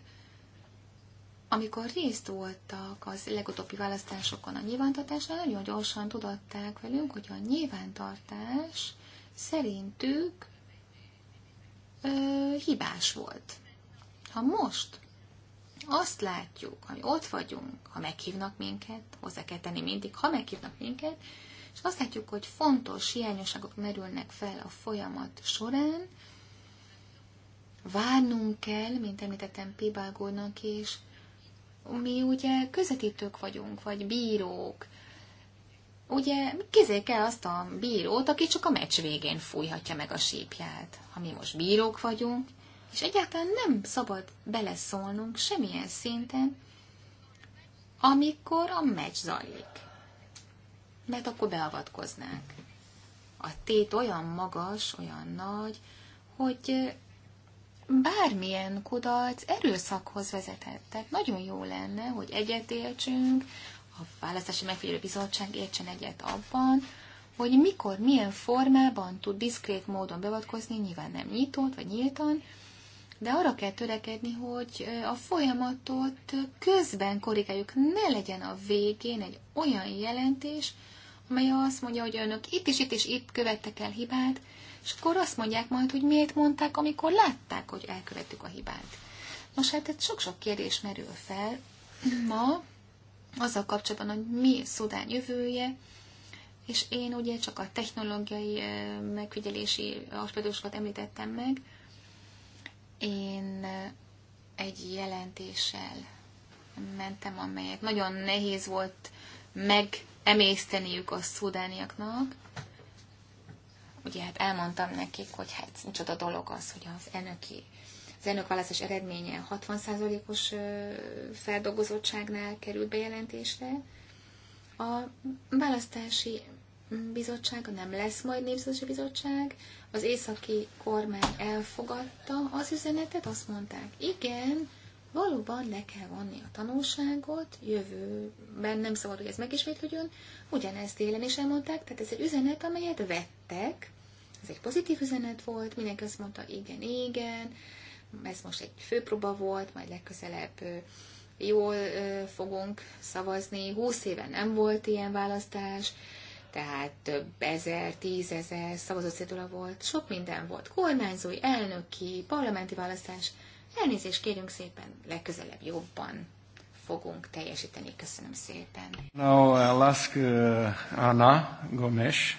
amikor részt voltak az legutóbbi választásokon a nyilvántartásnál, nagyon gyorsan tudatták velünk, hogy a nyilvántartás szerintük ö, hibás volt. Ha most azt látjuk, hogy ott vagyunk, ha meghívnak minket, hozzá kell tenni mindig, ha meghívnak minket, és azt látjuk, hogy fontos hiányosságok merülnek fel a folyamat során, várnunk kell, mint említettem Pibálgónak is, mi ugye közvetítők vagyunk, vagy bírók. Ugye kezék el azt a bírót, aki csak a meccs végén fújhatja meg a sípját. Ha mi most bírók vagyunk, és egyáltalán nem szabad beleszólnunk semmilyen szinten, amikor a meccs zajlik. Mert akkor beavatkoznánk. A tét olyan magas, olyan nagy, hogy bármilyen kudarc erőszakhoz vezetett. Tehát nagyon jó lenne, hogy egyet értsünk, a Választási Megfigyelő Bizottság értsen egyet abban, hogy mikor, milyen formában tud diszkrét módon beavatkozni, nyilván nem nyitott vagy nyíltan, de arra kell törekedni, hogy a folyamatot közben korrigáljuk, ne legyen a végén egy olyan jelentés, amely azt mondja, hogy önök itt is, itt is, itt követtek el hibát, és akkor azt mondják majd, hogy miért mondták, amikor látták, hogy elkövettük a hibát. Nos, hát itt sok-sok kérdés merül fel ma, azzal kapcsolatban, hogy mi Szudán jövője, és én ugye csak a technológiai megfigyelési aspektusokat említettem meg. Én egy jelentéssel mentem, amelyet nagyon nehéz volt megemészteniük a szudániaknak, ugye hát elmondtam nekik, hogy hát csoda dolog az, hogy az elnöki az választás eredménye 60%-os feldolgozottságnál került bejelentésre. A választási bizottság nem lesz majd népszavazási bizottság. Az északi kormány elfogadta az üzenetet, azt mondták, igen, valóban le kell vanni a tanulságot, jövőben nem szabad, hogy ez megismétlődjön, ugyanezt élen is elmondták, tehát ez egy üzenet, amelyet vettek, ez egy pozitív üzenet volt, mindenki azt mondta, igen, igen, ez most egy főpróba volt, majd legközelebb jól fogunk szavazni. Húsz éve nem volt ilyen választás, tehát több ezer, tízezer szavazócédula volt, sok minden volt, kormányzói, elnöki, parlamenti választás – Elnézést kérünk szépen, legközelebb jobban fogunk teljesíteni. Köszönöm szépen. Now I'll ask uh, Anna Gomes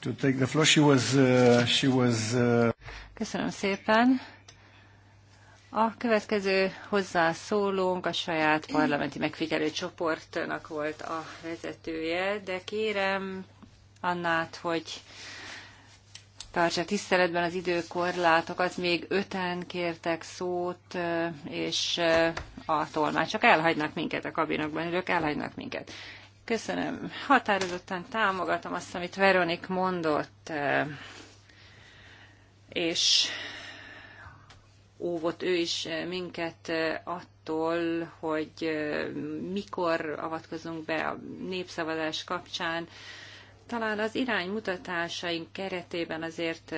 to take the floor. She was, uh, she was, uh... Köszönöm szépen. A következő hozzászólónk a saját parlamenti megfigyelő csoportnak volt a vezetője, de kérem Annát, hogy tartsa tiszteletben az időkorlátokat. Még öten kértek szót, és a tolmácsok elhagynak minket, a kabinokban ők elhagynak minket. Köszönöm. Határozottan támogatom azt, amit Veronik mondott, és óvott ő is minket attól, hogy mikor avatkozunk be a népszavazás kapcsán, talán az iránymutatásaink keretében azért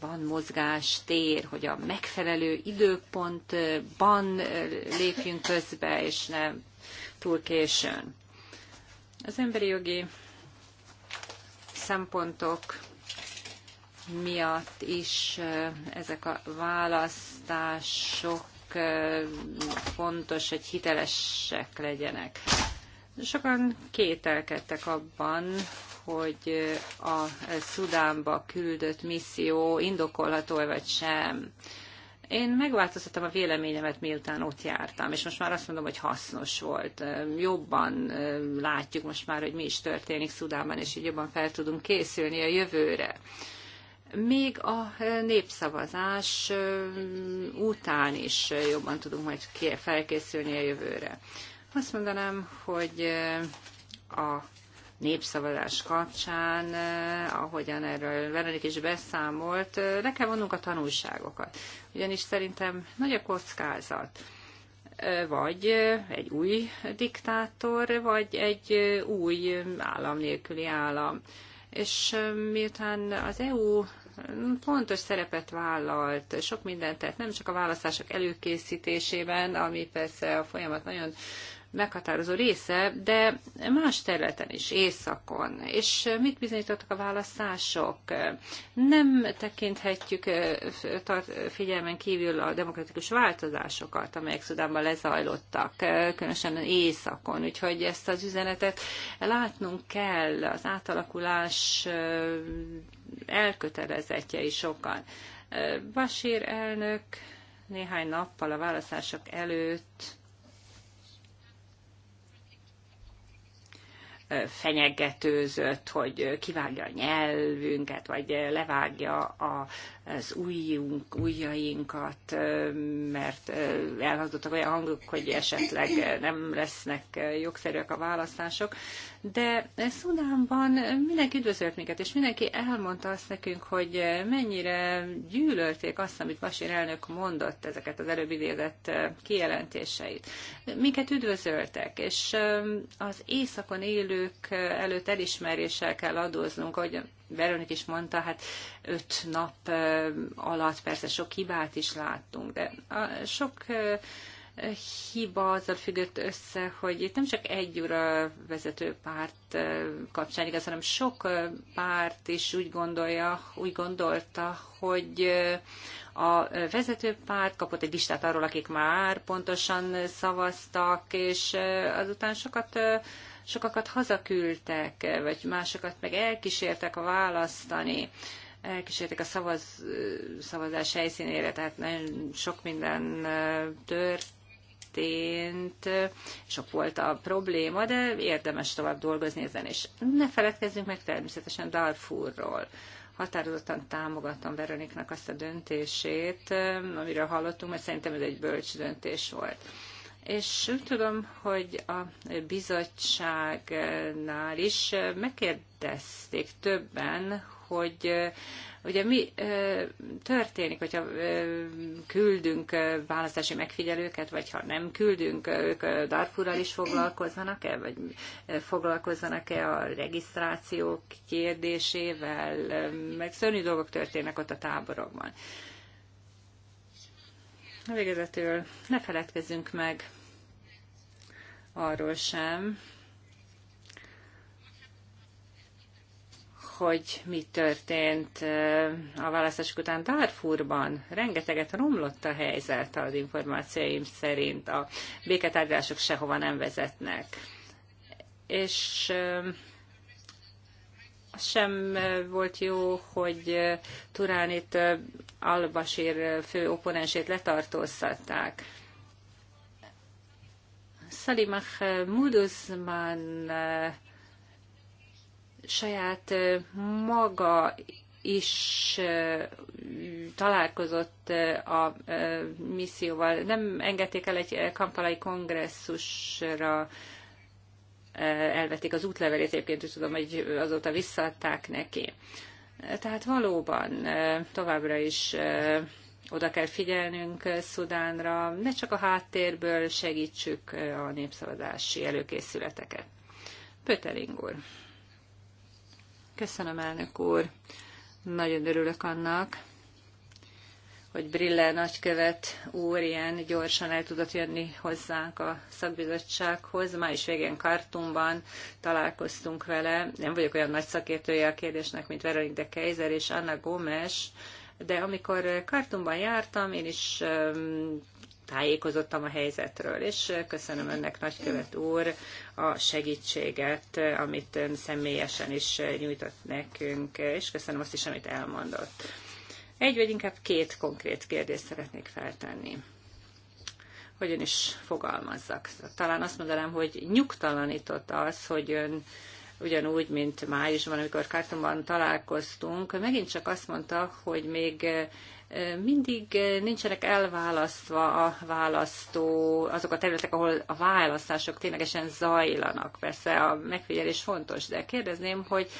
van mozgás, tér, hogy a megfelelő időpontban lépjünk közbe, és ne túl későn. Az emberi jogi szempontok miatt is ezek a választások fontos, hogy hitelesek legyenek. Sokan kételkedtek abban, hogy a Szudánba küldött misszió indokolható vagy sem. Én megváltoztattam a véleményemet, miután ott jártam, és most már azt mondom, hogy hasznos volt. Jobban látjuk most már, hogy mi is történik Szudánban, és így jobban fel tudunk készülni a jövőre. Még a népszavazás után is jobban tudunk majd felkészülni a jövőre. Azt mondanám, hogy a népszavazás kapcsán, eh, ahogyan erről Veronik is beszámolt, eh, le kell vonnunk a tanulságokat. Ugyanis szerintem nagy a kockázat eh, vagy egy új diktátor, vagy egy új állam nélküli állam. És miután az EU mm, fontos szerepet vállalt, sok mindent tett, nem csak a választások előkészítésében, ami persze a folyamat nagyon meghatározó része, de más területen is, északon. És mit bizonyítottak a választások? Nem tekinthetjük figyelmen kívül a demokratikus változásokat, amelyek Szudánban lezajlottak, különösen északon. Úgyhogy ezt az üzenetet látnunk kell, az átalakulás elkötelezettjei sokan. Basír elnök néhány nappal a választások előtt fenyegetőzött, hogy kivágja a nyelvünket, vagy levágja a az újjunk, újjainkat, mert elhangzottak olyan hangok, hogy esetleg nem lesznek jogszerűek a választások, de Szudánban mindenki üdvözölt minket, és mindenki elmondta azt nekünk, hogy mennyire gyűlölték azt, amit Basir elnök mondott, ezeket az előbb idézett kijelentéseit. Minket üdvözöltek, és az éjszakon élők előtt elismeréssel kell adóznunk, hogy Veronik is mondta, hát öt nap alatt persze sok hibát is láttunk, de a sok hiba azzal függött össze, hogy itt nem csak egy ura vezető párt kapcsán igaz, hanem sok párt is úgy gondolja, úgy gondolta, hogy a vezető párt kapott egy listát arról, akik már pontosan szavaztak, és azután sokat sokakat hazaküldtek, vagy másokat meg elkísértek választani, elkísértek a szavaz, szavazás helyszínére, tehát nagyon sok minden tört, és sok volt a probléma, de érdemes tovább dolgozni ezen, és ne feledkezzünk meg természetesen Darfurról. Határozottan támogattam Veroniknak azt a döntését, amiről hallottunk, mert szerintem ez egy bölcs döntés volt és úgy tudom, hogy a bizottságnál is megkérdezték többen, hogy ugye mi történik, hogyha küldünk választási megfigyelőket, vagy ha nem küldünk, ők Darfurral is foglalkozzanak-e, vagy foglalkozzanak-e a regisztrációk kérdésével, meg szörnyű dolgok történnek ott a táborokban. Végezetül ne feledkezzünk meg arról sem, hogy mi történt a választások után Darfurban. Rengeteget romlott a helyzet az információim szerint. A béketárgyalások sehova nem vezetnek. És sem volt jó, hogy Turánit Al-Bashir fő oponensét letartóztatták. Salimah Muduzman saját maga is találkozott a misszióval. Nem engedték el egy kampalai kongresszusra elvették az útlevelét, egyébként úgy tudom, hogy azóta visszaadták neki. Tehát valóban továbbra is oda kell figyelnünk Szudánra, ne csak a háttérből segítsük a népszavazási előkészületeket. Pötering úr. Köszönöm, elnök úr. Nagyon örülök annak, hogy Brille nagykövet úr ilyen gyorsan el tudott jönni hozzánk a szakbizottsághoz. is végén Kartumban találkoztunk vele. Nem vagyok olyan nagy szakértője a kérdésnek, mint Veronik de Kaiser és Anna Gomes, de amikor Kartumban jártam, én is tájékozottam a helyzetről, és köszönöm önnek, nagykövet úr, a segítséget, amit ön személyesen is nyújtott nekünk, és köszönöm azt is, amit elmondott. Egy vagy inkább két konkrét kérdést szeretnék feltenni Hogyan is fogalmazzak. Talán azt mondanám, hogy nyugtalanított az, hogy ön ugyanúgy, mint májusban, amikor Kártonban találkoztunk, megint csak azt mondta, hogy még eh, mindig nincsenek elválasztva a választó, azok a területek, ahol a választások ténylegesen zajlanak. Persze a megfigyelés fontos, de kérdezném, hogy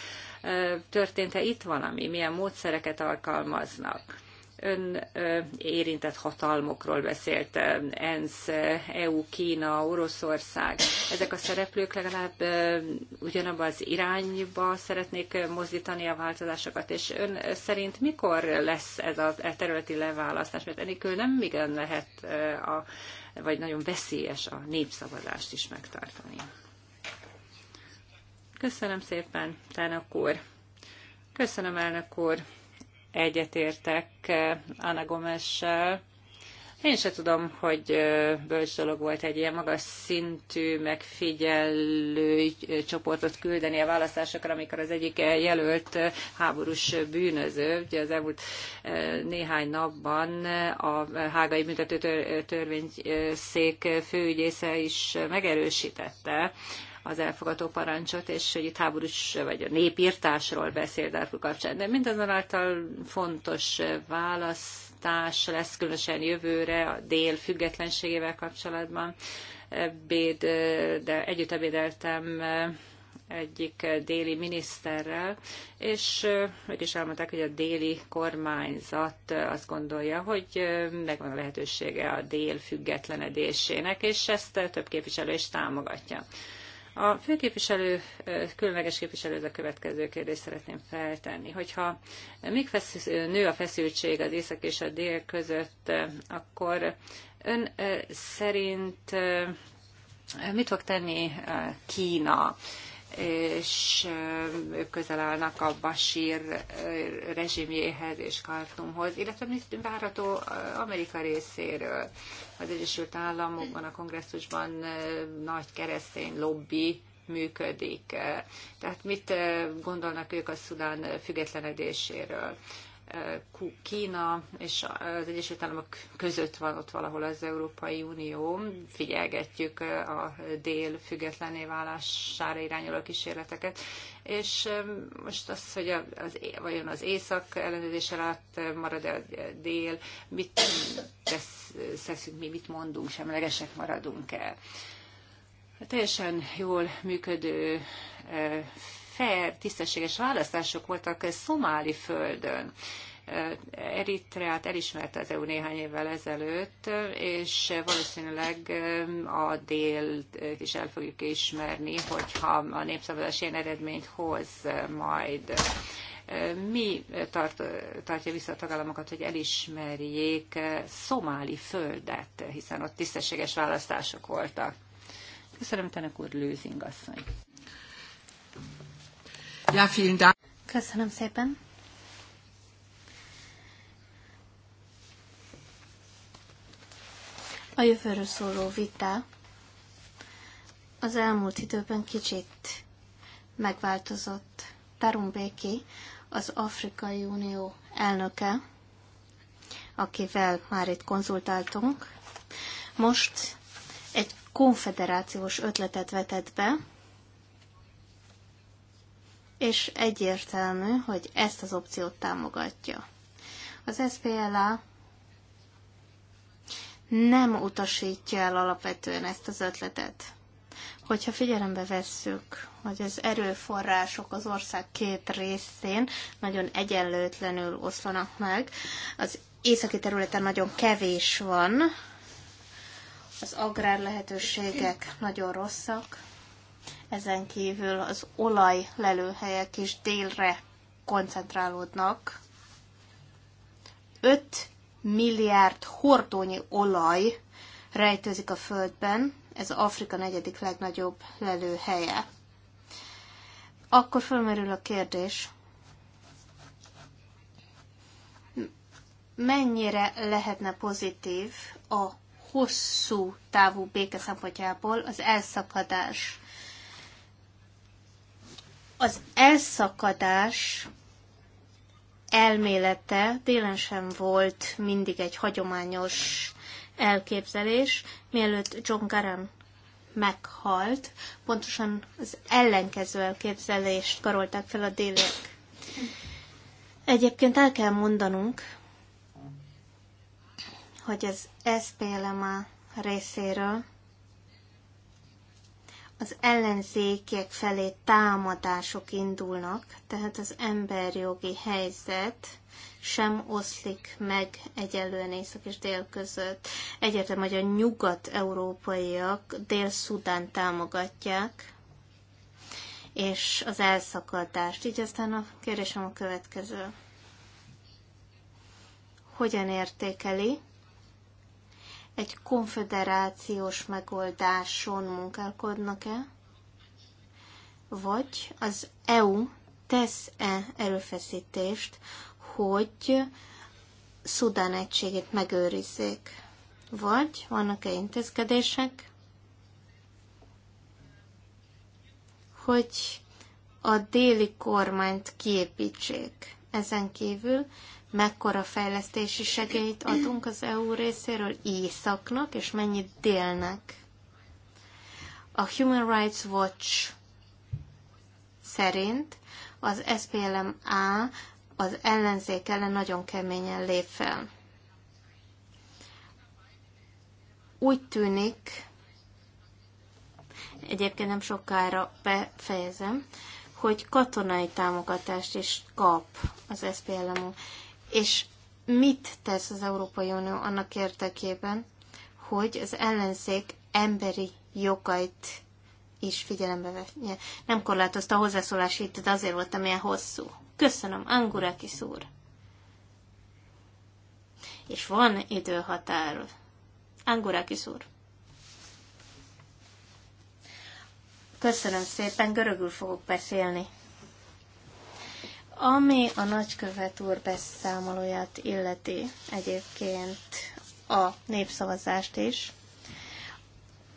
történt-e itt valami, milyen módszereket alkalmaznak. Ön érintett hatalmokról beszélt, ENSZ, EU, Kína, Oroszország. Ezek a szereplők legalább ugyanabban az irányba szeretnék mozdítani a változásokat, és ön szerint mikor lesz ez a területi leválasztás? Mert enélkül nem igen lehet, a, vagy nagyon veszélyes a népszavazást is megtartani. Köszönöm szépen, elnök úr. Köszönöm, elnök úr. Egyetértek eh, Anna Gomes-sel. Én se tudom, hogy eh, bölcs dolog volt egy ilyen magas szintű megfigyelő eh, csoportot küldeni a választásokra, amikor az egyik jelölt háborús bűnöző. Ugye az elmúlt néhány napban a hágai büntető törvényszék főügyésze is megerősítette, az elfogadó parancsot, és hogy itt háborús vagy a népírtásról beszél Darfur kapcsán. De mindazonáltal fontos választás lesz különösen jövőre a dél függetlenségével kapcsolatban. Béd, de együtt ebédeltem egyik déli miniszterrel, és ők is elmondták, hogy a déli kormányzat azt gondolja, hogy megvan a lehetősége a dél függetlenedésének, és ezt több képviselő is támogatja. A főképviselő, különleges képviselő, ez a következő kérdést szeretném feltenni. Hogyha még fesz, nő a feszültség az észak és a dél között, akkor ön szerint mit fog tenni Kína? és ők közel állnak a Bashir rezsimjéhez és Kartumhoz, illetve mi várható Amerika részéről. Az Egyesült Államokban, a kongresszusban nagy keresztény lobby működik. Tehát mit gondolnak ők a Szudán függetlenedéséről? Kína és az Egyesült Államok között van ott valahol az Európai Unió. Figyelgetjük a dél függetlené válására irányuló kísérleteket. És um, most az, hogy az, vajon az észak ellenőrzés alatt marad-e a dél, mit teszünk mi, mit mondunk, semlegesek maradunk-e. Teljesen jól működő uh, fair, tisztességes választások voltak szomáli földön. Eritreát elismerte az EU néhány évvel ezelőtt, és valószínűleg a dél is el fogjuk ismerni, hogyha a népszavazás ilyen eredményt hoz majd. Mi tart, tartja vissza a tagállamokat, hogy elismerjék szomáli földet, hiszen ott tisztességes választások voltak. Köszönöm, Tenek úr, Lőzing asszony. Ja, vielen Dank. Köszönöm szépen. A jövőről szóló vita az elmúlt időben kicsit megváltozott. Tarumbéki, az Afrikai Unió elnöke, akivel már itt konzultáltunk, most egy konfederációs ötletet vetett be, és egyértelmű, hogy ezt az opciót támogatja. Az SPLA nem utasítja el alapvetően ezt az ötletet. Hogyha figyelembe vesszük, hogy az erőforrások az ország két részén nagyon egyenlőtlenül oszlanak meg, az északi területen nagyon kevés van, az agrár lehetőségek nagyon rosszak, ezen kívül az olaj lelőhelyek is délre koncentrálódnak. 5 milliárd hordónyi olaj rejtőzik a földben, ez Afrika negyedik legnagyobb lelőhelye. Akkor felmerül a kérdés, mennyire lehetne pozitív a hosszú távú béke szempontjából az elszakadás. Az elszakadás elmélete télen sem volt mindig egy hagyományos elképzelés, mielőtt John Garan meghalt, pontosan az ellenkező elképzelést karolták fel a déliek. Egyébként el kell mondanunk, hogy az SPLMA részéről az ellenzékek felé támadások indulnak, tehát az emberjogi helyzet sem oszlik meg egyelően észak és dél között. Egyértelmű, hogy a nyugat-európaiak Dél-Szudán támogatják, és az elszakadást. Így aztán a kérdésem a következő. Hogyan értékeli egy konfederációs megoldáson munkálkodnak-e, vagy az EU tesz-e erőfeszítést, hogy Szudán egységét megőrizzék, vagy vannak-e intézkedések, hogy a déli kormányt kiépítsék. Ezen kívül mekkora fejlesztési segélyt adunk az EU részéről északnak, és mennyit délnek. A Human Rights Watch szerint az SPLM-A az ellenzék ellen nagyon keményen lép fel. Úgy tűnik, egyébként nem sokára befejezem, hogy katonai támogatást is kap az SPLM. És mit tesz az Európai Unió annak érdekében, hogy az ellenzék emberi jogait is figyelembe vennie. Nem korlátozta a hozzászólás itt, de azért voltam ilyen hosszú. Köszönöm, Angurakis szúr. És van időhatár. Angurakis úr. Köszönöm szépen, görögül fogok beszélni. Ami a nagykövet úr beszámolóját illeti egyébként a népszavazást is,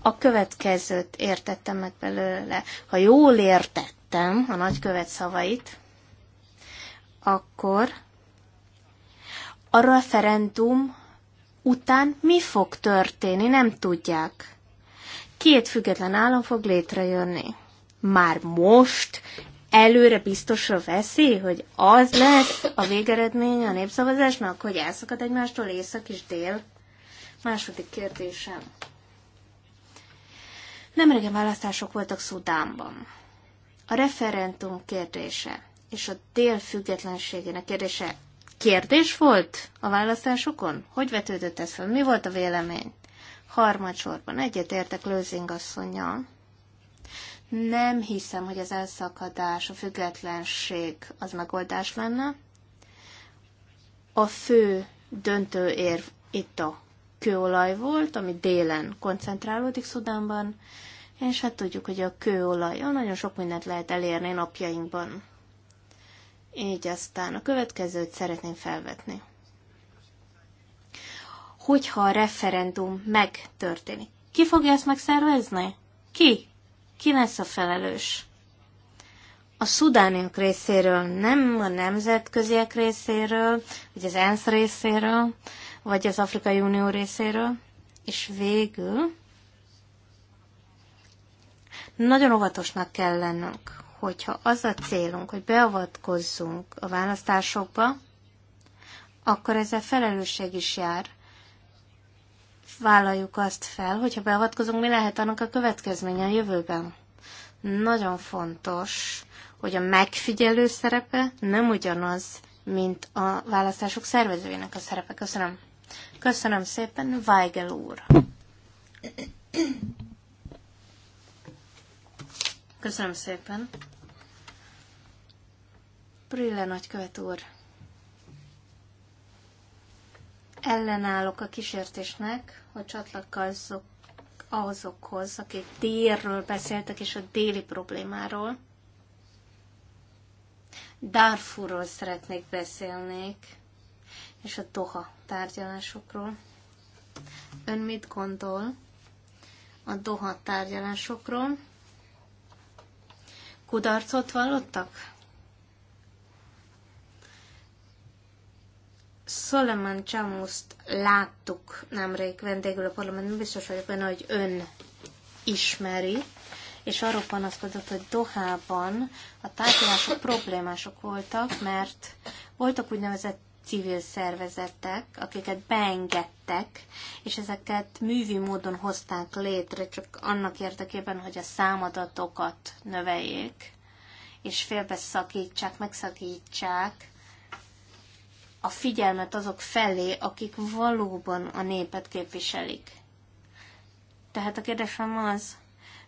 a következőt értettem meg belőle. Ha jól értettem a nagykövet szavait, akkor a referendum után mi fog történni, nem tudják. Két független állam fog létrejönni. Már most előre biztosra veszi, hogy az lesz a végeredmény a népszavazásnak, hogy elszakad egymástól észak és dél? Második kérdésem. Nemrégen választások voltak Szudánban. A referentum kérdése és a dél függetlenségének kérdése kérdés volt a választásokon? Hogy vetődött ez fel? Mi volt a vélemény? Harmadsorban egyetértek Lőzing asszonyjal. Nem hiszem, hogy az elszakadás, a függetlenség az megoldás lenne. A fő döntő érv itt a kőolaj volt, ami délen koncentrálódik Szudánban, és hát tudjuk, hogy a kőolajon nagyon sok mindent lehet elérni napjainkban. Így aztán a következőt szeretném felvetni. Hogyha a referendum megtörténik, ki fogja ezt megszervezni? Ki? Ki lesz a felelős? A szudániak részéről, nem a nemzetköziek részéről, vagy az ENSZ részéről, vagy az Afrikai Unió részéről. És végül nagyon óvatosnak kell lennünk, hogyha az a célunk, hogy beavatkozzunk a választásokba, akkor ezzel felelősség is jár, vállaljuk azt fel, hogyha beavatkozunk, mi lehet annak a következménye a jövőben. Nagyon fontos, hogy a megfigyelő szerepe nem ugyanaz, mint a választások szervezőjének a szerepe. Köszönöm. Köszönöm szépen, Weigel úr. Köszönöm szépen. Brille nagykövet úr ellenállok a kísértésnek, hogy csatlakozzok azokhoz, akik délről beszéltek, és a déli problémáról. Darfurról szeretnék beszélnék, és a Doha tárgyalásokról. Ön mit gondol a Doha tárgyalásokról? Kudarcot vallottak? Solomon Csamust láttuk nemrég vendégül a parlamentben, biztos vagyok benne, hogy ön ismeri, és arról panaszkodott, hogy Dohában a tárgyalások problémások voltak, mert voltak úgynevezett civil szervezetek, akiket beengedtek, és ezeket művi módon hozták létre, csak annak érdekében, hogy a számadatokat növeljék, és félbeszakítsák, megszakítsák a figyelmet azok felé, akik valóban a népet képviselik. Tehát a kérdésem az,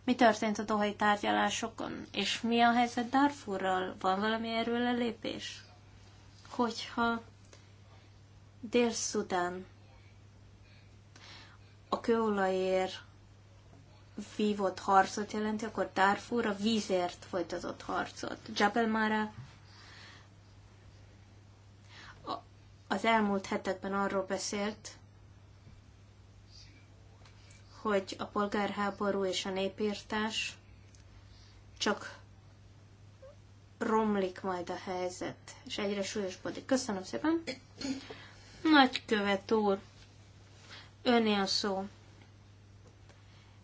mi történt a dohai tárgyalásokon, és mi a helyzet Darfurral? Van valami erről lépés? Hogyha Dél-Szudán a kőolajért vívott harcot jelenti, akkor Darfur a vízért folytatott harcot. Jabal Mara az elmúlt hetekben arról beszélt, hogy a polgárháború és a népírtás csak romlik majd a helyzet, és egyre súlyosbodik. Köszönöm szépen. Nagykövet úr, öné a szó,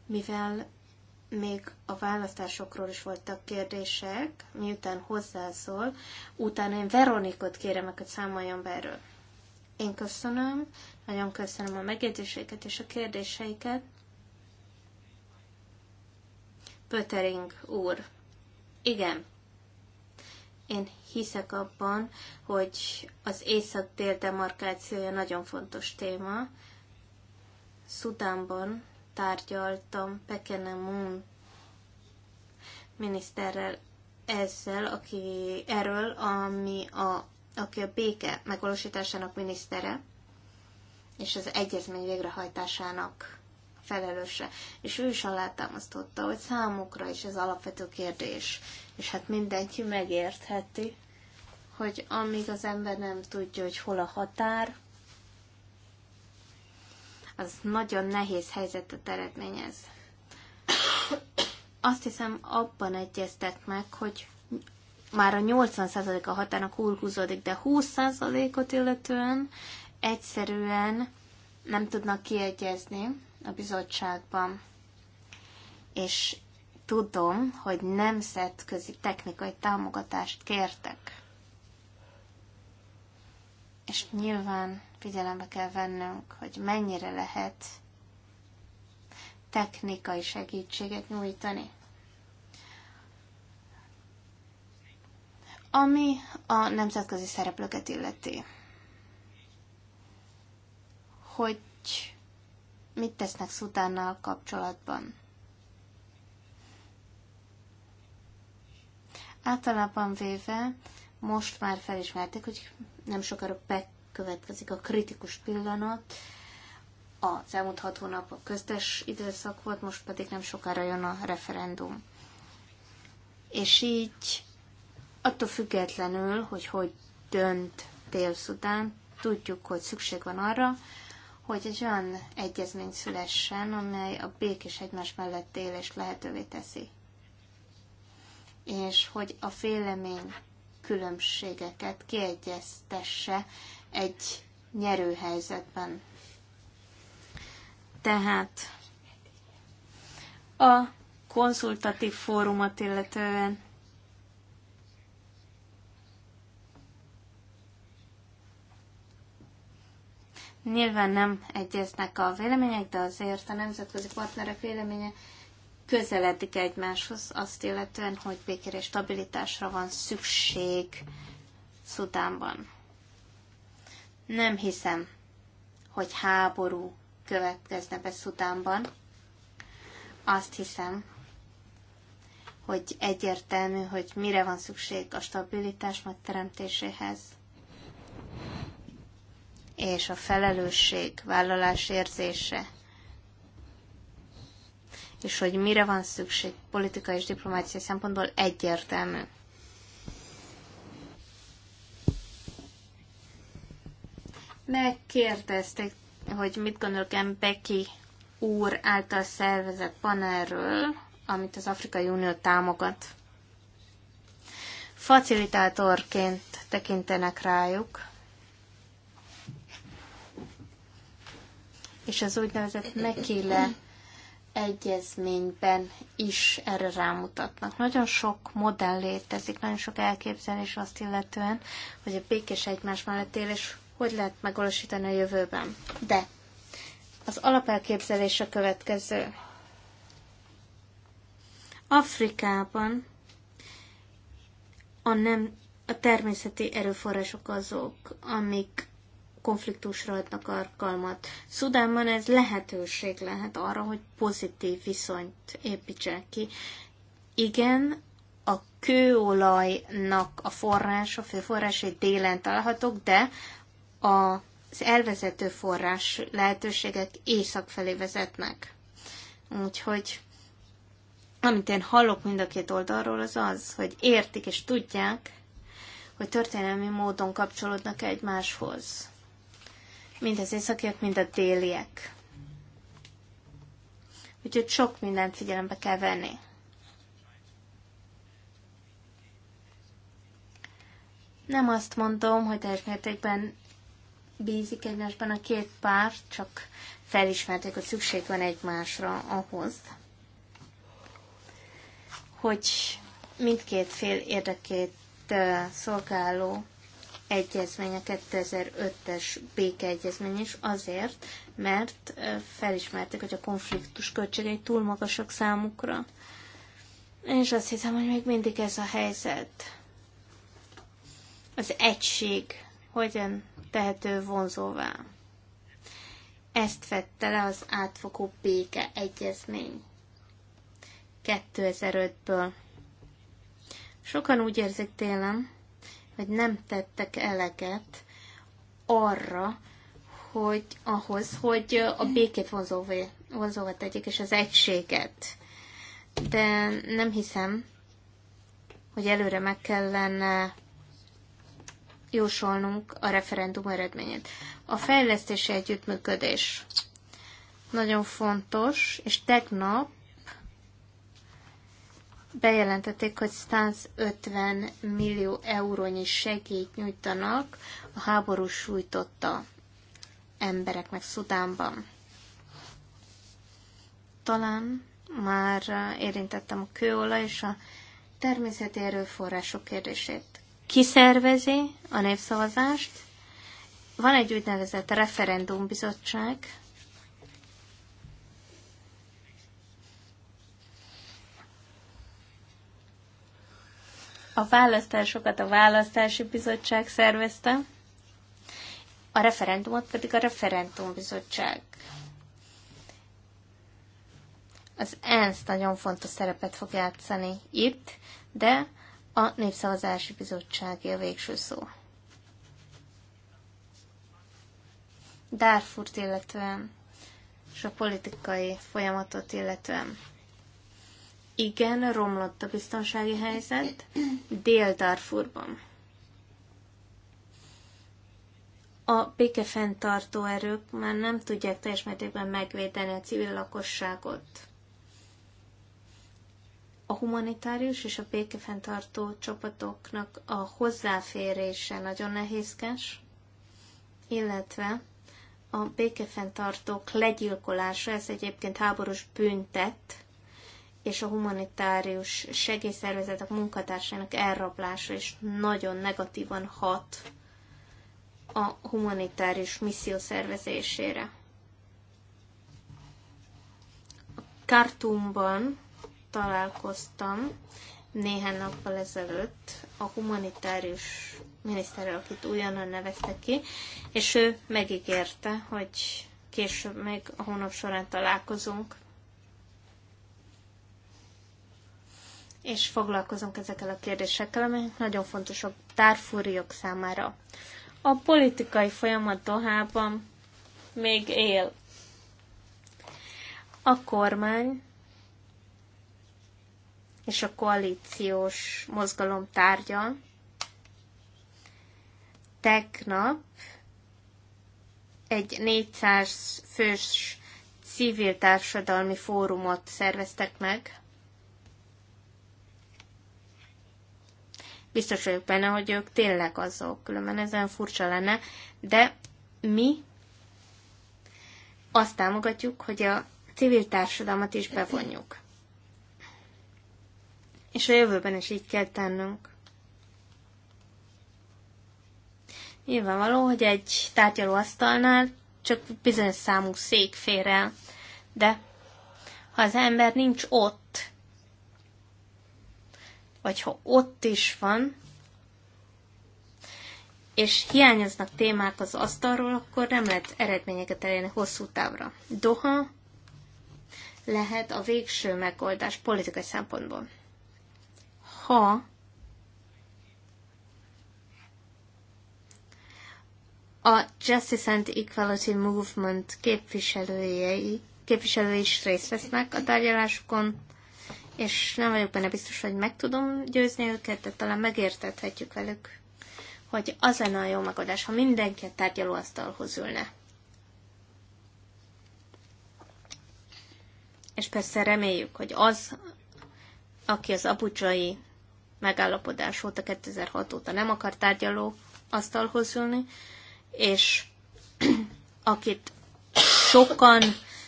mivel még a választásokról is voltak kérdések, miután hozzászól, utána én Veronikot kérem, hogy számoljon be erről. Én köszönöm, nagyon köszönöm a megjegyzéseiket és a kérdéseiket. Pötering úr, igen, én hiszek abban, hogy az észak-dél demarkációja nagyon fontos téma. Szudánban tárgyaltam Pekene Moon miniszterrel ezzel, aki erről, ami a aki a béke megvalósításának minisztere, és az egyezmény végrehajtásának felelőse. És ő is alátámasztotta, hogy számukra is ez alapvető kérdés. És hát mindenki megértheti, hogy amíg az ember nem tudja, hogy hol a határ, az nagyon nehéz helyzetet eredményez. Azt hiszem, abban egyeztek meg, hogy már a 80% a határnak hurkuzódik, de 20%-ot illetően egyszerűen nem tudnak kiegyezni a bizottságban. És tudom, hogy nemzetközi technikai támogatást kértek. És nyilván figyelembe kell vennünk, hogy mennyire lehet technikai segítséget nyújtani. ami a nemzetközi szereplőket illeti. Hogy mit tesznek Szutánnal kapcsolatban. Általában véve most már felismerték, hogy nem sokára bekövetkezik a kritikus pillanat. Az elmúlt hat hónap a köztes időszak volt, most pedig nem sokára jön a referendum. És így Attól függetlenül, hogy hogy dönt dél után, tudjuk, hogy szükség van arra, hogy egy olyan egyezmény szülessen, amely a békés egymás mellett élés lehetővé teszi. És hogy a vélemény különbségeket kiegyeztesse egy nyerő helyzetben. Tehát a konzultatív fórumot illetően Nyilván nem egyeznek a vélemények, de azért a nemzetközi partnerek véleménye közeledik egymáshoz, azt illetően, hogy békére és stabilitásra van szükség Szudánban. Nem hiszem, hogy háború következne be Szudánban. Azt hiszem, hogy egyértelmű, hogy mire van szükség a stabilitás megteremtéséhez és a felelősség, vállalás érzése, és hogy mire van szükség politika és diplomácia szempontból egyértelmű. Megkérdezték, hogy mit gondolok Mbeki úr által szervezett panelről, amit az Afrikai Unió támogat. Facilitátorként tekintenek rájuk, és az úgynevezett Mekile egyezményben is erre rámutatnak. Nagyon sok modell létezik, nagyon sok elképzelés azt illetően, hogy a békés egymás mellett élés hogy lehet megvalósítani a jövőben. De az alapelképzelés a következő. Afrikában a, nem, a természeti erőforrások azok, amik konfliktusra adnak alkalmat. Szudánban ez lehetőség lehet arra, hogy pozitív viszonyt építsen ki. Igen, a kőolajnak a forrása, a egy délen találhatók, de a az elvezető forrás lehetőségek észak felé vezetnek. Úgyhogy amit én hallok mind a két oldalról, az az, hogy értik és tudják, hogy történelmi módon kapcsolódnak egymáshoz mind az északiak, mind a déliek. Úgyhogy sok mindent figyelembe kell venni. Nem azt mondom, hogy teljes mértékben bízik egymásban a két pár, csak felismerték, hogy szükség van egymásra ahhoz, hogy mindkét fél érdekét szolgáló egyezmény, a 2005-es békeegyezmény is azért, mert felismerték, hogy a konfliktus költségei túl magasak számukra. És azt hiszem, hogy még mindig ez a helyzet. Az egység hogyan tehető vonzóvá. Ezt vette le az átfogó béke egyezmény 2005-ből. Sokan úgy érzik télem, hogy nem tettek eleget arra, hogy ahhoz, hogy a békét vonzóvá tegyék, és az egységet. De nem hiszem, hogy előre meg kellene jósolnunk a referendum eredményét. A fejlesztési együttműködés nagyon fontos, és tegnap bejelentették, hogy 50 millió eurónyi segélyt nyújtanak a háború sújtotta embereknek Szudánban. Talán már érintettem a kőolaj és a természeti erőforrások kérdését. Ki szervezi a népszavazást? Van egy úgynevezett referendumbizottság, A választásokat a választási bizottság szervezte, a referendumot pedig a referendumbizottság. Az ENSZ nagyon fontos szerepet fog játszani itt, de a Népszavazási Bizottságé a végső szó. Dárfurt illetően és a politikai folyamatot illetően. Igen, romlott a biztonsági helyzet Dél-Darfurban. A békefenntartó erők már nem tudják teljes mértékben megvédeni a civil lakosságot. A humanitárius és a békefenntartó csapatoknak a hozzáférése nagyon nehézkes, illetve a békefenntartók legyilkolása, ez egyébként háborús büntet, és a humanitárius segélyszervezetek munkatársainak elrablása is nagyon negatívan hat a humanitárius misszió szervezésére. Kartumban találkoztam néhány nappal ezelőtt a humanitárius miniszterrel, akit újonnan nevezte ki, és ő megígérte, hogy később meg a hónap során találkozunk. és foglalkozunk ezekkel a kérdésekkel, amelyek nagyon fontosak tárfúriok számára. A politikai folyamat Dohában még él. A kormány és a koalíciós mozgalom tárgya tegnap egy 400 fős civil társadalmi fórumot szerveztek meg, Biztos vagyok benne, hogy ők tényleg azok, különben ezen furcsa lenne, de mi azt támogatjuk, hogy a civil társadalmat is bevonjuk. És a jövőben is így kell tennünk. Nyilvánvaló, hogy egy tárgyalóasztalnál csak bizonyos számú szék fér el, de ha az ember nincs ott, vagy ha ott is van, és hiányoznak témák az asztalról, akkor nem lehet eredményeket elérni hosszú távra. Doha lehet a végső megoldás politikai szempontból. Ha a Justice and Equality Movement képviselői, képviselői is részt vesznek a tárgyalásokon, és nem vagyok benne biztos, hogy meg tudom győzni őket, de talán megértethetjük velük, hogy az lenne a jó megoldás, ha mindenki a tárgyalóasztalhoz ülne. És persze reméljük, hogy az, aki az abudzsai megállapodás óta 2006 óta nem akar tárgyaló asztalhoz ülni, és akit sokan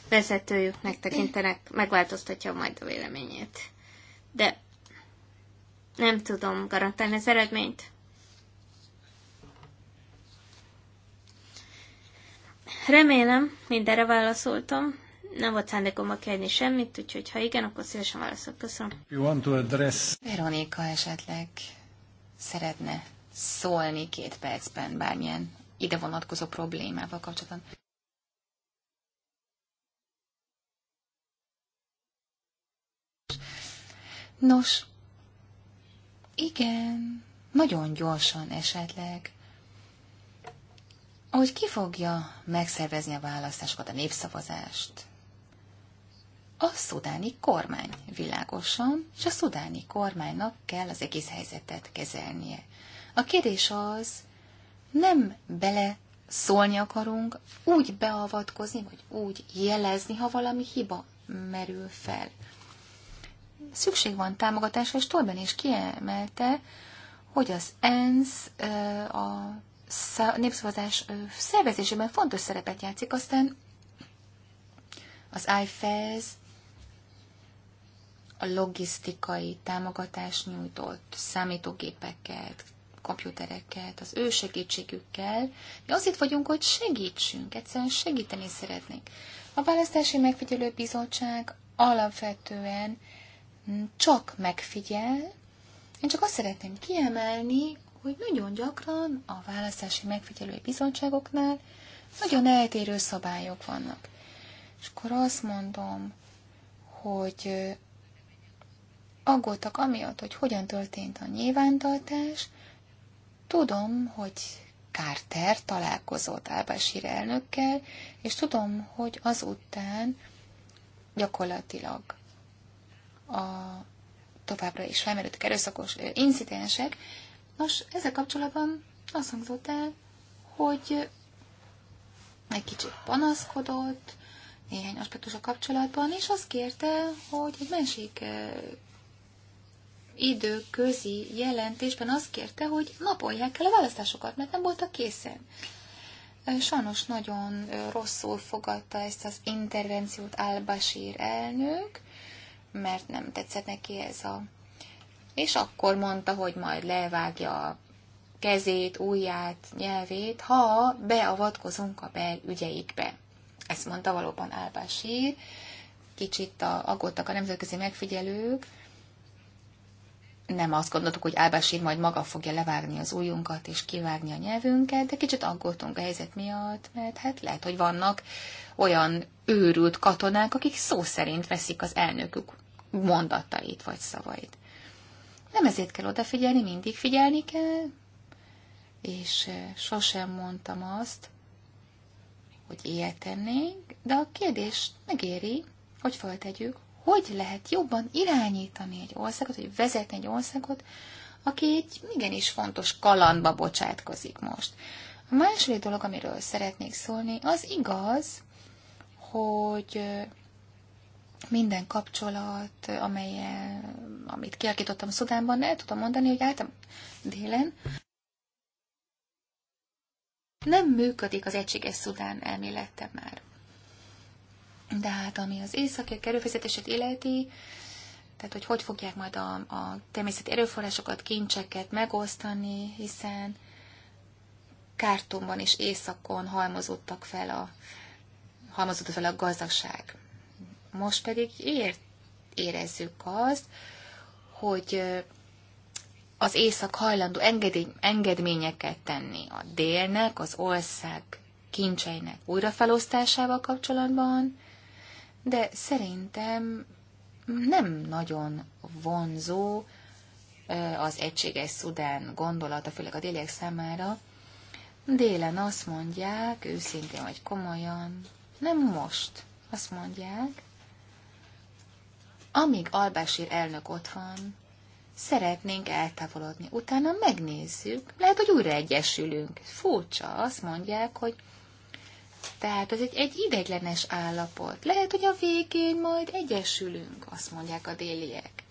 vezetőjüknek tekintenek, megváltoztatja majd a véleményét. De nem tudom garantálni az eredményt. Remélem, mindenre válaszoltam. Nem volt szándékom a kérni semmit, úgyhogy ha igen, akkor szívesen válaszok. Köszönöm. You want to address... Veronika esetleg szeretne szólni két percben bármilyen ide vonatkozó problémával kapcsolatban. Nos, igen, nagyon gyorsan esetleg. Hogy ki fogja megszervezni a választásokat, a népszavazást? A szudáni kormány, világosan, és a szudáni kormánynak kell az egész helyzetet kezelnie. A kérdés az, nem bele szólni akarunk, úgy beavatkozni, vagy úgy jelezni, ha valami hiba merül fel szükség van támogatásra, és Torben is kiemelte, hogy az ENSZ a népszavazás szervezésében fontos szerepet játszik, aztán az IFES a logisztikai támogatást nyújtott számítógépeket, komputereket, az ő segítségükkel. Mi az itt vagyunk, hogy segítsünk, egyszerűen segíteni szeretnénk. A Választási Megfigyelő Bizottság alapvetően csak megfigyel. Én csak azt szeretném kiemelni, hogy nagyon gyakran a választási megfigyelői bizottságoknál nagyon eltérő szabályok vannak. És akkor azt mondom, hogy aggódtak amiatt, hogy hogyan történt a nyilvántartás. Tudom, hogy Carter találkozott Álbásír elnökkel, és tudom, hogy azután gyakorlatilag a továbbra is felmerültek erőszakos incidensek. Nos, ezzel kapcsolatban azt hangzott el, hogy egy kicsit panaszkodott néhány aspektus a kapcsolatban, és azt kérte, hogy egy másik időközi jelentésben azt kérte, hogy napolják el a választásokat, mert nem voltak készen. Sajnos nagyon rosszul fogadta ezt az intervenciót Al-Bashir elnök, mert nem tetszett neki ez a... És akkor mondta, hogy majd levágja a kezét, ujját, nyelvét, ha beavatkozunk a belügyeikbe. Ezt mondta valóban Álbásír, kicsit a, aggódtak a nemzetközi megfigyelők, nem azt gondoltuk, hogy Álbásír majd maga fogja levágni az ujjunkat és kivágni a nyelvünket, de kicsit aggódtunk a helyzet miatt, mert hát lehet, hogy vannak olyan őrült katonák, akik szó szerint veszik az elnökük mondatait vagy szavait. Nem ezért kell odafigyelni, mindig figyelni kell, és sosem mondtam azt, hogy ilyet tennénk, de a kérdés megéri, hogy föltegyük, hogy lehet jobban irányítani egy országot, hogy vezetni egy országot, aki egy igenis fontos kalandba bocsátkozik most. A második dolog, amiről szeretnék szólni, az igaz, hogy minden kapcsolat, amely, amit kialakítottam Szudánban, el tudom mondani, hogy álltam délen. Nem működik az egységes Szudán elmélete már. De hát ami az északi kerülfizetését illeti, tehát hogy hogy fogják majd a, a természeti erőforrásokat, kincseket megosztani, hiszen Kártumban és északon halmozódtak fel a, halmozódott fel a gazdagság. Most pedig ér, érezzük azt, hogy az észak hajlandó engedény, engedményeket tenni a délnek, az ország kincseinek újrafelosztásával kapcsolatban, de szerintem nem nagyon vonzó az egységes Szudán gondolata, főleg a déliek számára. Délen azt mondják, őszintén vagy komolyan, nem most, azt mondják, amíg Albásír elnök ott van, szeretnénk eltávolodni. Utána megnézzük, lehet, hogy újra egyesülünk. Furcsa, azt mondják, hogy tehát ez egy, egy ideiglenes állapot. Lehet, hogy a végén majd egyesülünk, azt mondják a déliek.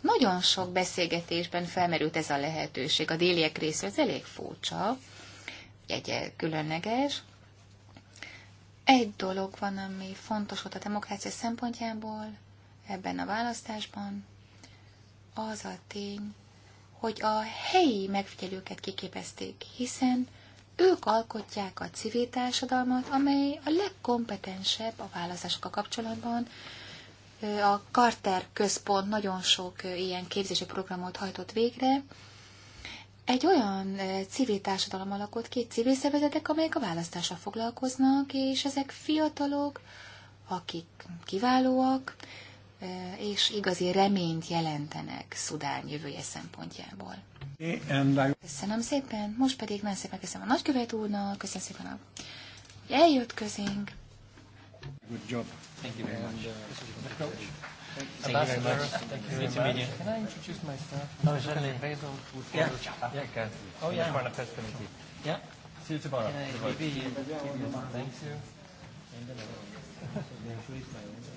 Nagyon sok beszélgetésben felmerült ez a lehetőség. A déliek részéről ez elég furcsa, egy különleges. Egy dolog van, ami fontos volt a demokrácia szempontjából, ebben a választásban az a tény, hogy a helyi megfigyelőket kiképezték, hiszen ők alkotják a civil társadalmat, amely a legkompetensebb a választásokkal kapcsolatban. A Carter Központ nagyon sok ilyen képzési programot hajtott végre. Egy olyan civil társadalom alakult két civil szervezetek, amelyek a választással foglalkoznak, és ezek fiatalok, akik kiválóak, és igazi reményt jelentenek Szudán jövője szempontjából. Köszönöm szépen, most pedig nagyon szépen köszönöm a nagykövet úrnak, köszönöm szépen, hogy eljött közénk. Good job. Thank you very much. Uh, thank you very much. Thank you Can I introduce myself? No, certainly. Basil yeah. yeah. Oh, yeah. Yeah. See you tomorrow. Can I give you? Thank you.